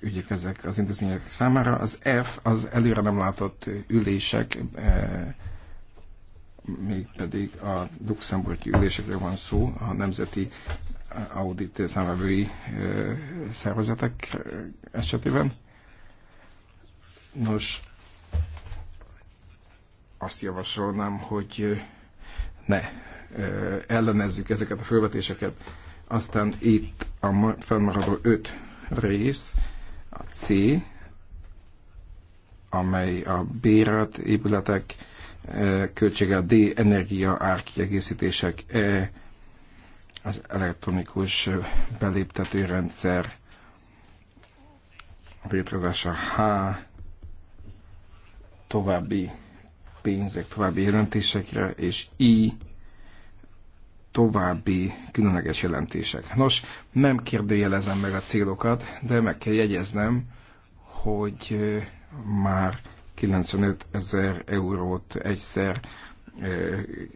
ügyek ezek az intézmények számára. Az F az előre nem látott ülések, mégpedig a luxemburgi ülésekről van szó, a nemzeti audit számvevői szervezetek esetében. Nos, azt javasolnám, hogy ne ellenezzük ezeket a felvetéseket. Aztán itt a fennmaradó öt rész, a C, amely a béret, épületek, költsége a D, energia, árkiegészítések, E, az elektronikus beléptető rendszer létrehozása H további pénzek, további jelentésekre, és I további különleges jelentések. Nos, nem kérdőjelezem meg a célokat, de meg kell jegyeznem, hogy már 95 ezer eurót egyszer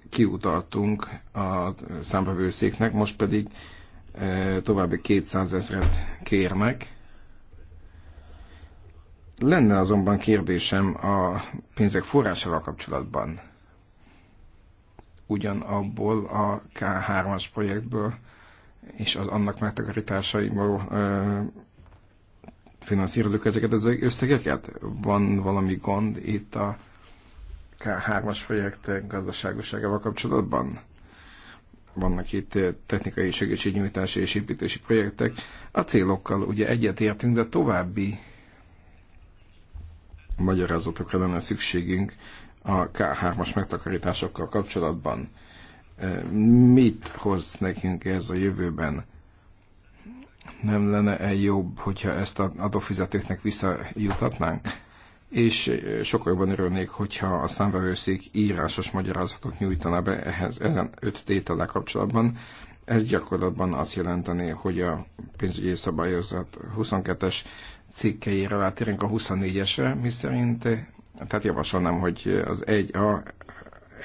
kiutaltunk a számbevőszéknek, most pedig további 200 ezeret kérnek. Lenne azonban kérdésem a pénzek forrásával kapcsolatban. Ugyanabból a K3-as projektből és az annak megtakarításaiból finanszírozunk ezeket az összegeket? Van valami gond itt a hármas projektek gazdaságosságával kapcsolatban. Vannak itt eh, technikai segítségnyújtási és építési projektek. A célokkal ugye egyetértünk, de további magyarázatokra lenne szükségünk a K3-as megtakarításokkal kapcsolatban. Eh, mit hoz nekünk ez a jövőben? Nem lenne-e jobb, hogyha ezt az adófizetőknek visszajutatnánk? és eh, sokkal jobban örülnék, hogyha a számvevőszék írásos magyarázatot nyújtana be ehhez, ezen öt tétele kapcsolatban. Ez gyakorlatban azt jelenteni, hogy a pénzügyi szabályozat 22-es cikkeire rátérünk a 24-esre, miszerint, eh, tehát javasolnám, hogy az 1A,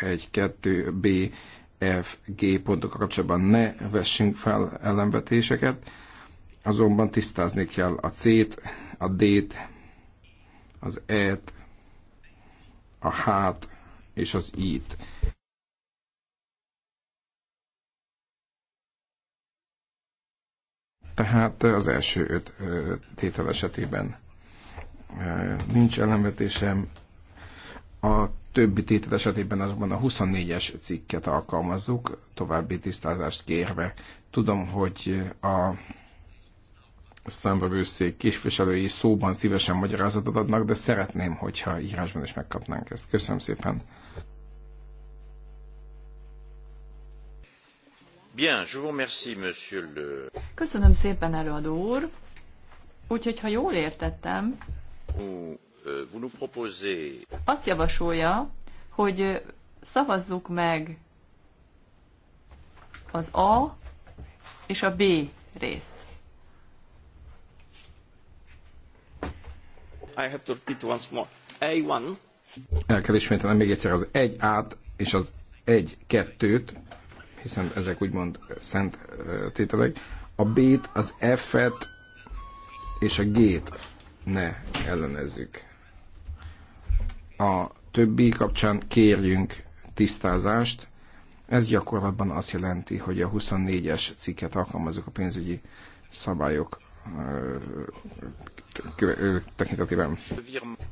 1, 2, B, F, G pontok kapcsolatban ne vessünk fel ellenvetéseket, azonban tisztázni kell a C-t, a D-t, az et, a hát és az it. Tehát az első öt tétel esetében nincs ellenvetésem. A többi tétel esetében azonban a 24-es cikket alkalmazzuk, további tisztázást kérve. Tudom, hogy a számvevőszék képviselői szóban szívesen magyarázatot adnak, de szeretném, hogyha írásban is megkapnánk ezt. Köszönöm szépen. Bien, je vous remercie, monsieur le... Köszönöm szépen, előadó úr. Úgyhogy, ha jól értettem, Vous nous proposez. azt javasolja, hogy szavazzuk meg az A és a B részt. I have to repeat once more. A1. El kell ismételnem még egyszer az egy át és az egy kettőt, hiszen ezek úgymond szent tételek. A B-t, az F-et és a G-t ne ellenezzük. A többi kapcsán kérjünk tisztázást. Ez gyakorlatban azt jelenti, hogy a 24-es cikket alkalmazok a pénzügyi szabályok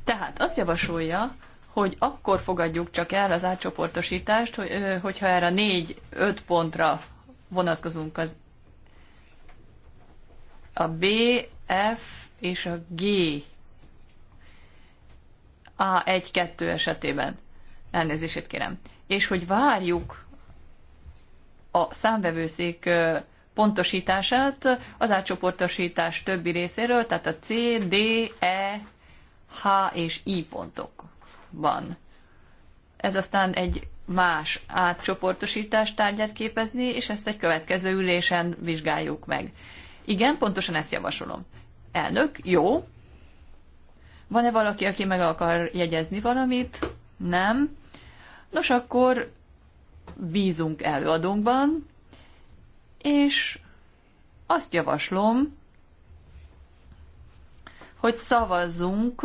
tehát azt javasolja, hogy akkor fogadjuk csak el az átcsoportosítást, hogy, hogyha erre négy-öt pontra vonatkozunk az a B, F és a G A1-2 esetében. Elnézését kérem. És hogy várjuk a számvevőszék pontosítását az átcsoportosítás többi részéről, tehát a C, D, E, H és I pontokban. Ez aztán egy más átcsoportosítás tárgyát képezni, és ezt egy következő ülésen vizsgáljuk meg. Igen, pontosan ezt javasolom. Elnök, jó. Van-e valaki, aki meg akar jegyezni valamit? Nem. Nos, akkor bízunk előadónkban, és azt javaslom, hogy szavazzunk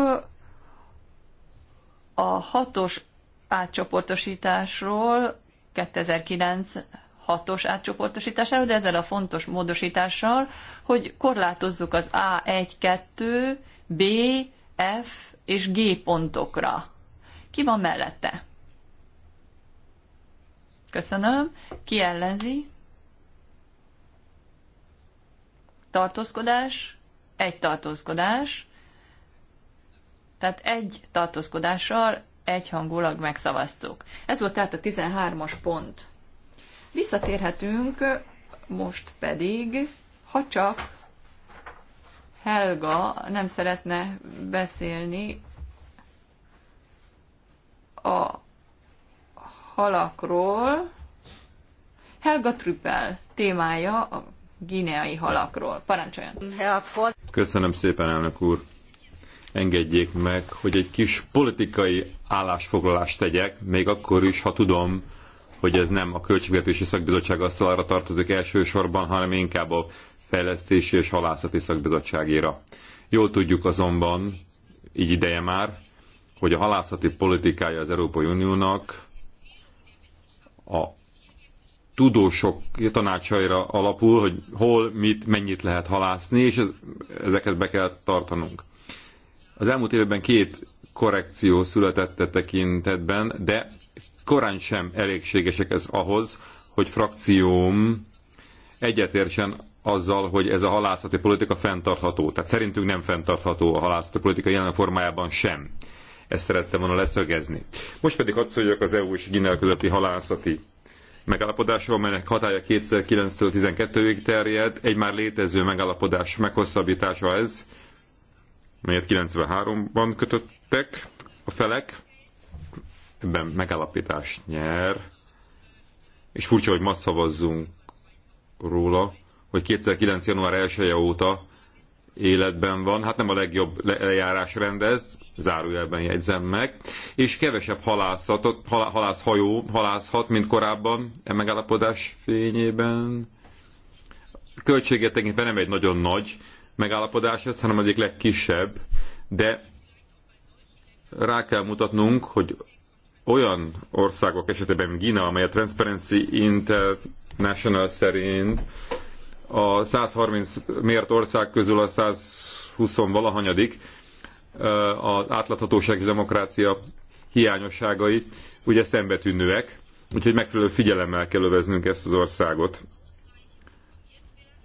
a hatos átcsoportosításról, 2009 hatos átcsoportosításáról, de ezzel a fontos módosítással, hogy korlátozzuk az A1, 2, B, F és G pontokra. Ki van mellette? Köszönöm. Ki ellenzi? tartózkodás, egy tartózkodás, tehát egy tartózkodással egyhangulag megszavaztuk. Ez volt tehát a 13-as pont. Visszatérhetünk most pedig, ha csak Helga nem szeretne beszélni a halakról. Helga Trüppel témája a gineai halakról. Parancsoljon! Köszönöm szépen, elnök úr! Engedjék meg, hogy egy kis politikai állásfoglalást tegyek, még akkor is, ha tudom, hogy ez nem a Költségvetési Szakbizottság asztalára tartozik elsősorban, hanem inkább a Fejlesztési és Halászati Szakbizottságéra. Jól tudjuk azonban, így ideje már, hogy a halászati politikája az Európai Uniónak a tudósok tanácsaira alapul, hogy hol, mit, mennyit lehet halászni, és ez, ezeket be kell tartanunk. Az elmúlt években két korrekció született e tekintetben, de korán sem elégségesek ez ahhoz, hogy frakcióm egyetértsen azzal, hogy ez a halászati politika fenntartható. Tehát szerintünk nem fenntartható a halászati politika jelen formájában sem. Ezt szerettem volna leszögezni. Most pedig hadd szóljak az EU és Ginel közötti halászati megállapodásról, melynek hatája 2009-től 12-ig terjed, egy már létező megállapodás meghosszabbítása ez, melyet 93-ban kötöttek a felek, ebben megállapítás nyer, és furcsa, hogy ma szavazzunk róla, hogy 2009. január 1 -e óta életben van, hát nem a legjobb lejárás rendez, zárójelben jegyzem meg, és kevesebb halászatot, halászhajó halászhat, mint korábban e megállapodás fényében. Költséget tekintve nem egy nagyon nagy megállapodás ez, hanem egyik legkisebb, de rá kell mutatnunk, hogy olyan országok esetében Gina, amely a Transparency International szerint a 130 mért ország közül a 120 valahanyadik, az átláthatóság és demokrácia hiányosságai ugye szembetűnőek, úgyhogy megfelelő figyelemmel kell öveznünk ezt az országot.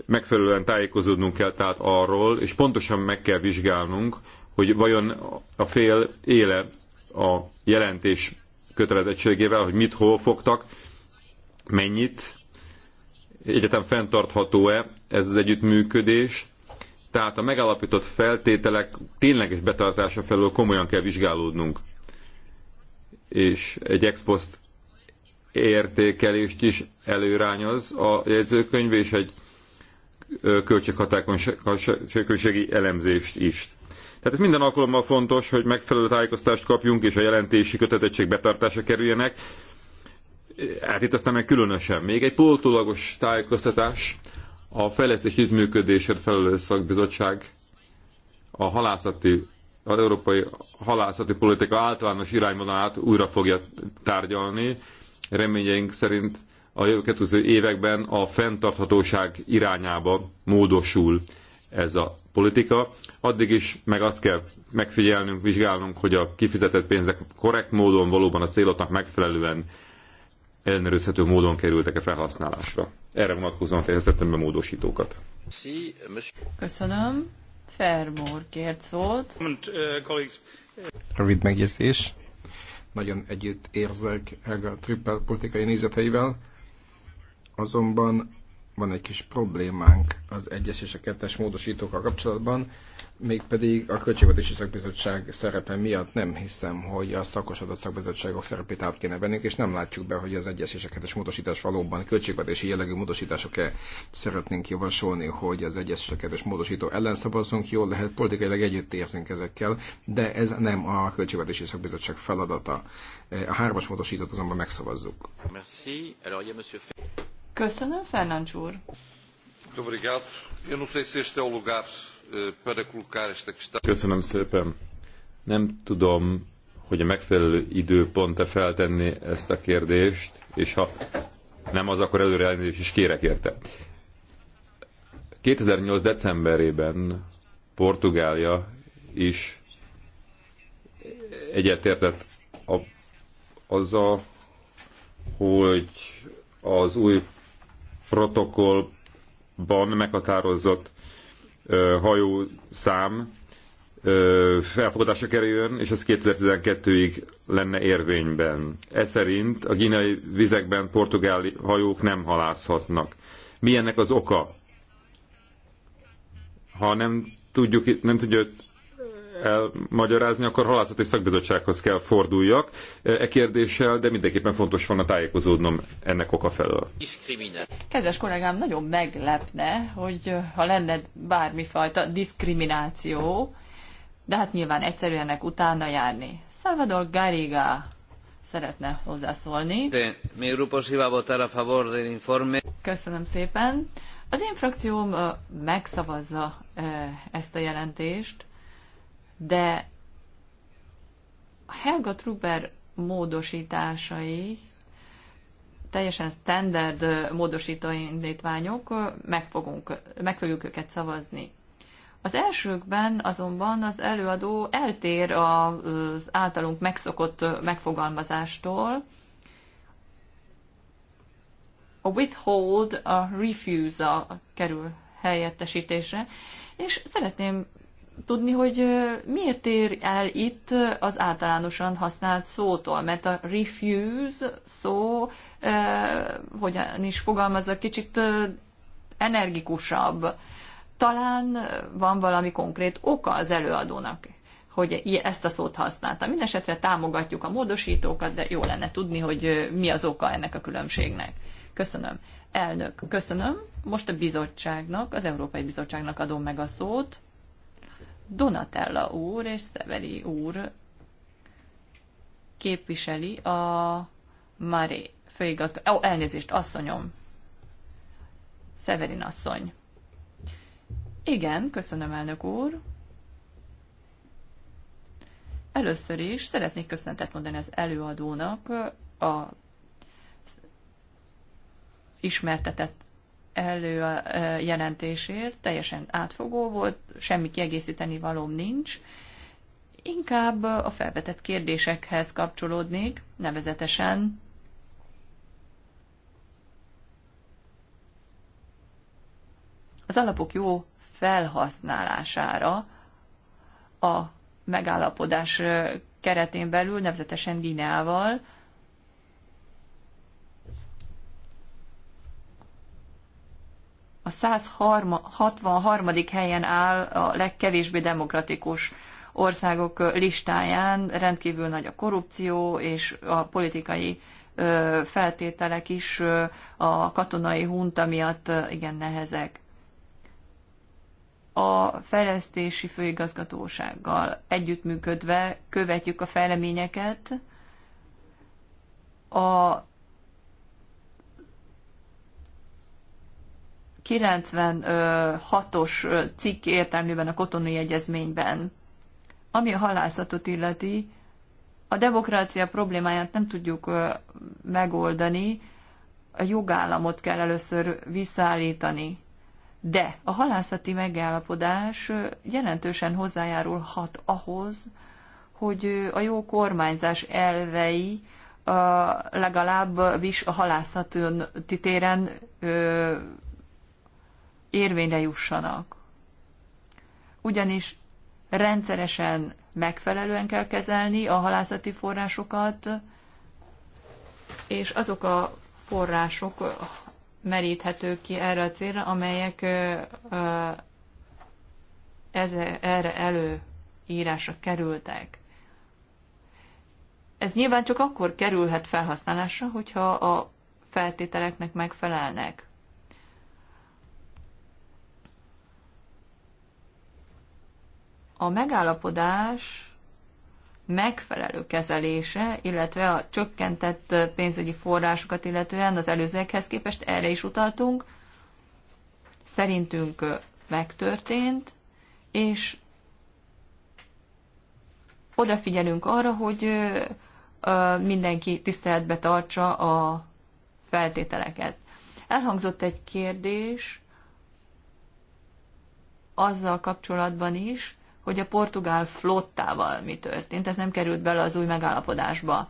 Megfelelően tájékozódnunk kell tehát arról, és pontosan meg kell vizsgálnunk, hogy vajon a fél éle a jelentés kötelezettségével, hogy mit hol fogtak, mennyit, egyetem fenntartható-e ez az együttműködés, tehát a megalapított feltételek tényleges betartása felől komolyan kell vizsgálódnunk. És egy expost értékelést is előrányoz a jegyzőkönyv, és egy költséghatákonysági elemzést is. Tehát ez minden alkalommal fontos, hogy megfelelő tájékoztást kapjunk, és a jelentési kötetettség betartása kerüljenek. Hát itt aztán meg különösen. Még egy pótolagos tájékoztatás a fejlesztés működésért felelős szakbizottság a halászati az európai halászati politika általános irányvonalát újra fogja tárgyalni. Reményeink szerint a következő években a fenntarthatóság irányába módosul ez a politika. Addig is meg azt kell megfigyelnünk, vizsgálnunk, hogy a kifizetett pénzek korrekt módon valóban a céloknak megfelelően ellenőrizhető módon kerültek-e felhasználásra. Erre vonatkozóan fejeztettem be módosítókat. Köszönöm. Fermor kért szót. Rövid megjegyzés. Nagyon együtt érzek Helga Trippel politikai nézeteivel, azonban van egy kis problémánk az egyes és a kettes módosítókkal kapcsolatban mégpedig a Költségvetési Szakbizottság szerepe miatt nem hiszem, hogy a szakosodott szakbizottságok szerepét át kéne vennünk, és nem látjuk be, hogy az egyes és a kettes módosítás valóban költségvetési jellegű módosítások-e. Szeretnénk javasolni, hogy az egyes és a kettes módosító ellen szavazzunk, jól lehet, politikailag együtt érzünk ezekkel, de ez nem a Költségvetési Szakbizottság feladata. A hármas módosítót azonban megszavazzuk. Köszönöm, Fernand úr. Obrigado. Eu não sei se este é o lugar Eh, Köszönöm szépen. Nem tudom, hogy a megfelelő időpont-e feltenni ezt a kérdést, és ha nem az, akkor előre elnézést is kérek érte. 2008. decemberében Portugália is egyetértett a, azzal, hogy az új protokollban meghatározott hajószám felfogadásra kerüljön, és ez 2012-ig lenne érvényben. Ez szerint a gínai vizekben portugáli hajók nem halászhatnak. Mi az oka? Ha nem tudjuk, nem tudjuk elmagyarázni, akkor halászati szakbizottsághoz kell forduljak eh, e kérdéssel, de mindenképpen fontos volna tájékozódnom ennek oka felől. Kedves kollégám, nagyon meglepne, hogy eh, ha lenne bármifajta diszkrimináció, de hát nyilván egyszerűen ennek utána járni. Salvador Garriga szeretne hozzászólni. Köszönöm szépen. Az én frakcióm eh, megszavazza ezt a jelentést de Helga Truber módosításai, teljesen standard módosító indítványok, meg, fogunk, meg fogjuk őket szavazni. Az elsőkben azonban az előadó eltér az általunk megszokott megfogalmazástól. A withhold, a refuse -a kerül helyettesítésre, és szeretném tudni, hogy miért ér el itt az általánosan használt szótól, mert a refuse szó eh, hogyan is fogalmazza, kicsit energikusabb. Talán van valami konkrét oka az előadónak, hogy ezt a szót használta. Mindenesetre támogatjuk a módosítókat, de jó lenne tudni, hogy mi az oka ennek a különbségnek. Köszönöm. Elnök, köszönöm. Most a bizottságnak, az Európai Bizottságnak adom meg a szót. Donatella úr és Szeveri úr képviseli a Maré főigazgató. Ó, oh, elnézést, asszonyom. Szeverin asszony. Igen, köszönöm, elnök úr. Először is szeretnék köszönetet mondani az előadónak a ismertetett elő a jelentésért, teljesen átfogó volt, semmi kiegészíteni valóm nincs. Inkább a felvetett kérdésekhez kapcsolódnék, nevezetesen az alapok jó felhasználására a megállapodás keretén belül, nevezetesen Gineával, a 163. helyen áll a legkevésbé demokratikus országok listáján, rendkívül nagy a korrupció és a politikai feltételek is a katonai hunta miatt igen nehezek. A fejlesztési főigazgatósággal együttműködve követjük a fejleményeket, a 96-os cikk értelmében a kotonai egyezményben. Ami a halászatot illeti, a demokrácia problémáját nem tudjuk megoldani, a jogállamot kell először visszaállítani. De a halászati megállapodás jelentősen hozzájárulhat ahhoz, hogy a jó kormányzás elvei is a halászati téren érvényre jussanak. Ugyanis rendszeresen megfelelően kell kezelni a halászati forrásokat, és azok a források meríthetők ki erre a célra, amelyek ez, erre előírásra kerültek. Ez nyilván csak akkor kerülhet felhasználásra, hogyha a feltételeknek megfelelnek. a megállapodás megfelelő kezelése, illetve a csökkentett pénzügyi forrásokat illetően az előzőekhez képest erre is utaltunk, szerintünk megtörtént, és odafigyelünk arra, hogy mindenki tiszteletbe tartsa a feltételeket. Elhangzott egy kérdés azzal kapcsolatban is, hogy a portugál flottával mi történt. Ez nem került bele az új megállapodásba.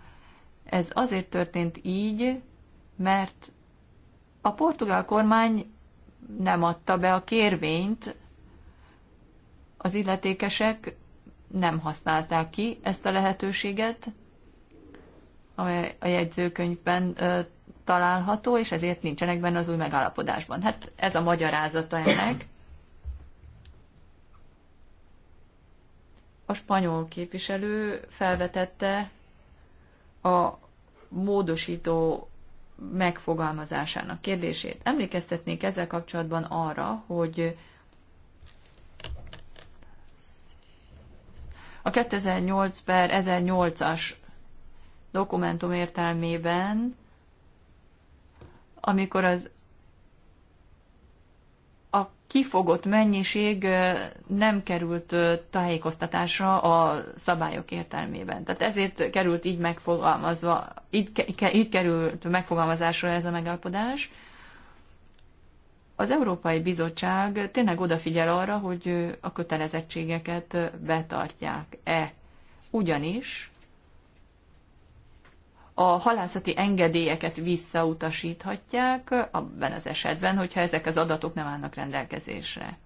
Ez azért történt így, mert a portugál kormány nem adta be a kérvényt, az illetékesek nem használták ki ezt a lehetőséget, amely a jegyzőkönyvben ö, található, és ezért nincsenek benne az új megállapodásban. Hát ez a magyarázata ennek. a spanyol képviselő felvetette a módosító megfogalmazásának kérdését. Emlékeztetnék ezzel kapcsolatban arra, hogy a 2008 per 1008-as dokumentum értelmében, amikor az kifogott mennyiség nem került tájékoztatásra a szabályok értelmében. Tehát ezért került így megfogalmazva, így, így került megfogalmazásra ez a megállapodás. Az Európai Bizottság tényleg odafigyel arra, hogy a kötelezettségeket betartják-e. Ugyanis a halászati engedélyeket visszautasíthatják, abban az esetben, hogyha ezek az adatok nem állnak rendelkezésre.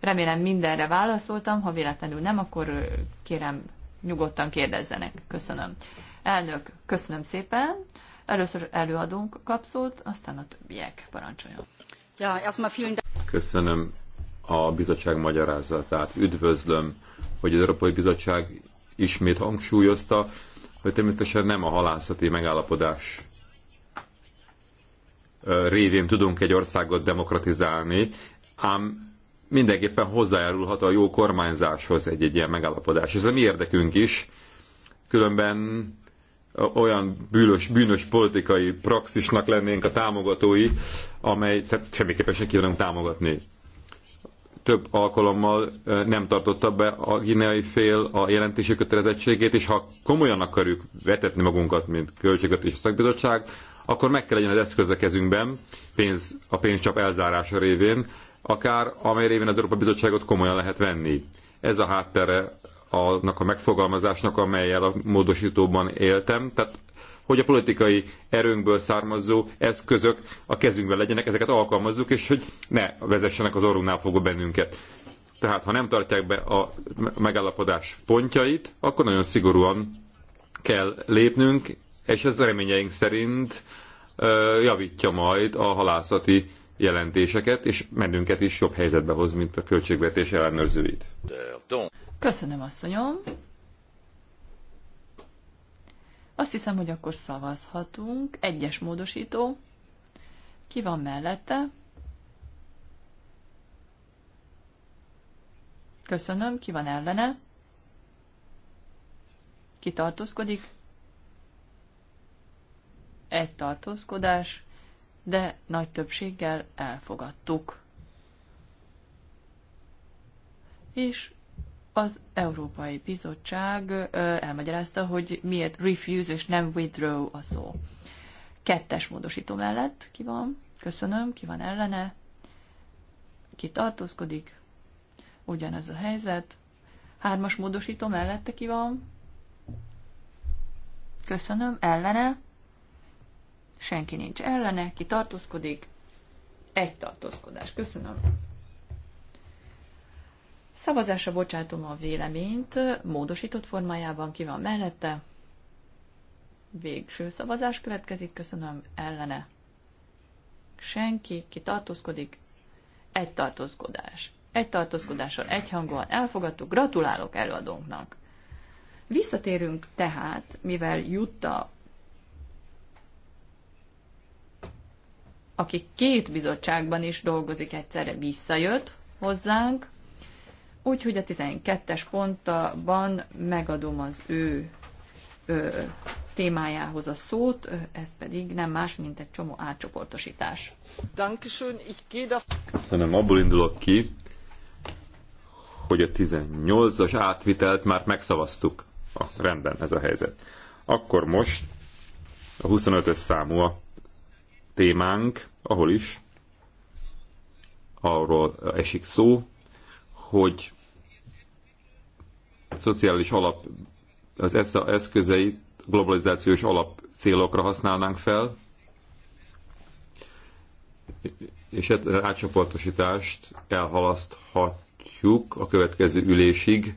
Remélem mindenre válaszoltam, ha véletlenül nem, akkor kérem nyugodtan kérdezzenek. Köszönöm. Elnök, köszönöm szépen. Először előadónk kap szót, aztán a többiek parancsoljon. Köszönöm a bizottság magyarázatát. Üdvözlöm, hogy az Európai Bizottság ismét hangsúlyozta, hogy természetesen nem a halászati megállapodás révén tudunk egy országot demokratizálni, ám mindenképpen hozzájárulhat a jó kormányzáshoz egy, egy ilyen megállapodás. Ez a mi érdekünk is, különben olyan bűnös, bűnös politikai praxisnak lennénk a támogatói, amely tehát semmiképpen senki nem támogatni több alkalommal nem tartotta be a gineai fél a jelentési kötelezettségét, és ha komolyan akarjuk vetetni magunkat, mint a szakbizottság, akkor meg kell legyen az eszköz a kezünkben, pénz, a pénzcsap elzárása révén, akár amely révén az Európa Bizottságot komolyan lehet venni. Ez a háttere annak a megfogalmazásnak, amelyel a módosítóban éltem, tehát hogy a politikai erőnkből származó eszközök a kezünkben legyenek, ezeket alkalmazzuk, és hogy ne vezessenek az orrunknál fogó bennünket. Tehát, ha nem tartják be a megállapodás pontjait, akkor nagyon szigorúan kell lépnünk, és ez reményeink szerint javítja majd a halászati jelentéseket, és mennünket is jobb helyzetbe hoz, mint a költségvetés ellenőrzőit. Köszönöm, asszonyom! Azt hiszem, hogy akkor szavazhatunk. Egyes módosító. Ki van mellette? Köszönöm. Ki van ellene? Ki tartózkodik? Egy tartózkodás, de nagy többséggel elfogadtuk. És az Európai Bizottság elmagyarázta, hogy miért refuse és nem withdraw a szó. Kettes módosító mellett ki van, köszönöm, ki van ellene, ki tartózkodik, ugyanez a helyzet. Hármas módosító mellette ki van, köszönöm, ellene, senki nincs ellene, ki tartózkodik, egy tartózkodás, köszönöm. Szavazásra bocsátom a véleményt, módosított formájában ki van mellette. Végső szavazás következik, köszönöm, ellene. Senki, ki tartózkodik, egy tartózkodás. Egy tartózkodással egyhangúan elfogadtuk, gratulálok előadónknak. Visszatérünk tehát, mivel Jutta, aki két bizottságban is dolgozik egyszerre, visszajött hozzánk, úgyhogy a 12-es pontban megadom az ő ö, témájához a szót, ez pedig nem más, mint egy csomó átcsoportosítás. Köszönöm, abból indulok ki, hogy a 18-as átvitelt már megszavaztuk. A rendben, ez a helyzet. Akkor most a 25-ös számú a témánk, ahol is arról esik szó, hogy a szociális alap, az ESZA eszközeit globalizációs alap célokra használnánk fel, és ezt hát a átcsoportosítást elhalaszthatjuk a következő ülésig,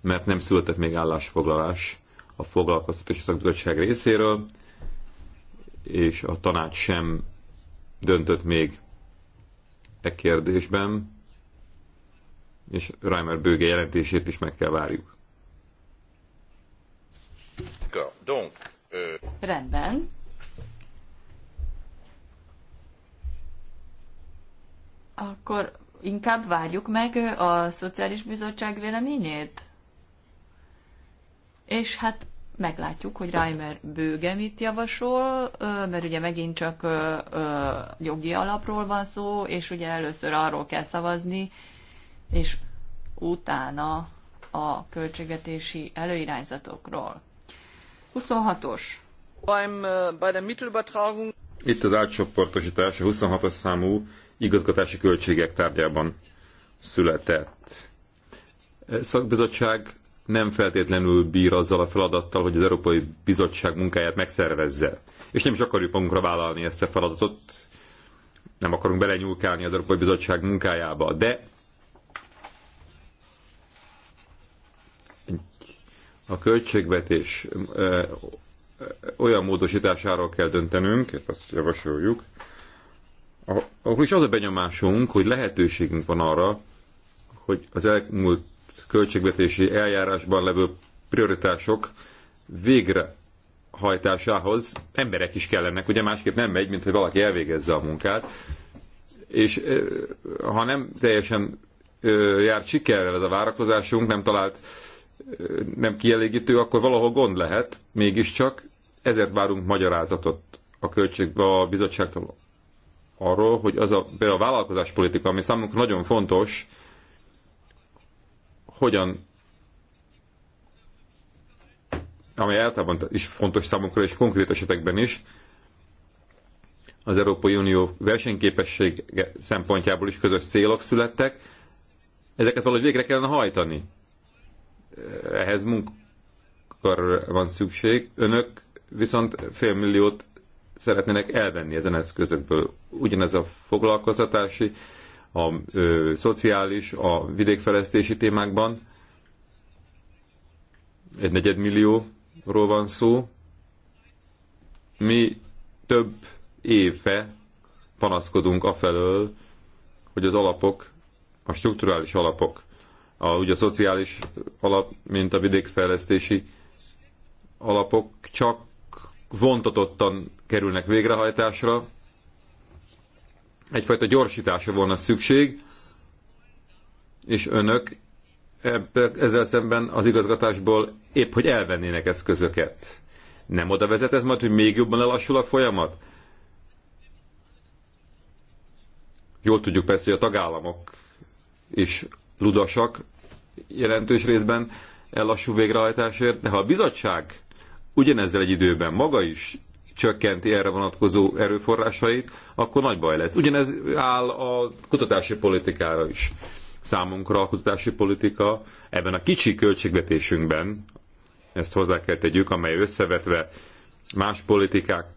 mert nem született még állásfoglalás a foglalkoztatási szakbizottság részéről, és a tanács sem döntött még e kérdésben és Reimer bőge jelentését is meg kell várjuk. Euh, Rendben. Akkor inkább várjuk meg a Szociális Bizottság véleményét? És hát meglátjuk, hogy Reimer bőge mit javasol, mert ugye megint csak jogi alapról van szó, és ugye először arról kell szavazni, és utána a költségvetési előirányzatokról. 26-os. Äh, Itt az átcsoportosítás a 26-as számú igazgatási költségek tárgyában született. szakbizottság nem feltétlenül bír azzal a feladattal, hogy az Európai Bizottság munkáját megszervezze. És nem is akarjuk magunkra vállalni ezt a feladatot, nem akarunk belenyúlkálni az Európai Bizottság munkájába, de a költségvetés olyan módosításáról kell döntenünk, ezt javasoljuk, akkor is az a benyomásunk, hogy lehetőségünk van arra, hogy az elmúlt költségvetési eljárásban levő prioritások végre hajtásához emberek is kellenek, ugye másképp nem megy, mint hogy valaki elvégezze a munkát, és ha nem teljesen járt sikerrel ez a várakozásunk, nem talált nem kielégítő, akkor valahol gond lehet, mégiscsak ezért várunk magyarázatot a, költség, a bizottságtól arról, hogy az a, a vállalkozáspolitika, ami számunkra nagyon fontos, hogyan amely általában is fontos számunkra, és konkrét esetekben is, az Európai Unió versenyképesség szempontjából is közös célok születtek, ezeket valahogy végre kellene hajtani ehhez munkar van szükség. Önök viszont félmilliót szeretnének elvenni ezen eszközökből. Ugyanez a foglalkoztatási, a ö, szociális, a vidékfejlesztési témákban. Egy negyedmillióról van szó. Mi több éve panaszkodunk afelől, hogy az alapok, a strukturális alapok a, ugye a szociális alap, mint a vidékfejlesztési alapok csak vontatottan kerülnek végrehajtásra. Egyfajta gyorsításra volna szükség, és önök ezzel szemben az igazgatásból épp, hogy elvennének eszközöket. Nem oda vezet ez majd, hogy még jobban lelassul a folyamat? Jól tudjuk persze, hogy a tagállamok is ludasak jelentős részben ellassú végrehajtásért, de ha a bizottság ugyanezzel egy időben maga is csökkenti erre vonatkozó erőforrásait, akkor nagy baj lesz. Ugyanez áll a kutatási politikára is. Számunkra a kutatási politika ebben a kicsi költségvetésünkben, ezt hozzá kell tegyük, amely összevetve más politikákkal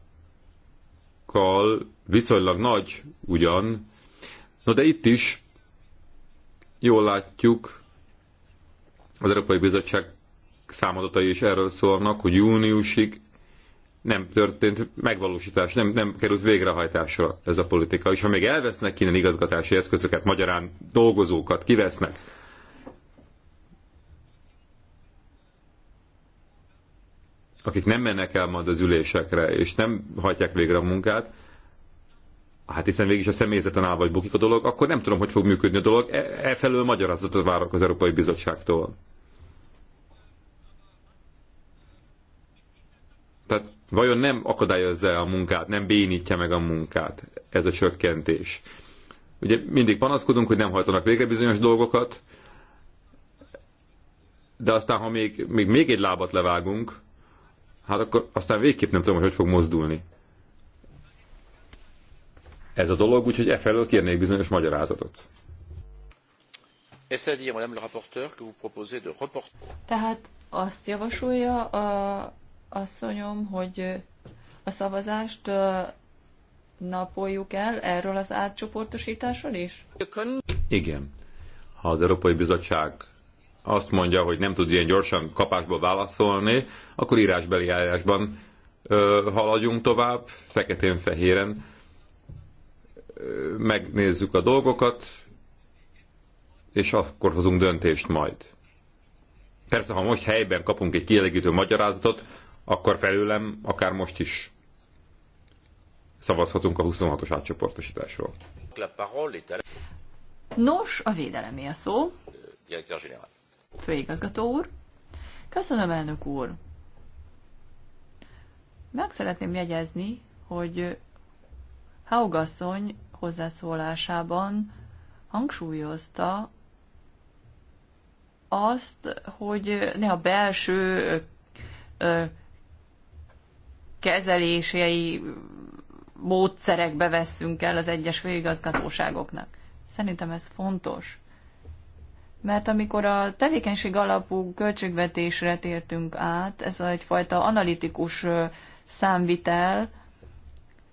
viszonylag nagy ugyan, no de itt is jól látjuk, az Európai Bizottság számadatai is erről szólnak, hogy júniusig nem történt megvalósítás, nem, nem került végrehajtásra ez a politika. És ha még elvesznek innen igazgatási eszközöket, magyarán dolgozókat kivesznek, akik nem mennek el majd az ülésekre, és nem hagyják végre a munkát, hát hiszen végig a személyzeten áll vagy bukik a dolog, akkor nem tudom, hogy fog működni a dolog. Elfelől e magyarázatot várok az Európai Bizottságtól. Tehát vajon nem akadályozza a munkát, nem bénítja meg a munkát ez a csökkentés. Ugye mindig panaszkodunk, hogy nem hajtanak végre bizonyos dolgokat, de aztán, ha még, még, még egy lábat levágunk, hát akkor aztán végképp nem tudom, hogy hogy fog mozdulni ez a dolog, úgyhogy e felől kérnék bizonyos magyarázatot. Tehát azt javasolja a asszonyom, hogy a szavazást napoljuk el erről az átcsoportosításról is? Igen. Ha az Európai Bizottság azt mondja, hogy nem tud ilyen gyorsan kapásból válaszolni, akkor írásbeli eljárásban haladjunk tovább, feketén-fehéren megnézzük a dolgokat, és akkor hozunk döntést majd. Persze, ha most helyben kapunk egy kielégítő magyarázatot, akkor felőlem, akár most is szavazhatunk a 26-os átcsoportosításról. Nos, a védelemé a szó. Főigazgató úr. Köszönöm, elnök úr. Meg szeretném jegyezni, hogy Haugasszony hozzászólásában hangsúlyozta azt, hogy ne a belső kezelései módszerekbe vesszünk el az egyes főigazgatóságoknak. Szerintem ez fontos. Mert amikor a tevékenység alapú költségvetésre tértünk át, ez egyfajta analitikus számvitel,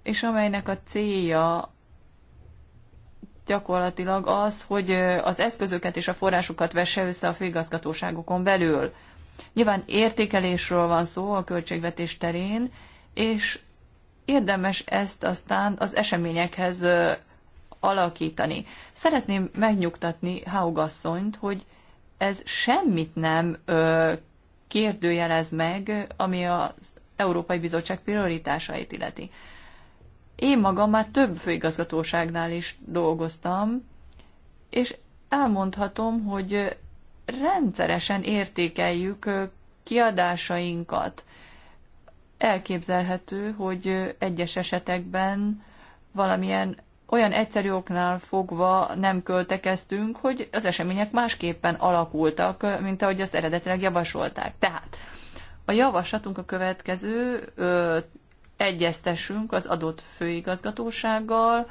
és amelynek a célja gyakorlatilag az, hogy az eszközöket és a forrásokat vesse össze a főigazgatóságokon belül. Nyilván értékelésről van szó a költségvetés terén, és érdemes ezt aztán az eseményekhez alakítani. Szeretném megnyugtatni Haugasszonyt, hogy ez semmit nem ö, kérdőjelez meg, ami az Európai Bizottság prioritásait illeti. Én magam már több főigazgatóságnál is dolgoztam, és elmondhatom, hogy rendszeresen értékeljük kiadásainkat. Elképzelhető, hogy egyes esetekben valamilyen olyan egyszerű oknál fogva nem költekeztünk, hogy az események másképpen alakultak, mint ahogy azt eredetileg javasolták. Tehát a javaslatunk a következő, egyeztessünk az adott főigazgatósággal,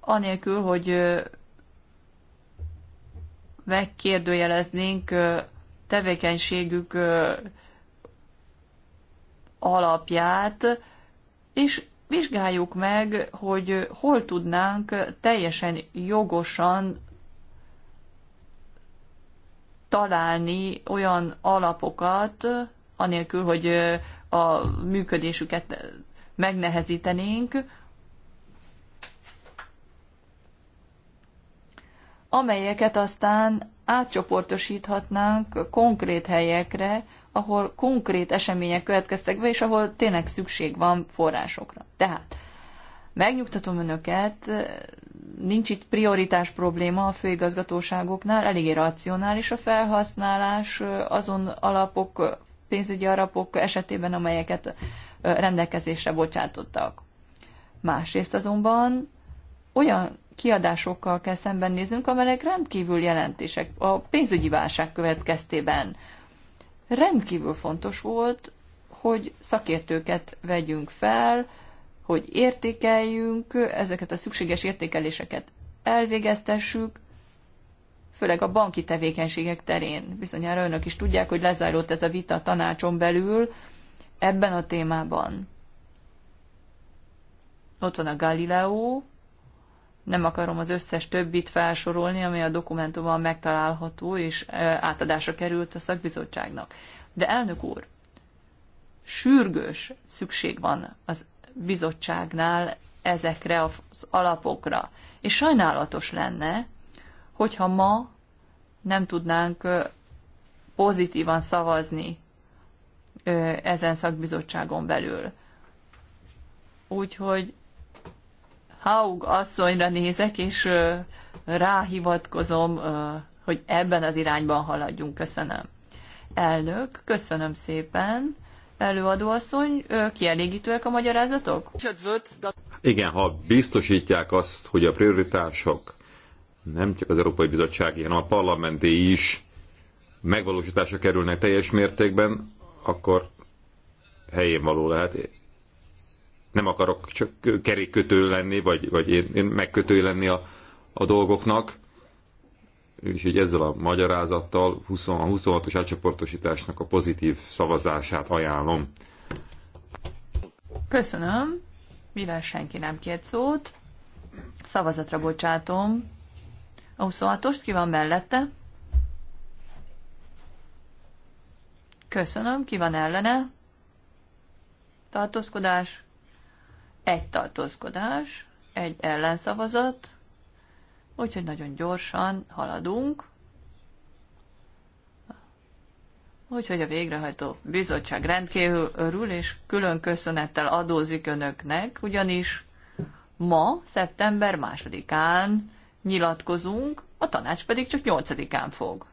anélkül, hogy megkérdőjeleznénk tevékenységük alapját, és vizsgáljuk meg, hogy hol tudnánk teljesen jogosan találni olyan alapokat, anélkül, hogy a működésüket megnehezítenénk, amelyeket aztán átcsoportosíthatnánk konkrét helyekre, ahol konkrét események következtek be, és ahol tényleg szükség van forrásokra. Tehát megnyugtatom önöket, nincs itt prioritás probléma a főigazgatóságoknál, eléggé racionális a felhasználás, azon alapok pénzügyi arapok esetében, amelyeket rendelkezésre bocsátottak. Másrészt azonban olyan kiadásokkal kell szembenéznünk, amelyek rendkívül jelentések a pénzügyi válság következtében. Rendkívül fontos volt, hogy szakértőket vegyünk fel, hogy értékeljünk, ezeket a szükséges értékeléseket elvégeztessük, főleg a banki tevékenységek terén. Bizonyára önök is tudják, hogy lezárult ez a vita a tanácson belül ebben a témában. Ott van a Galileo, nem akarom az összes többit felsorolni, ami a dokumentumban megtalálható és átadásra került a szakbizottságnak. De elnök úr, sürgős szükség van az bizottságnál ezekre az alapokra. És sajnálatos lenne, hogyha ma nem tudnánk pozitívan szavazni ezen szakbizottságon belül. Úgyhogy Haug asszonyra nézek, és ráhivatkozom, hogy ebben az irányban haladjunk. Köszönöm. Elnök, köszönöm szépen. Előadóasszony, kielégítőek a magyarázatok? Igen, ha biztosítják azt, hogy a prioritások nem csak az Európai Bizottsági, hanem a parlamenti is megvalósításra kerülnek teljes mértékben, akkor helyén való lehet. Nem akarok csak kerékkötő lenni, vagy, vagy én, én megkötő lenni a, a dolgoknak, és így ezzel a magyarázattal 20, a 26-os átcsoportosításnak a pozitív szavazását ajánlom. Köszönöm, mivel senki nem kért szót, szavazatra bocsátom a 26-ost ki van mellette? Köszönöm, ki van ellene? Tartózkodás. Egy tartózkodás, egy ellenszavazat. Úgyhogy nagyon gyorsan haladunk. Úgyhogy a végrehajtó bizottság rendkívül örül, és külön köszönettel adózik önöknek, ugyanis ma, szeptember másodikán nyilatkozunk, a tanács pedig csak nyolcadikán fog.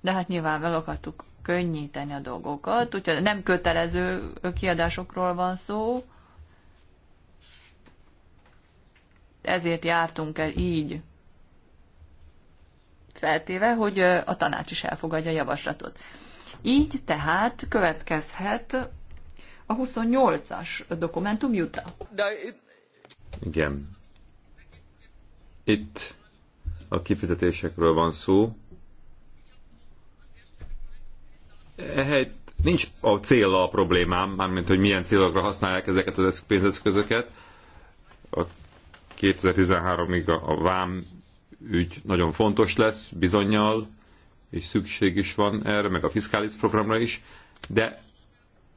De hát nyilván meg akartuk könnyíteni a dolgokat, úgyhogy nem kötelező kiadásokról van szó, ezért jártunk el így, feltéve, hogy a tanács is elfogadja a javaslatot. Így tehát következhet a 28-as dokumentum juta. De... Igen. Itt a kifizetésekről van szó. Ehelyett nincs a cél a problémám, mármint hogy milyen célokra használják ezeket az pénzeszközöket. A 2013-ig a vám ügy nagyon fontos lesz bizonyal, és szükség is van erre, meg a fiskális programra is, de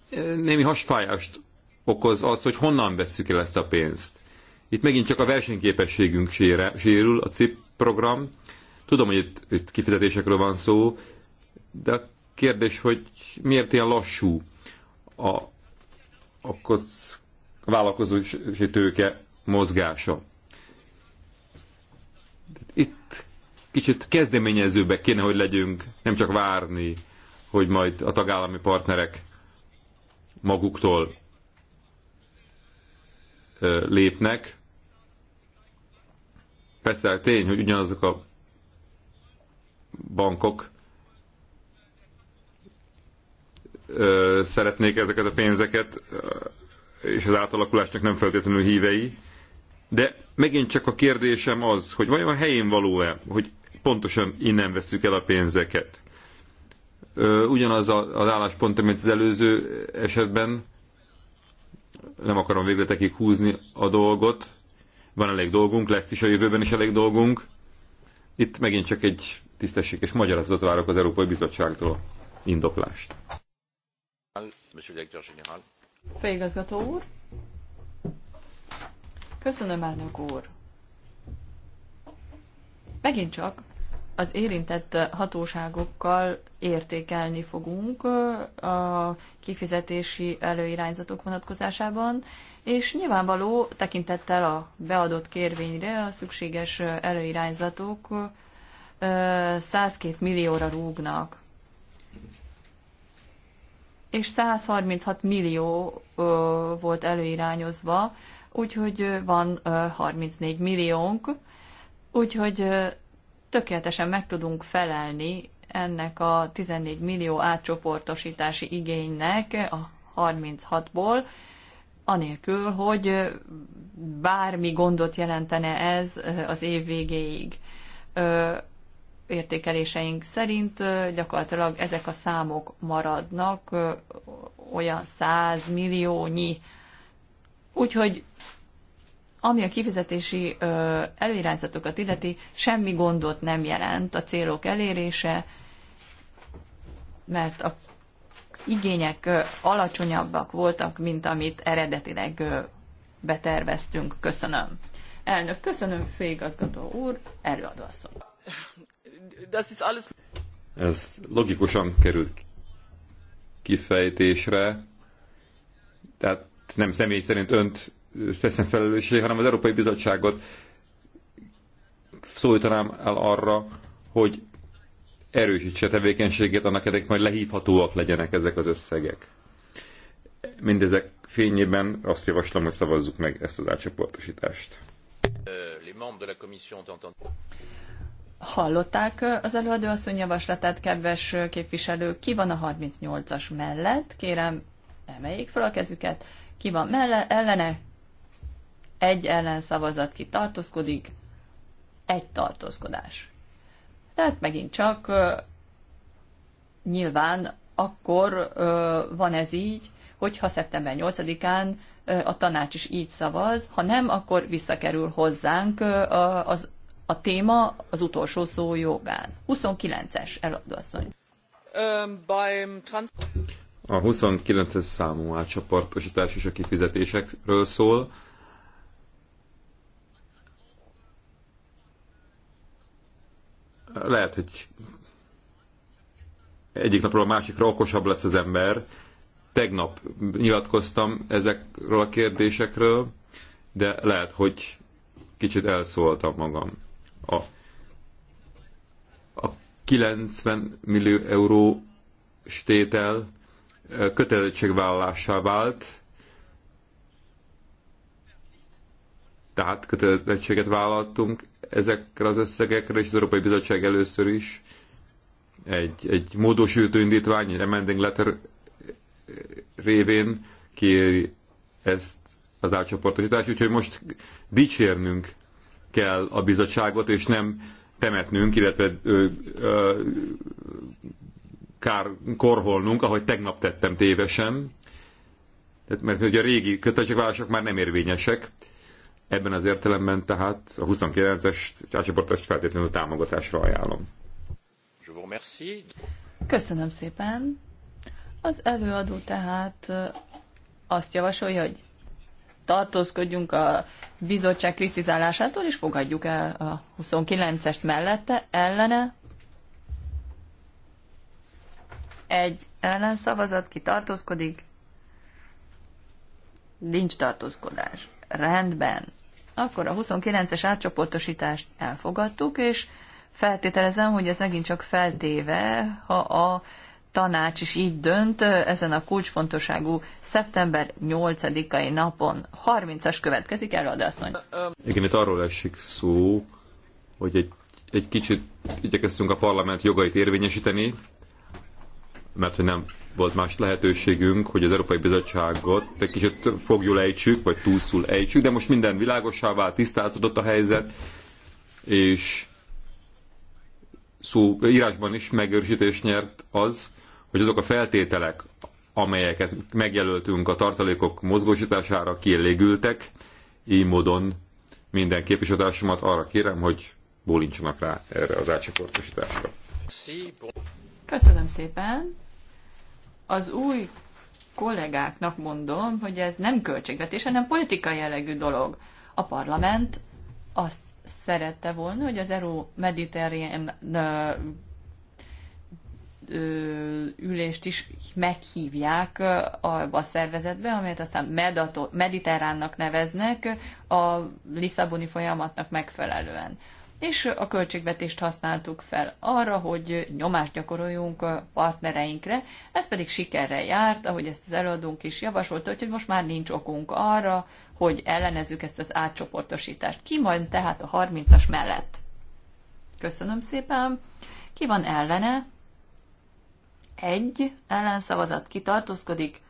eh, némi hasfájást okoz az, hogy honnan vesszük el ezt a pénzt. Itt megint csak a versenyképességünk sérül, a CIP program. Tudom, hogy itt, itt kifizetésekről van szó, de a kérdés, hogy miért ilyen lassú a, a, a tőke mozgása. Itt kicsit kezdeményezőbbek kéne, hogy legyünk, nem csak várni, hogy majd a tagállami partnerek maguktól lépnek. Persze hát tény, hogy ugyanazok a bankok ö, szeretnék ezeket a pénzeket, és az átalakulásnak nem feltétlenül hívei. De megint csak a kérdésem az, hogy vajon helyén való-e, hogy pontosan innen veszük el a pénzeket. Ö, ugyanaz a, az álláspont, amit az előző esetben, nem akarom végletekig húzni a dolgot, van elég dolgunk, lesz is a jövőben is elég dolgunk. Itt megint csak egy tisztességes magyarázatot várok az Európai Bizottságtól. Indoklást. Főigazgató úr. Köszönöm, elnök úr. Megint csak az érintett hatóságokkal értékelni fogunk a kifizetési előirányzatok vonatkozásában, és nyilvánvaló tekintettel a beadott kérvényre a szükséges előirányzatok 102 millióra rúgnak. És 136 millió volt előirányozva, úgyhogy van 34 milliónk, úgyhogy tökéletesen meg tudunk felelni ennek a 14 millió átcsoportosítási igénynek a 36-ból, anélkül, hogy bármi gondot jelentene ez az év végéig. Értékeléseink szerint gyakorlatilag ezek a számok maradnak, olyan 100 milliónyi. Úgyhogy ami a kifizetési előirányzatokat illeti, semmi gondot nem jelent a célok elérése, mert a igények alacsonyabbak voltak, mint amit eredetileg beterveztünk. Köszönöm. Elnök, köszönöm, főigazgató úr, előadóasszony. Ez logikusan került kifejtésre, tehát nem személy szerint önt teszem felelősség, hanem az Európai Bizottságot szólítanám el arra, hogy erősítse tevékenységét, annak érdekében majd lehívhatóak legyenek ezek az összegek. Mindezek fényében azt javaslom, hogy szavazzuk meg ezt az átcsoportosítást. Hallották az előadó asszony javaslatát, kedves képviselők, ki van a 38-as mellett? Kérem, emeljék fel a kezüket. Ki van melle, ellene? egy ellenszavazat ki tartózkodik, egy tartózkodás. Tehát megint csak nyilván akkor van ez így, hogyha szeptember 8-án a tanács is így szavaz, ha nem, akkor visszakerül hozzánk a, az, a téma az utolsó szó jogán. 29-es eladóasszony. A 29-es számú átcsoportosítás és a kifizetésekről szól Lehet, hogy egyik napról a másikra okosabb lesz az ember. Tegnap nyilatkoztam ezekről a kérdésekről, de lehet, hogy kicsit elszóltam magam. A, a 90 millió euró stétel kötelezettségvállalásá vált, tehát kötelezettséget vállaltunk, ezekre az összegekre, és az Európai Bizottság először is egy, egy módosító indítvány, egy amending letter révén kéri ezt az átcsoportosítást, úgyhogy most dicsérnünk kell a bizottságot, és nem temetnünk, illetve ö, ö, kár korholnunk, ahogy tegnap tettem tévesen. mert hogy a régi kötelezettségvállalások már nem érvényesek, Ebben az értelemben tehát a 29-es csácsoportost feltétlenül támogatásra ajánlom. Köszönöm szépen. Az előadó tehát azt javasolja, hogy tartózkodjunk a bizottság kritizálásától, és fogadjuk el a 29-est mellette, ellene. Egy ellenszavazat, ki tartózkodik? Nincs tartózkodás. Rendben akkor a 29-es átcsoportosítást elfogadtuk, és feltételezem, hogy ez megint csak feltéve, ha a tanács is így dönt ezen a kulcsfontosságú szeptember 8-ai napon. 30-as következik, előadászony. Igen, itt arról esik szó, hogy egy, egy kicsit igyekeztünk a parlament jogait érvényesíteni, mert hogy nem volt más lehetőségünk, hogy az Európai Bizottságot egy kicsit fogjul ejtsük, vagy túlszul ejtsük, de most minden világosá vált, tisztázódott a helyzet, és szó, írásban is megőrsítést nyert az, hogy azok a feltételek, amelyeket megjelöltünk a tartalékok mozgósítására kielégültek, így módon minden képviselőtársamat arra kérem, hogy bólintsanak rá erre az átcsoportosításra. Köszönöm szépen. Az új kollégáknak mondom, hogy ez nem költségvetés, hanem politikai jellegű dolog. A parlament azt szerette volna, hogy az Euró Mediterrán ülést is meghívják a szervezetbe, amelyet aztán medato, mediterránnak neveznek a Lisszaboni folyamatnak megfelelően és a költségvetést használtuk fel arra, hogy nyomást gyakoroljunk a partnereinkre, ez pedig sikerre járt, ahogy ezt az előadónk is javasolta, hogy most már nincs okunk arra, hogy ellenezzük ezt az átcsoportosítást. Ki majd tehát a 30-as mellett? Köszönöm szépen. Ki van ellene? Egy ellenszavazat kitartózkodik,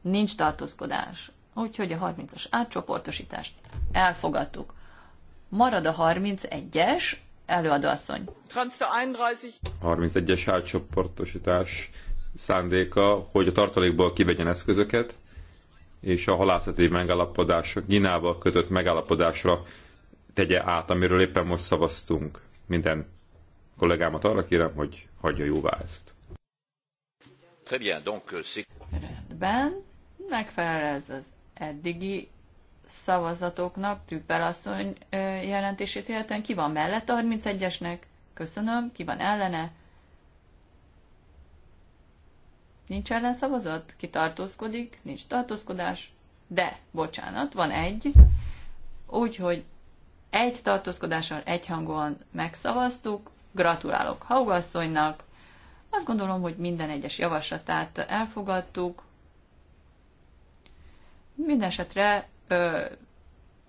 nincs tartózkodás. Úgyhogy a 30-as átcsoportosítást elfogadtuk. Marad a 31-es, előadóasszony. Transfer 31. 31-es átcsoportosítás szándéka, hogy a tartalékból kivegyen eszközöket, és a halászati megállapodásra, Ginával kötött megállapodásra tegye át, amiről éppen most szavaztunk. Minden kollégámat arra kérem, hogy hagyja jóvá ezt. Très bien, donc euh, Rendben, megfelel ez az eddigi szavazatoknak, Trüppel jelentését illetően ki van mellett a 31-esnek? Köszönöm. Ki van ellene? Nincs ellenszavazat? Ki tartózkodik? Nincs tartózkodás? De, bocsánat, van egy. Úgyhogy egy tartózkodással egyhangúan megszavaztuk. Gratulálok Haugasszonynak. Azt gondolom, hogy minden egyes javaslatát elfogadtuk. Mindenesetre ö,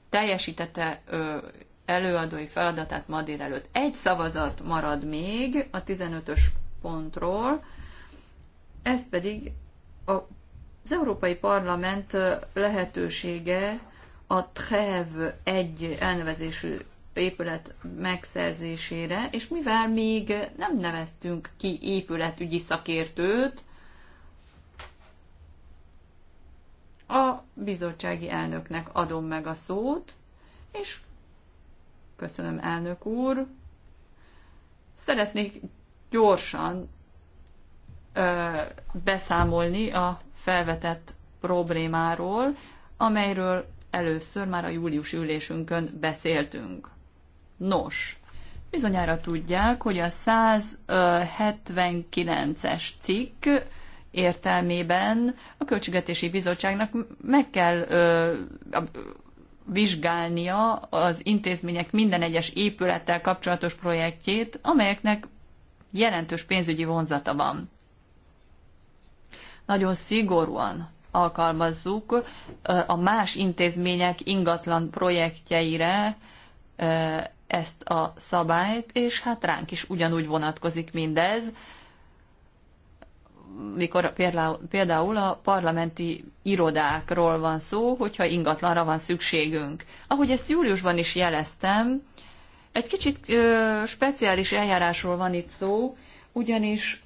teljesítette ö, előadói feladatát ma előtt. Egy szavazat marad még a 15-ös pontról, ez pedig a, az Európai Parlament lehetősége a TREV egy elnevezésű épület megszerzésére, és mivel még nem neveztünk ki épületügyi szakértőt, A bizottsági elnöknek adom meg a szót, és köszönöm, elnök úr. Szeretnék gyorsan ö, beszámolni a felvetett problémáról, amelyről először már a július ülésünkön beszéltünk. Nos, bizonyára tudják, hogy a 179-es cikk értelmében a Költségvetési Bizottságnak meg kell ö, vizsgálnia az intézmények minden egyes épülettel kapcsolatos projektjét, amelyeknek jelentős pénzügyi vonzata van. Nagyon szigorúan alkalmazzuk a más intézmények ingatlan projektjeire ezt a szabályt, és hát ránk is ugyanúgy vonatkozik mindez, mikor például a parlamenti irodákról van szó, hogyha ingatlanra van szükségünk. Ahogy ezt júliusban is jeleztem, egy kicsit ö, speciális eljárásról van itt szó, ugyanis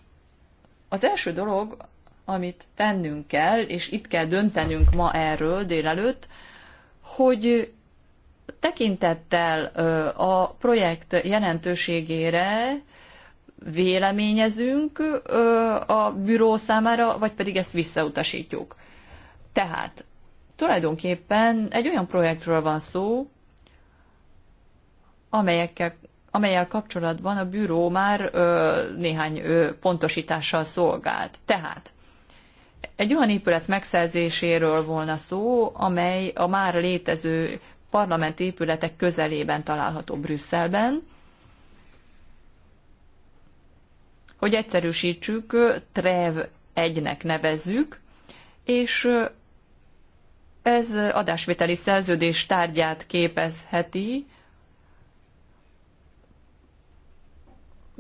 az első dolog, amit tennünk kell, és itt kell döntenünk ma erről délelőtt, hogy tekintettel a projekt jelentőségére véleményezünk a büró számára, vagy pedig ezt visszautasítjuk. Tehát tulajdonképpen egy olyan projektről van szó, amelyekkel, amelyel kapcsolatban a bűró már ö, néhány ö, pontosítással szolgált. Tehát egy olyan épület megszerzéséről volna szó, amely a már létező parlament épületek közelében található Brüsszelben, hogy egyszerűsítsük, TREV 1-nek nevezzük, és ez adásvételi szerződés tárgyát képezheti,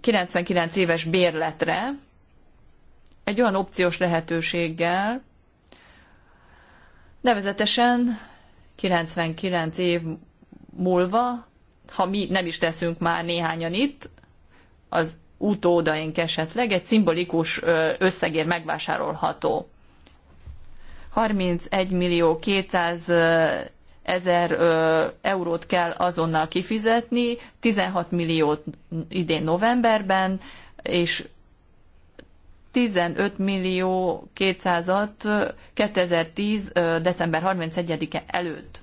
99 éves bérletre, egy olyan opciós lehetőséggel, nevezetesen 99 év múlva, ha mi nem is teszünk már néhányan itt, az utódaink esetleg egy szimbolikus összegért megvásárolható. 31 millió 200 ezer eurót kell azonnal kifizetni, 16 milliót idén novemberben, és 15 millió 200-at 2010. december 31-e előtt.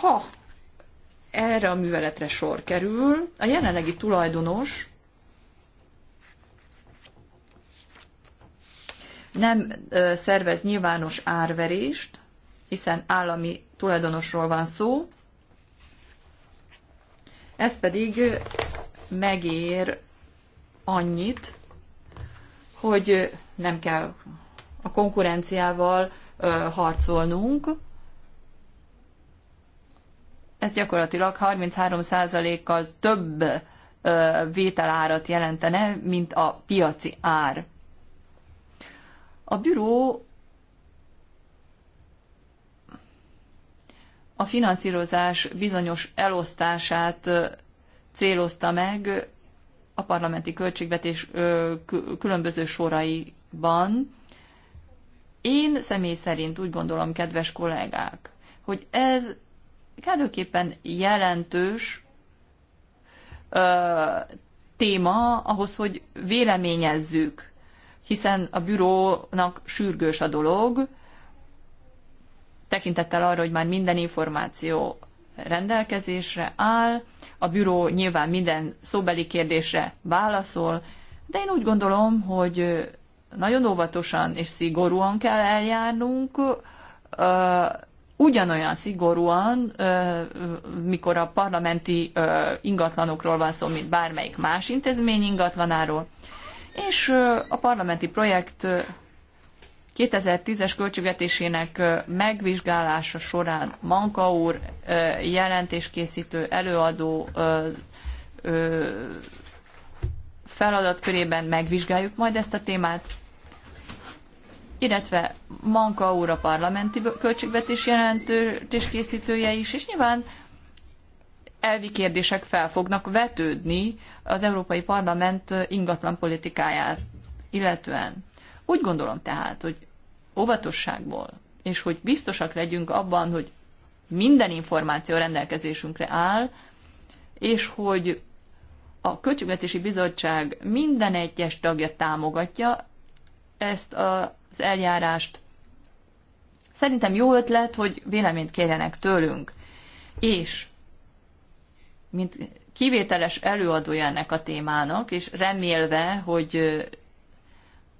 Ha erre a műveletre sor kerül, a jelenlegi tulajdonos nem szervez nyilvános árverést, hiszen állami tulajdonosról van szó, ez pedig megér annyit, hogy nem kell a konkurenciával harcolnunk, ez gyakorlatilag 33%-kal több vételárat jelentene, mint a piaci ár. A büró a finanszírozás bizonyos elosztását célozta meg a parlamenti költségvetés különböző soraiban. Én személy szerint úgy gondolom, kedves kollégák, hogy ez kellőképpen jelentős ö, téma ahhoz, hogy véleményezzük, hiszen a bürónak sürgős a dolog, tekintettel arra, hogy már minden információ rendelkezésre áll, a büró nyilván minden szóbeli kérdésre válaszol, de én úgy gondolom, hogy nagyon óvatosan és szigorúan kell eljárnunk, ugyanolyan szigorúan, mikor a parlamenti ingatlanokról van szó, mint bármelyik más intézmény ingatlanáról. És a parlamenti projekt 2010-es költségvetésének megvizsgálása során Manka úr jelentéskészítő előadó feladatkörében megvizsgáljuk majd ezt a témát, illetve Manka úr a parlamenti költségvetés jelentős készítője is, és nyilván elvi kérdések fel fognak vetődni az Európai Parlament ingatlan politikáját illetően. Úgy gondolom tehát, hogy óvatosságból, és hogy biztosak legyünk abban, hogy minden információ rendelkezésünkre áll, és hogy a Költségvetési Bizottság minden egyes tagja támogatja ezt a az eljárást. Szerintem jó ötlet, hogy véleményt kérjenek tőlünk. És, mint kivételes előadója ennek a témának, és remélve, hogy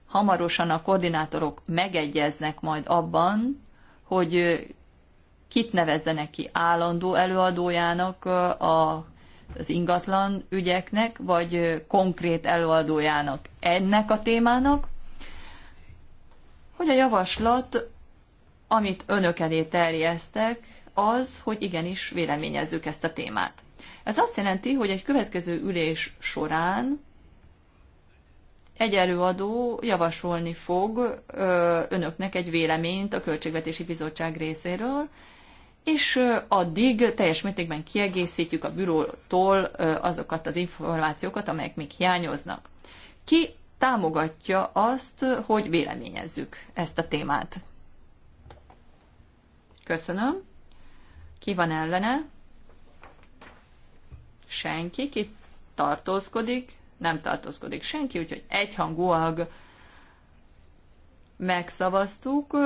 hamarosan a koordinátorok megegyeznek majd abban, hogy kit nevezzenek ki állandó előadójának a, az ingatlan ügyeknek, vagy konkrét előadójának ennek a témának, hogy a javaslat, amit önök elé terjesztek, az, hogy igenis véleményezzük ezt a témát. Ez azt jelenti, hogy egy következő ülés során egy előadó javasolni fog önöknek egy véleményt a Költségvetési Bizottság részéről, és addig teljes mértékben kiegészítjük a bürótól azokat az információkat, amelyek még hiányoznak. Ki támogatja azt, hogy véleményezzük ezt a témát. Köszönöm. Ki van ellene? Senki. Ki tartózkodik? Nem tartózkodik senki, úgyhogy egyhangúan megszavaztuk,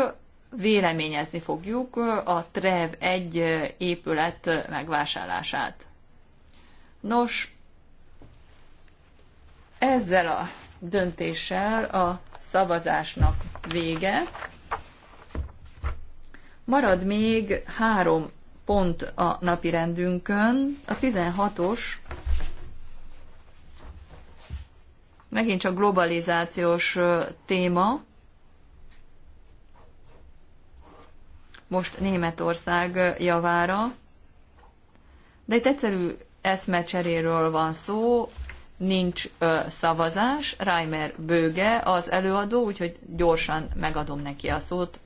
véleményezni fogjuk a TREV egy épület megvásárlását. Nos, ezzel a döntéssel a szavazásnak vége. Marad még három pont a napi rendünkön. A 16-os megint csak globalizációs téma. Most Németország javára. De itt egyszerű eszmecseréről van szó, nincs ö, szavazás. Reimer Böge az előadó, úgyhogy gyorsan megadom neki a szót.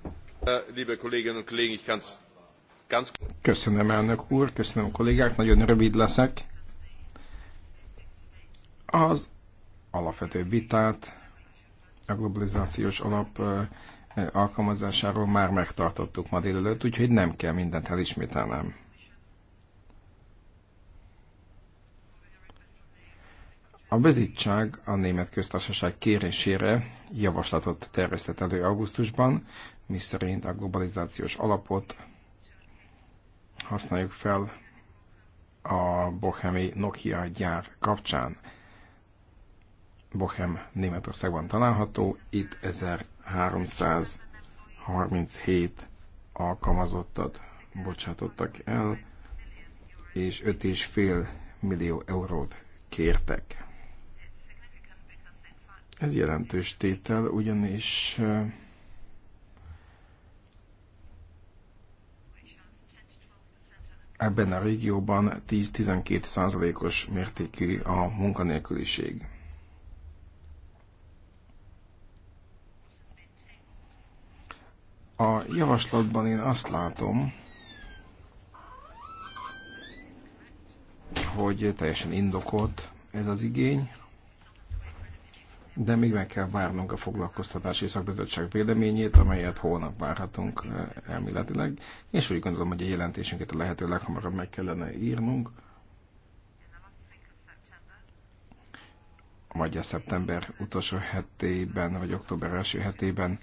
Köszönöm, elnök úr, köszönöm kollégák, nagyon rövid leszek. Az alapvető vitát a globalizációs alap alkalmazásáról már megtartottuk ma délelőtt, úgyhogy nem kell mindent elismételnem. A bizottság a német köztársaság kérésére javaslatot terveztet elő augusztusban, miszerint a globalizációs alapot használjuk fel a bohemi Nokia gyár kapcsán. Bohem Németországban található, itt 1337 alkalmazottat bocsátottak el, és 5,5 millió eurót kértek. Ez jelentős tétel, ugyanis ebben a régióban 10-12 százalékos mértékű a munkanélküliség. A javaslatban én azt látom, hogy teljesen indokolt ez az igény, de még meg kell várnunk a foglalkoztatási szakbizottság véleményét, amelyet holnap várhatunk elméletileg, és úgy gondolom, hogy a jelentésünket a lehető leghamarabb meg kellene írnunk. Vagy a szeptember utolsó hetében, vagy október első hetében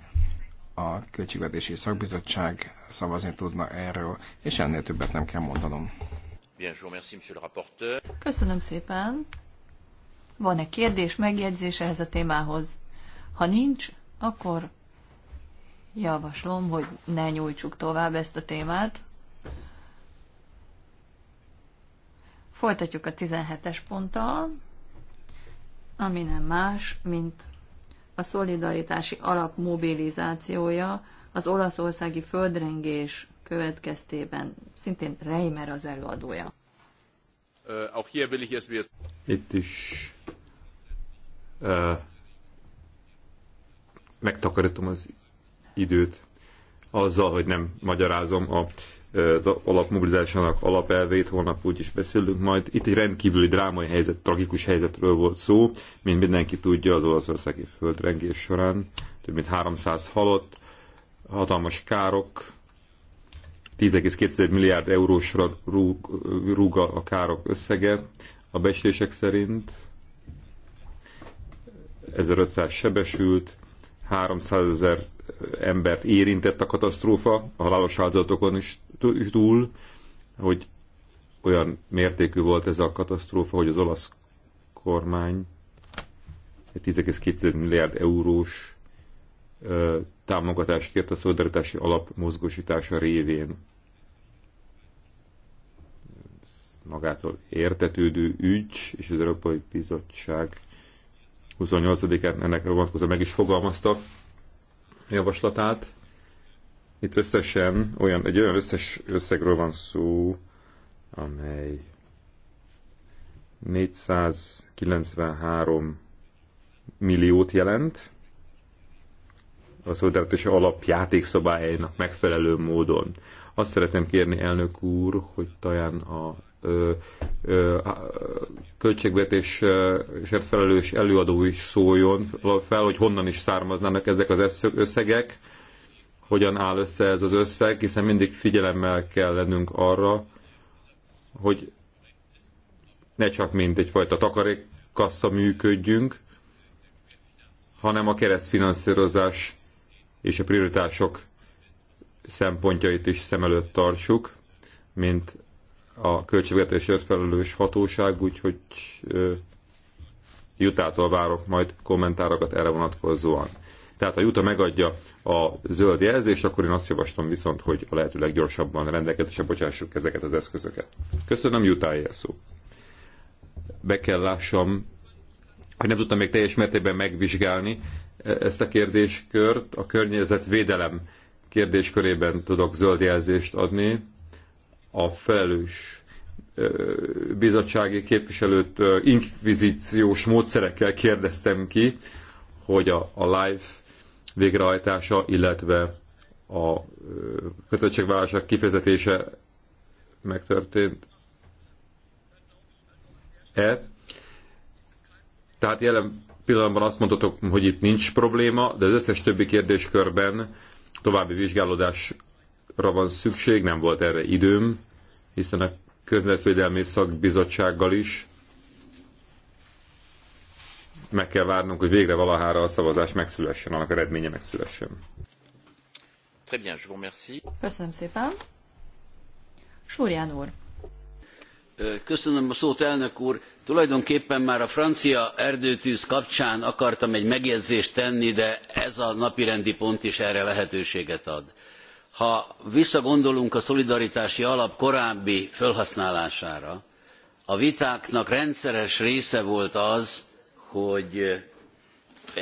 a Költségvetési Szakbizottság szavazni tudna erről, és ennél többet nem kell mondanom. Köszönöm szépen van-e kérdés, megjegyzés ehhez a témához? Ha nincs, akkor javaslom, hogy ne nyújtsuk tovább ezt a témát. Folytatjuk a 17-es ponttal, ami nem más, mint a szolidaritási alap mobilizációja az olaszországi földrengés következtében. Szintén Reimer az előadója. Äh, Itt is megtakarítom az időt azzal, hogy nem magyarázom a alapmobilizásának alapelvét, holnap úgyis beszélünk majd. Itt egy rendkívüli drámai helyzet, tragikus helyzetről volt szó, mint mindenki tudja az olaszországi földrengés során. Több mint 300 halott, hatalmas károk, 10,2 milliárd eurósra rúg, rúg a károk összege a becslések szerint 1500 sebesült, 300 ezer embert érintett a katasztrófa, a halálos áldozatokon is túl, hogy olyan mértékű volt ez a katasztrófa, hogy az olasz kormány 10,2 milliárd eurós támogatást kért a szolidaritási alap mozgósítása révén. Ez magától értetődő ügy, és az Európai Bizottság 28-án ennek vonatkozóan meg is fogalmazta javaslatát. Itt összesen olyan, egy olyan összes összegről van szó, amely 493 milliót jelent, a szolidaritási alap játékszabályainak megfelelő módon. Azt szeretem kérni, elnök úr, hogy talán a költségvetésért felelős előadó is szóljon fel, hogy honnan is származnának ezek az összegek, hogyan áll össze ez az összeg, hiszen mindig figyelemmel kell lennünk arra, hogy ne csak mint egyfajta takarékkassa működjünk, hanem a keresztfinanszírozás és a prioritások szempontjait is szem előtt tartsuk, mint a költségvetésért felelős hatóság, úgyhogy Jutától várok majd kommentárokat erre vonatkozóan. Tehát ha Juta megadja a zöld jelzést, akkor én azt javaslom viszont, hogy a lehető leggyorsabban rendelkezésre bocsássuk ezeket az eszközöket. Köszönöm, Juta szó. Be kell lássam, hogy nem tudtam még teljes mértékben megvizsgálni ezt a kérdéskört. A környezetvédelem kérdéskörében tudok zöld jelzést adni, a felelős bizottsági képviselőt inkvizíciós módszerekkel kérdeztem ki, hogy a, a live végrehajtása, illetve a kötöttségvállalások kifizetése megtörtént. E. Tehát jelen pillanatban azt mondhatok, hogy itt nincs probléma, de az összes többi kérdéskörben további vizsgálódás van szükség, nem volt erre időm, hiszen a Környezetvédelmi Szakbizottsággal is meg kell várnunk, hogy végre valahára a szavazás megszülessen, annak eredménye megszülessen. Très bien, je vous remercie. Köszönöm szépen. Súrján úr. Köszönöm a szót, elnök úr. Tulajdonképpen már a francia erdőtűz kapcsán akartam egy megjegyzést tenni, de ez a napirendi pont is erre lehetőséget ad ha visszagondolunk a szolidaritási alap korábbi felhasználására, a vitáknak rendszeres része volt az, hogy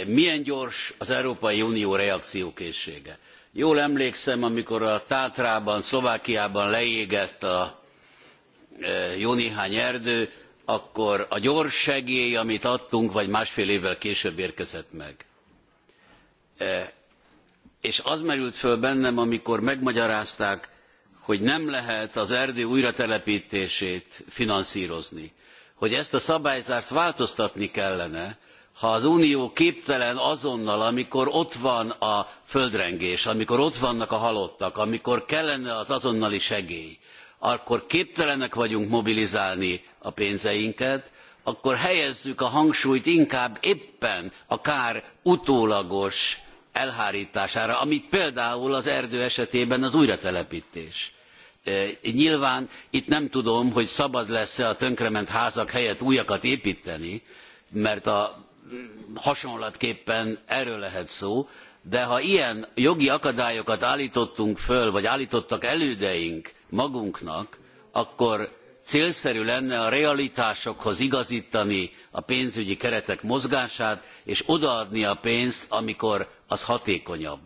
milyen gyors az Európai Unió reakciókészsége. Jól emlékszem, amikor a Tátrában, Szlovákiában leégett a e, jó néhány erdő, akkor a gyors segély, amit adtunk, vagy másfél évvel később érkezett meg. E, és az merült föl bennem, amikor megmagyarázták, hogy nem lehet az erdő újratelepítését finanszírozni, hogy ezt a szabályzást változtatni kellene, ha az Unió képtelen azonnal, amikor ott van a földrengés, amikor ott vannak a halottak, amikor kellene az azonnali segély, akkor képtelenek vagyunk mobilizálni a pénzeinket, akkor helyezzük a hangsúlyt inkább éppen a kár utólagos elhárítására, amit például az erdő esetében az újratelepítés. E, nyilván itt nem tudom, hogy szabad lesz-e a tönkrement házak helyett újakat építeni, mert a mm, hasonlatképpen erről lehet szó, de ha ilyen jogi akadályokat állítottunk föl, vagy állítottak elődeink magunknak, akkor célszerű lenne a realitásokhoz igazítani a pénzügyi keretek mozgását, és odaadni a pénzt, amikor az hatékonyabb.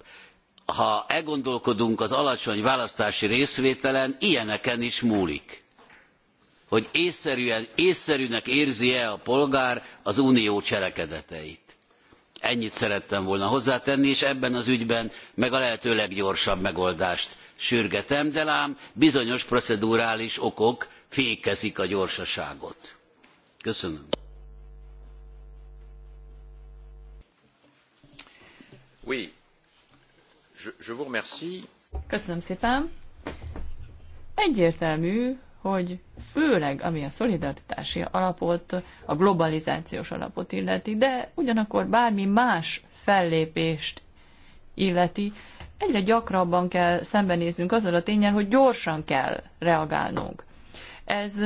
Ha elgondolkodunk az alacsony választási részvételen, ilyeneken is múlik. Hogy észszerűen, észszerűnek érzi-e a polgár az unió cselekedeteit. Ennyit szerettem volna hozzátenni, és ebben az ügyben meg a lehető leggyorsabb megoldást sürgetem, de lám bizonyos procedurális okok fékezik a gyorsaságot. Köszönöm. Oui. Je, je vous remercie. Köszönöm szépen. Egyértelmű, hogy főleg ami a szolidaritási alapot, a globalizációs alapot illeti, de ugyanakkor bármi más fellépést illeti, egyre gyakrabban kell szembenéznünk azzal a tényel, hogy gyorsan kell reagálnunk. Ez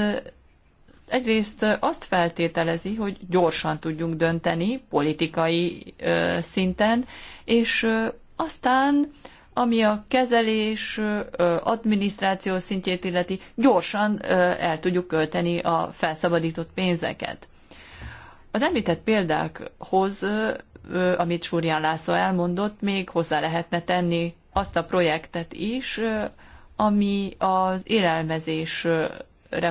egyrészt azt feltételezi, hogy gyorsan tudjunk dönteni politikai ö, szinten, és ö, aztán ami a kezelés, ö, adminisztráció szintjét illeti, gyorsan ö, el tudjuk költeni a felszabadított pénzeket. Az említett példákhoz, ö, amit Súrján László elmondott, még hozzá lehetne tenni azt a projektet is, ö, ami az élelmezésre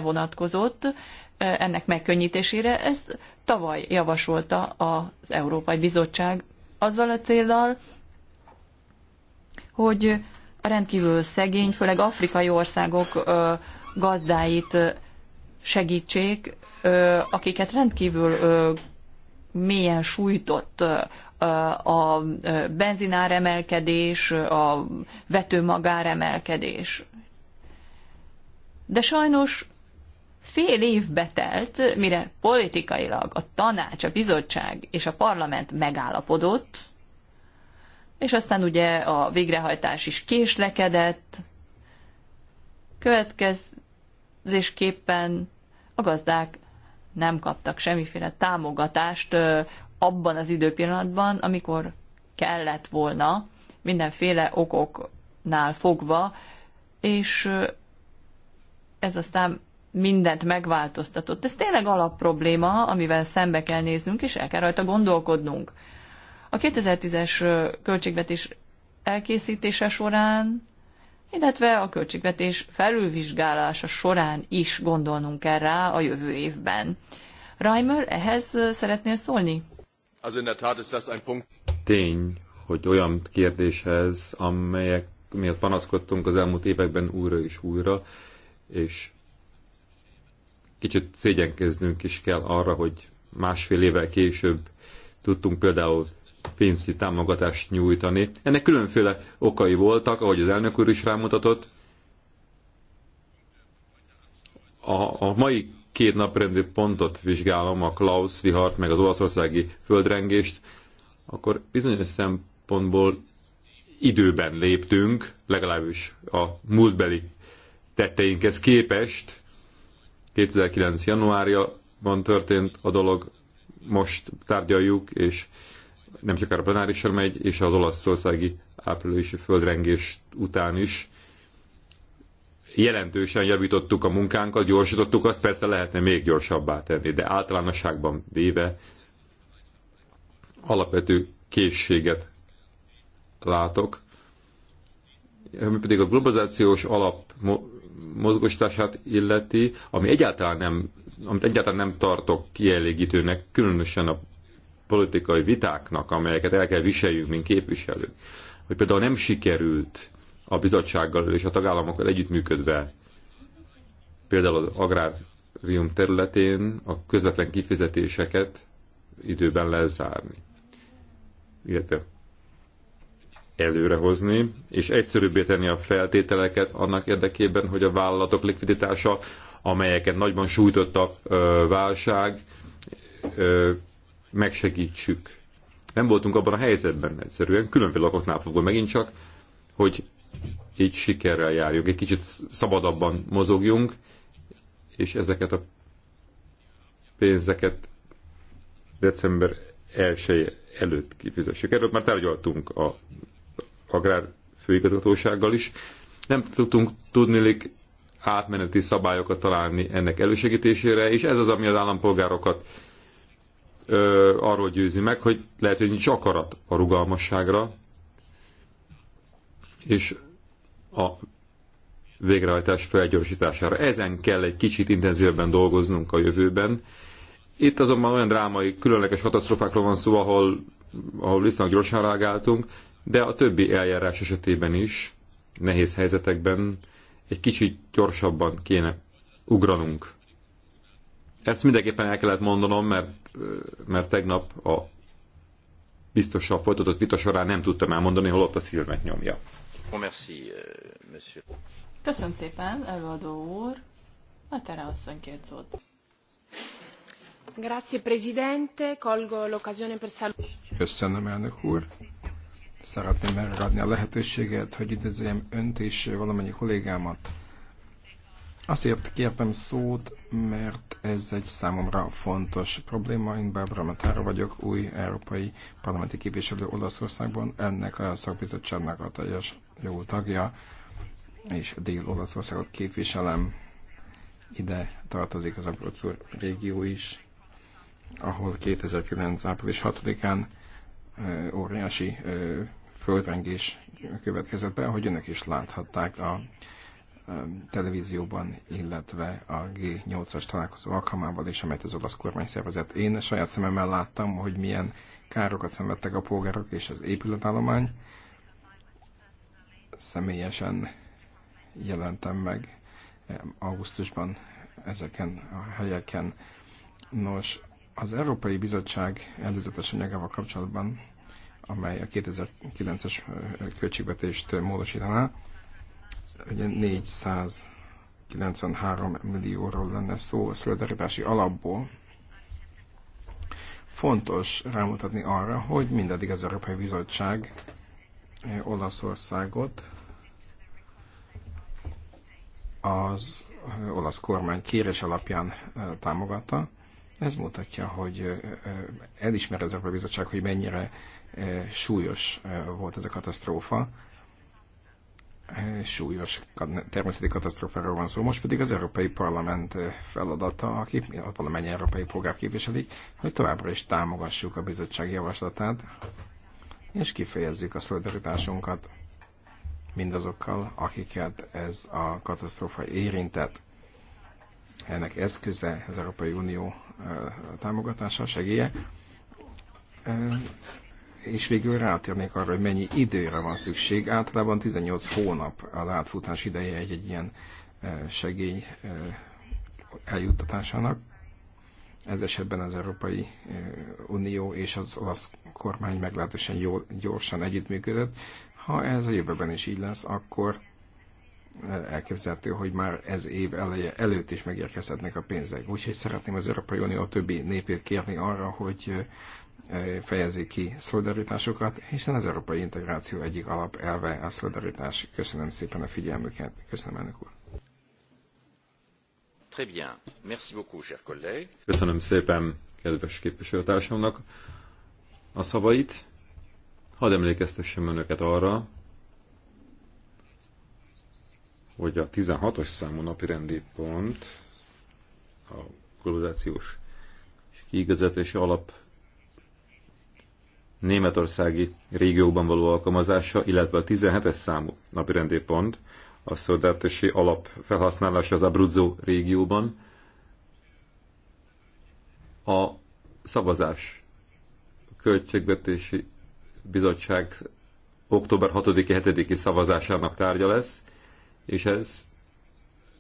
vonatkozott, ennek megkönnyítésére. Ezt tavaly javasolta az Európai Bizottság azzal a céllal, hogy a rendkívül szegény, főleg afrikai országok gazdáit segítsék, akiket rendkívül mélyen sújtott a benzináremelkedés, a vetőmagáremelkedés. De sajnos fél év betelt, mire politikailag a tanács, a bizottság és a parlament megállapodott, és aztán ugye a végrehajtás is késlekedett, következésképpen a gazdák nem kaptak semmiféle támogatást abban az időpillanatban, amikor kellett volna, mindenféle okoknál fogva, és ez aztán mindent megváltoztatott. Ez tényleg alapprobléma, amivel szembe kell néznünk, és el kell rajta gondolkodnunk. A 2010-es költségvetés elkészítése során, illetve a költségvetés felülvizsgálása során is gondolnunk kell rá a jövő évben. Reimer, ehhez szeretnél szólni? Tény, hogy olyan kérdéshez, amelyek miatt panaszkodtunk az elmúlt években újra és újra, és kicsit szégyenkeznünk is kell arra, hogy másfél évvel később tudtunk például pénzügyi támogatást nyújtani. Ennek különféle okai voltak, ahogy az elnök úr is rámutatott. A, a mai két naprendi pontot vizsgálom, a Klaus vihart, meg az olaszországi földrengést, akkor bizonyos szempontból időben léptünk, legalábbis a múltbeli tetteinkhez képest, 2009. januárjában történt a dolog, most tárgyaljuk, és nem csak a plenárisra megy, és az olaszországi áprilisi földrengés után is jelentősen javítottuk a munkánkat, gyorsítottuk, azt persze lehetne még gyorsabbá tenni, de általánosságban véve alapvető készséget látok, ami pedig a globalizációs alap mozgostását illeti, ami egyáltalán nem, amit egyáltalán nem tartok kielégítőnek, különösen a politikai vitáknak, amelyeket el kell viseljünk, mint képviselők, hogy például nem sikerült a bizottsággal és a tagállamokkal együttműködve, például az agrárium területén a közvetlen kifizetéseket időben lezárni. Illetve előrehozni, és egyszerűbbé tenni a feltételeket annak érdekében, hogy a vállalatok likviditása, amelyeket nagyban sújtott a válság, megsegítsük. Nem voltunk abban a helyzetben egyszerűen, különféle lakoknál fogva megint csak, hogy így sikerrel járjunk, egy kicsit szabadabban mozogjunk, és ezeket a pénzeket december 1 előtt kifizessük. Erről már tárgyaltunk a főigazgatósággal is. Nem tudtunk tudni, hogy átmeneti szabályokat találni ennek elősegítésére, és ez az, ami az állampolgárokat ö, arról győzi meg, hogy lehet, hogy nincs akarat a rugalmasságra, és a végrehajtás felgyorsítására. Ezen kell egy kicsit intenzívebben dolgoznunk a jövőben. Itt azonban olyan drámai, különleges katasztrofákról van szó, ahol, ahol viszonylag gyorsan rágáltunk de a többi eljárás esetében is, nehéz helyzetekben egy kicsit gyorsabban kéne ugranunk. Ezt mindenképpen el kellett mondanom, mert, mert tegnap a biztosan folytatott vita során nem tudtam elmondani, hol ott a szilmet nyomja. Köszönöm szépen, előadó úr. A Tere asszony szót. Grazie Presidente, colgo l'occasione per salutare. Köszönöm, elnök úr szeretném megadni a lehetőséget, hogy üdvözöljem önt és valamennyi kollégámat. Azért kértem szót, mert ez egy számomra fontos probléma. Én Barbara Matára vagyok, új európai parlamenti képviselő Olaszországban, ennek a szakbizottságnak a teljes jó tagja, és Dél-Olaszországot képviselem. Ide tartozik az Abrocur régió is, ahol 2009. április 6-án óriási földrengés következett be, ahogy önök is láthatták a televízióban, illetve a G8-as találkozó alkalmával is, amelyet az olasz kormány szervezett. Én saját szememmel láttam, hogy milyen károkat szenvedtek a polgárok és az épületállomány. Személyesen jelentem meg augusztusban ezeken a helyeken. Nos, az Európai Bizottság előzetes anyagával kapcsolatban, amely a 2009-es költségvetést módosítaná, ugye 493 millióról lenne szó a szolidaritási alapból, fontos rámutatni arra, hogy mindaddig az Európai Bizottság Olaszországot az olasz kormány kérés alapján támogatta, ez mutatja, hogy elismer ez a Bizottság, hogy mennyire súlyos volt ez a katasztrófa. Súlyos természeti katasztrófáról van szó. Most pedig az Európai Parlament feladata, aki valamennyi európai polgár képviselik, hogy továbbra is támogassuk a bizottság javaslatát, és kifejezzük a szolidaritásunkat mindazokkal, akiket ez a katasztrófa érintett ennek eszköze az Európai Unió támogatása, segélye. És végül rátérnék arra, hogy mennyi időre van szükség. Általában 18 hónap az átfutás ideje egy, egy ilyen segély eljuttatásának. Ez esetben az Európai Unió és az olasz kormány meglehetősen jól, gyorsan együttműködött. Ha ez a jövőben is így lesz, akkor elképzelhető, hogy már ez év eleje előtt is megérkezhetnek a pénzek. Úgyhogy szeretném az Európai Unió többi népét kérni arra, hogy fejezik ki szolidaritásokat, hiszen az európai integráció egyik alapelve a szolidaritás. Köszönöm szépen a figyelmüket. Köszönöm, elnök úr. Très bien. Merci beaucoup, cher collègue. Köszönöm szépen kedves képviselőtársamnak a szavait. Hadd emlékeztessem önöket arra, hogy a 16-os számú napirendi pont a globalizációs kiigazatási alap németországi régióban való alkalmazása, illetve a 17-es számú napirendi pont a szolidaritási alap felhasználása az Abruzzo régióban a szavazás költségvetési bizottság október 6-7-i szavazásának tárgya lesz, és ez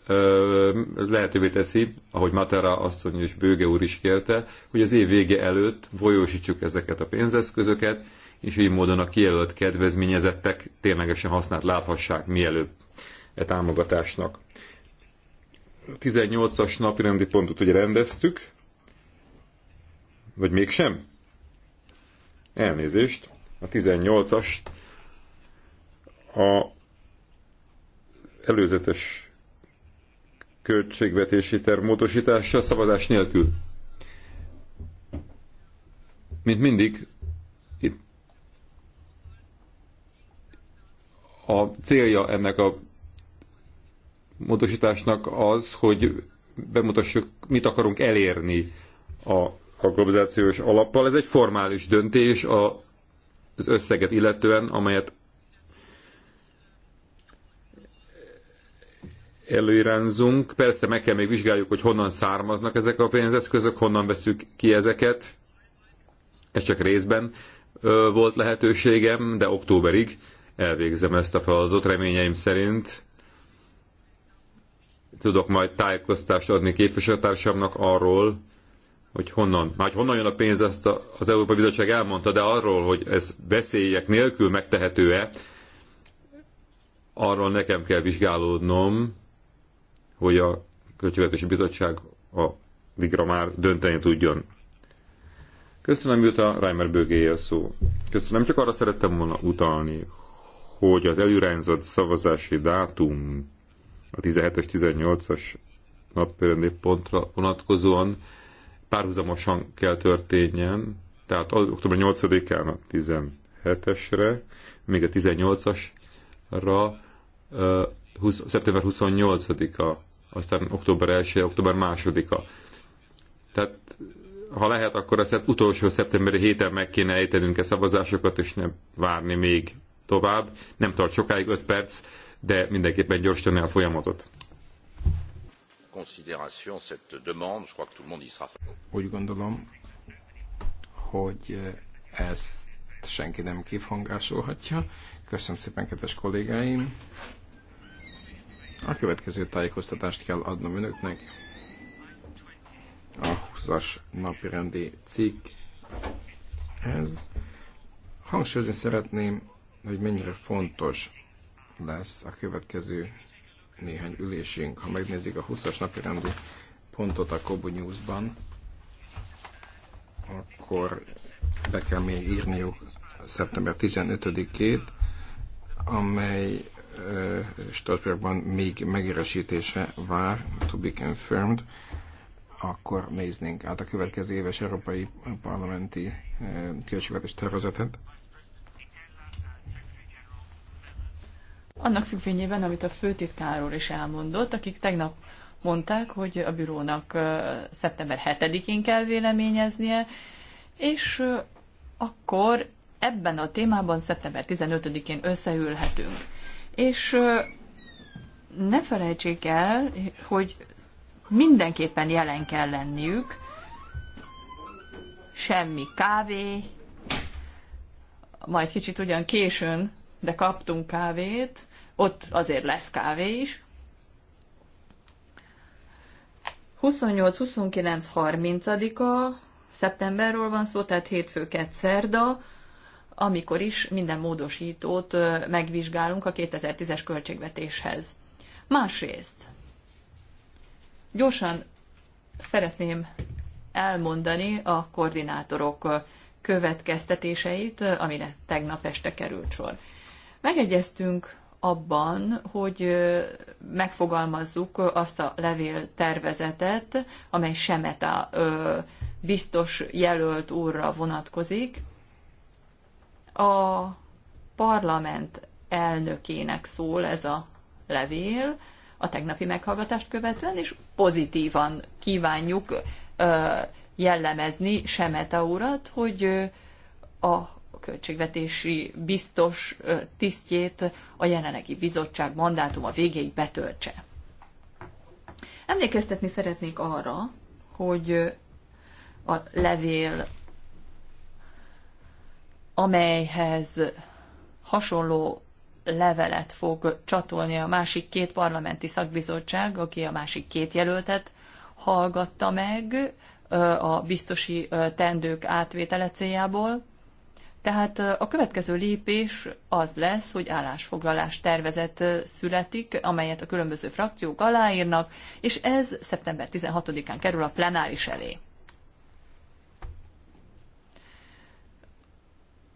ö, lehetővé teszi, ahogy Matera asszony és Bőge úr is kérte, hogy az év vége előtt folyósítsuk ezeket a pénzeszközöket, és így módon a kijelölt kedvezményezettek ténylegesen hasznát láthassák mielőbb e támogatásnak. A 18-as napirendi pontot ugye rendeztük, vagy mégsem? Elnézést, a 18-ast a előzetes költségvetési terv módosítása szavazás nélkül. Mint mindig, itt a célja ennek a módosításnak az, hogy bemutassuk, mit akarunk elérni a, a globalizációs alappal. Ez egy formális döntés a, az összeget illetően, amelyet előirányzunk. Persze meg kell még vizsgáljuk, hogy honnan származnak ezek a pénzeszközök, honnan veszük ki ezeket. Ez csak részben volt lehetőségem, de októberig elvégzem ezt a feladatot reményeim szerint. Tudok majd tájékoztást adni képviselőtársamnak arról, hogy honnan, már hogy honnan jön a pénz, ezt az Európai Bizottság elmondta, de arról, hogy ez veszélyek nélkül megtehető-e, arról nekem kell vizsgálódnom, hogy a Költségvetési Bizottság a ligra már dönteni tudjon. Köszönöm, a Reimer bőgéje szó. Köszönöm, csak arra szerettem volna utalni, hogy az előrányzott szavazási dátum a 17-es, 18-as napirendi pontra vonatkozóan párhuzamosan kell történjen, tehát október 8-án a 17-esre, még a 18-asra, 20, szeptember 28-a aztán október 1 október 2-a. Tehát ha lehet, akkor az utolsó szeptemberi héten meg kéne ejtenünk a szavazásokat, és nem várni még tovább. Nem tart sokáig 5 perc, de mindenképpen gyorsítani a folyamatot. Úgy gondolom, hogy ezt senki nem kifangásolhatja. Köszönöm szépen, kedves kollégáim! A következő tájékoztatást kell adnom önöknek. A 20-as napirendi cikk. Ez hangsúlyozni szeretném, hogy mennyire fontos lesz a következő néhány ülésünk. Ha megnézik a 20-as napirendi pontot a Kobu News-ban, akkor be kell még írniuk szeptember 15-ét, amely Strasbourgban még megerősítése vár, to be confirmed, akkor néznénk át a következő éves európai parlamenti költségvetés tervezetet. Annak függvényében, amit a főtitkáról is elmondott, akik tegnap mondták, hogy a bürónak szeptember 7-én kell véleményeznie, és akkor ebben a témában szeptember 15-én összeülhetünk és ne felejtsék el, hogy mindenképpen jelen kell lenniük, semmi kávé, majd kicsit ugyan későn, de kaptunk kávét, ott azért lesz kávé is. 28-29-30-a, szeptemberről van szó, tehát hétfőket szerda, amikor is minden módosítót megvizsgálunk a 2010-es költségvetéshez. Másrészt, gyorsan szeretném elmondani a koordinátorok következtetéseit, amire tegnap este került sor. Megegyeztünk abban, hogy megfogalmazzuk azt a levél tervezetet, amely Semeta biztos jelölt úrra vonatkozik, a parlament elnökének szól ez a levél a tegnapi meghallgatást követően, és pozitívan kívánjuk jellemezni Semeta urat, hogy a költségvetési biztos tisztjét a jelenlegi bizottság mandátuma végéig betöltse. Emlékeztetni szeretnék arra, hogy a levél amelyhez hasonló levelet fog csatolni a másik két parlamenti szakbizottság, aki a másik két jelöltet hallgatta meg a biztosi tendők átvétele céljából. Tehát a következő lépés az lesz, hogy állásfoglalás tervezet születik, amelyet a különböző frakciók aláírnak, és ez szeptember 16-án kerül a plenáris elé.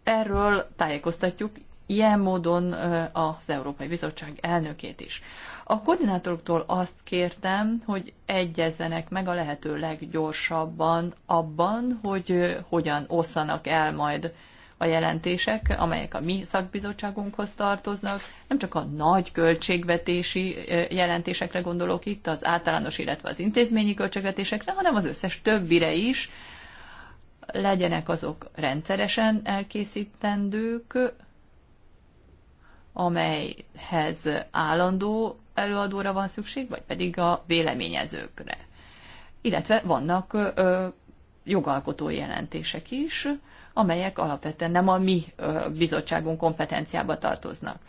erről tájékoztatjuk ilyen módon az Európai Bizottság elnökét is. A koordinátoroktól azt kértem, hogy egyezzenek meg a lehető leggyorsabban abban, hogy hogyan osszanak el majd a jelentések, amelyek a mi szakbizottságunkhoz tartoznak, nem csak a nagy költségvetési jelentésekre gondolok itt, az általános, illetve az intézményi költségvetésekre, hanem az összes többire is, legyenek azok rendszeresen elkészítendők, amelyhez állandó előadóra van szükség, vagy pedig a véleményezőkre. Illetve vannak ö, jogalkotói jelentések is, amelyek alapvetően nem a mi ö, bizottságunk kompetenciába tartoznak.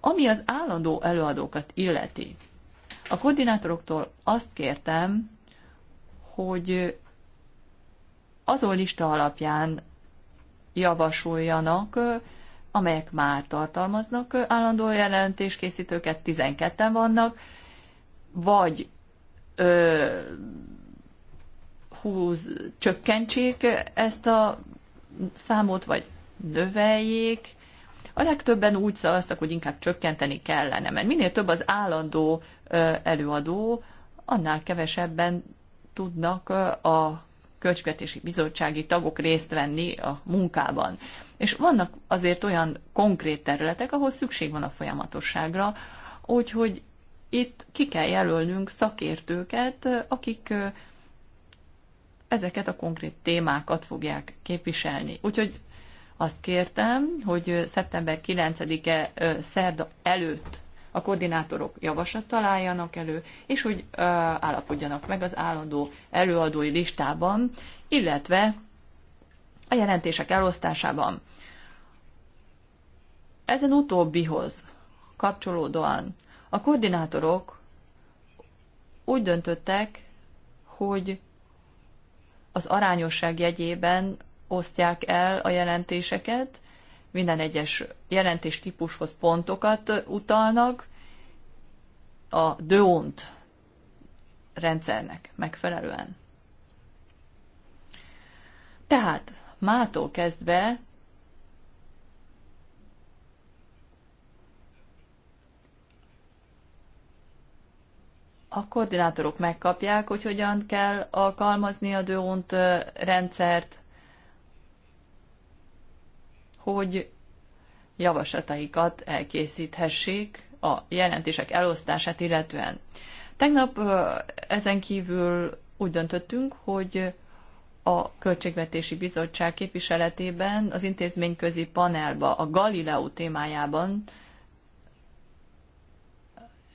Ami az állandó előadókat illeti, a koordinátoroktól azt kértem, hogy azon lista alapján javasoljanak, amelyek már tartalmaznak állandó jelentéskészítőket, 12-en vannak, vagy ö, húz, csökkentsék ezt a számot, vagy növeljék. A legtöbben úgy szavaztak, hogy inkább csökkenteni kellene, mert minél több az állandó előadó, annál kevesebben tudnak a költségvetési bizottsági tagok részt venni a munkában. És vannak azért olyan konkrét területek, ahol szükség van a folyamatosságra, úgyhogy itt ki kell jelölnünk szakértőket, akik ezeket a konkrét témákat fogják képviselni. Úgyhogy azt kértem, hogy szeptember 9-e szerda előtt a koordinátorok javaslat találjanak elő, és hogy ö, állapodjanak meg az állandó előadói listában, illetve a jelentések elosztásában. Ezen utóbbihoz kapcsolódóan a koordinátorok úgy döntöttek, hogy az arányosság jegyében osztják el a jelentéseket, minden egyes jelentés típushoz pontokat utalnak a DÖONT rendszernek megfelelően. Tehát mától kezdve a koordinátorok megkapják, hogy hogyan kell alkalmazni a DÖONT rendszert, hogy javaslataikat elkészíthessék a jelentések elosztását illetően. Tegnap ezen kívül úgy döntöttünk, hogy a Költségvetési Bizottság képviseletében az intézményközi panelba, a Galileo témájában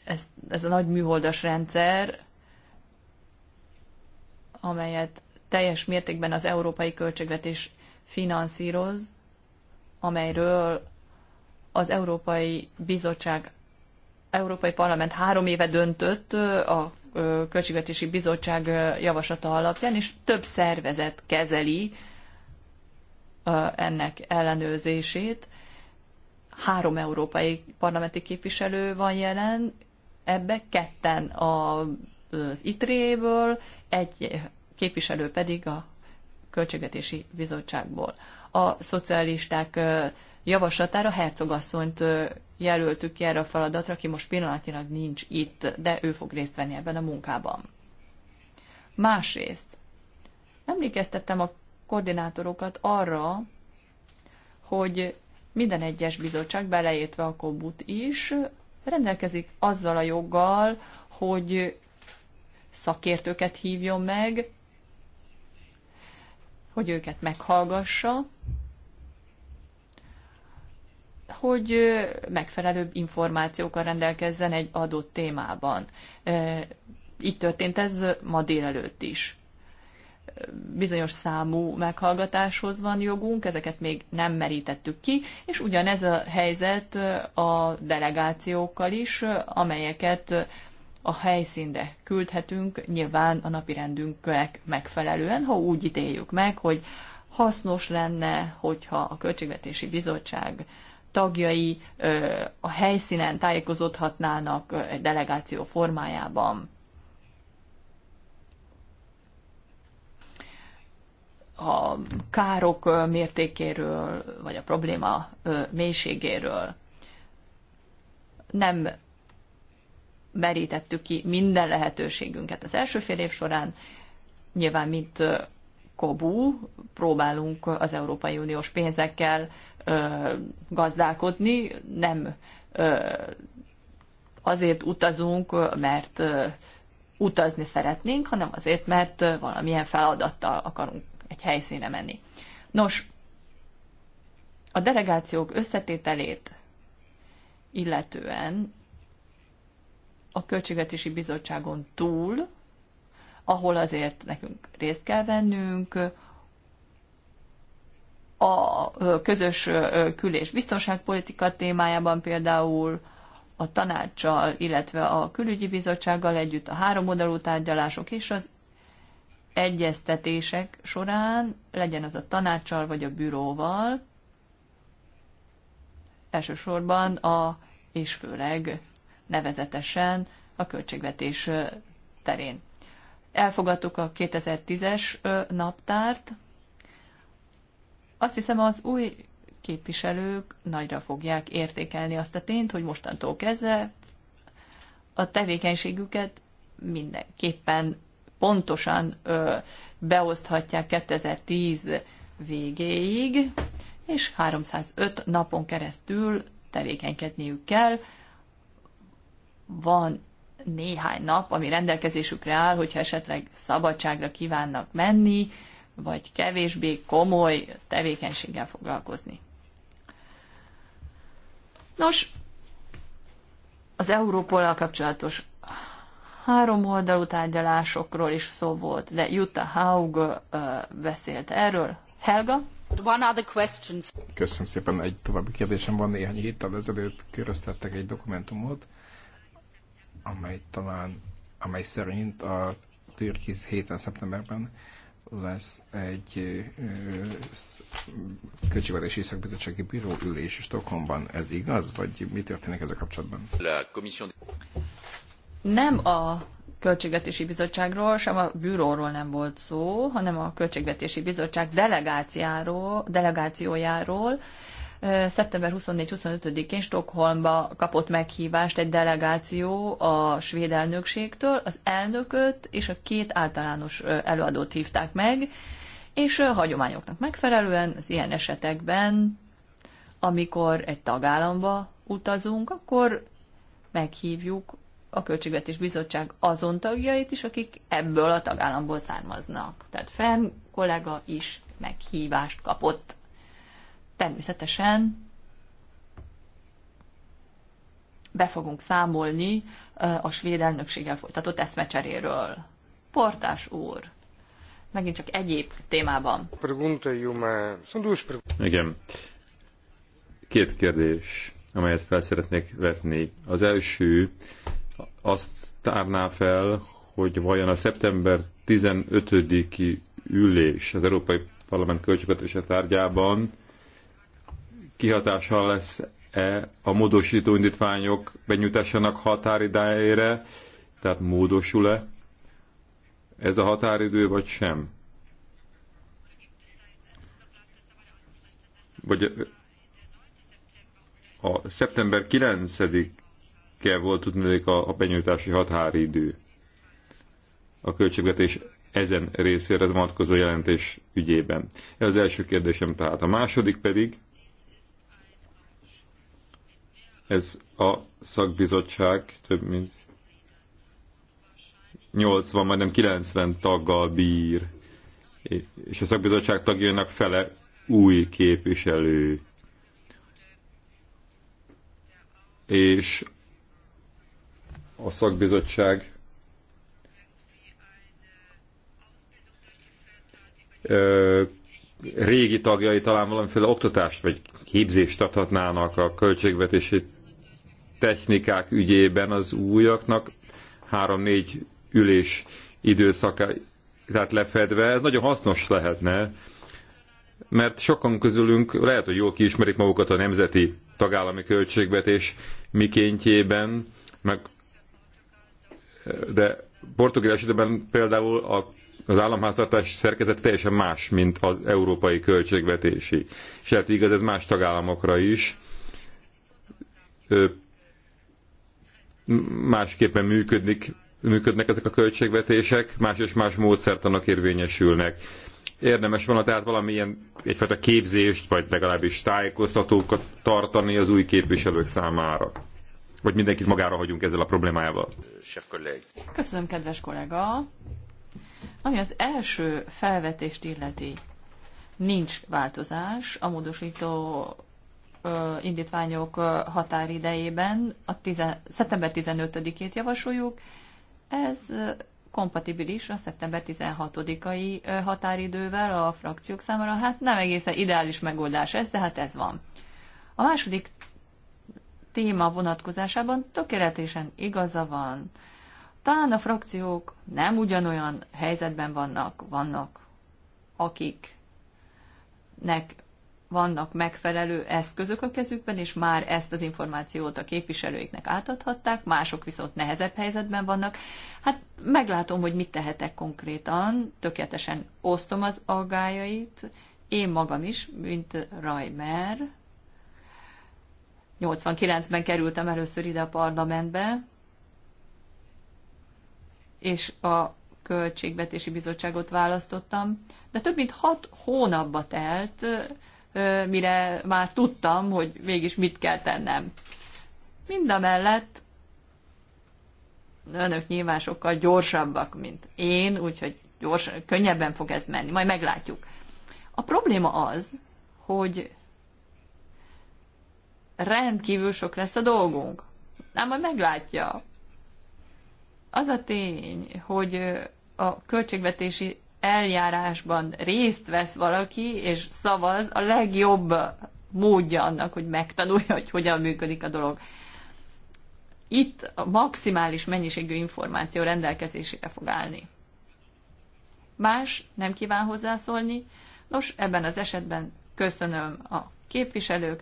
ez, ez a nagy műholdas rendszer, amelyet teljes mértékben az európai költségvetés finanszíroz, amelyről az Európai Bizottság, Európai Parlament három éve döntött a Költségvetési Bizottság javaslata alapján, és több szervezet kezeli ennek ellenőrzését. Három európai parlamenti képviselő van jelen, ebbe ketten az ITRÉ-ből, egy képviselő pedig a Költségvetési Bizottságból a szocialisták javaslatára hercogasszonyt jelöltük ki erre a feladatra, aki most pillanatnyilag nincs itt, de ő fog részt venni ebben a munkában. Másrészt, emlékeztettem a koordinátorokat arra, hogy minden egyes bizottság, beleértve a kobut is, rendelkezik azzal a joggal, hogy szakértőket hívjon meg, hogy őket meghallgassa, hogy megfelelőbb információkkal rendelkezzen egy adott témában. Így történt ez ma délelőtt is. Bizonyos számú meghallgatáshoz van jogunk, ezeket még nem merítettük ki, és ugyanez a helyzet a delegációkkal is, amelyeket a helyszínre küldhetünk, nyilván a rendünknek megfelelően, ha úgy ítéljük meg, hogy hasznos lenne, hogyha a Költségvetési Bizottság tagjai a helyszínen tájékozódhatnának egy delegáció formájában. a károk mértékéről, vagy a probléma mélységéről. Nem merítettük ki minden lehetőségünket az első fél év során. Nyilván, mint kobú, próbálunk az Európai Uniós pénzekkel ö, gazdálkodni, nem ö, azért utazunk, mert ö, utazni szeretnénk, hanem azért, mert valamilyen feladattal akarunk egy helyszíne menni. Nos, a delegációk összetételét illetően a Költségvetési Bizottságon túl, ahol azért nekünk részt kell vennünk, a közös kül- és biztonságpolitika témájában például a tanácssal, illetve a külügyi bizottsággal együtt a három oldalú tárgyalások és az egyeztetések során, legyen az a tanácssal vagy a büróval, elsősorban a, és főleg nevezetesen a költségvetés terén. Elfogadtuk a 2010-es naptárt. Azt hiszem az új képviselők nagyra fogják értékelni azt a tényt, hogy mostantól kezdve a tevékenységüket mindenképpen pontosan ö, beoszthatják 2010 végéig, és 305 napon keresztül tevékenykedniük kell, van néhány nap, ami rendelkezésükre áll, hogyha esetleg szabadságra kívánnak menni, vagy kevésbé komoly tevékenységgel foglalkozni. Nos, az Európollal kapcsolatos három oldalú tárgyalásokról is szó volt, de Jutta Haug uh, beszélt erről. Helga? One other Köszönöm szépen, egy további kérdésem van. Néhány héttel ezelőtt köröztettek egy dokumentumot, amely talán, amely szerint a Türkiz héten szeptemberben lesz egy költségvetési szakbizottsági bíró ülés Stockholmban. Ez igaz, vagy mi történik ezzel kapcsolatban? Nem a Költségvetési Bizottságról, sem a bűróról nem volt szó, hanem a Költségvetési Bizottság delegáciáról, delegációjáról, Szeptember 24-25-én Stockholmba kapott meghívást egy delegáció a svéd elnökségtől, az elnököt és a két általános előadót hívták meg, és hagyományoknak megfelelően az ilyen esetekben, amikor egy tagállamba utazunk, akkor meghívjuk a Költségvetés Bizottság azon tagjait is, akik ebből a tagállamból származnak. Tehát Fern kollega is meghívást kapott természetesen be fogunk számolni a svéd elnökséggel folytatott eszmecseréről. Portás úr, megint csak egyéb témában. Igen. Két kérdés, amelyet fel szeretnék vetni. Az első azt tárná fel, hogy vajon a szeptember 15-i ülés az Európai Parlament költségvetése tárgyában kihatással lesz-e a módosító indítványok benyújtásának határidájére, tehát módosul-e ez a határidő, vagy sem? Vagy a szeptember 9-e volt tudnék a, a benyújtási határidő a költségvetés ezen részére vonatkozó jelentés ügyében. Ez az első kérdésem tehát. A második pedig, ez a szakbizottság több mint 80, majdnem 90 taggal bír, és a szakbizottság tagjainak fele új képviselő. És a szakbizottság ö, régi tagjai talán valamiféle oktatást vagy képzést adhatnának a költségvetési technikák ügyében az újaknak három-négy ülés tehát lefedve, ez nagyon hasznos lehetne, mert sokan közülünk lehet, hogy jól kiismerik magukat a nemzeti tagállami költségvetés mikéntjében, meg de portugál esetben például a, az államháztartás szerkezet teljesen más, mint az európai költségvetési. És lehet, igaz ez más tagállamokra is másképpen működik, működnek ezek a költségvetések, más és más módszertanak érvényesülnek. Érdemes volna tehát valamilyen egyfajta képzést, vagy legalábbis tájékoztatókat tartani az új képviselők számára. Vagy mindenkit magára hagyunk ezzel a problémával. Köszönöm, kedves kollega. Ami az első felvetést illeti, nincs változás. A módosító indítványok határidejében a tize, szeptember 15-ét javasoljuk. Ez kompatibilis a szeptember 16-ai határidővel a frakciók számára. Hát nem egészen ideális megoldás ez, de hát ez van. A második téma vonatkozásában tökéletesen igaza van. Talán a frakciók nem ugyanolyan helyzetben vannak, vannak akiknek vannak megfelelő eszközök a kezükben, és már ezt az információt a képviselőiknek átadhatták, mások viszont nehezebb helyzetben vannak. Hát meglátom, hogy mit tehetek konkrétan, tökéletesen osztom az aggájait, én magam is, mint Rajmer. 89-ben kerültem először ide a parlamentbe, és a Költségvetési Bizottságot választottam, de több mint hat hónapba telt, mire már tudtam, hogy mégis mit kell tennem. Mind a mellett önök nyilván sokkal gyorsabbak, mint én, úgyhogy gyors, könnyebben fog ez menni, majd meglátjuk. A probléma az, hogy rendkívül sok lesz a dolgunk. Nem, majd meglátja. Az a tény, hogy a költségvetési eljárásban részt vesz valaki, és szavaz, a legjobb módja annak, hogy megtanulja, hogy hogyan működik a dolog. Itt a maximális mennyiségű információ rendelkezésére fog állni. Más nem kíván hozzászólni? Nos, ebben az esetben köszönöm a képviselők,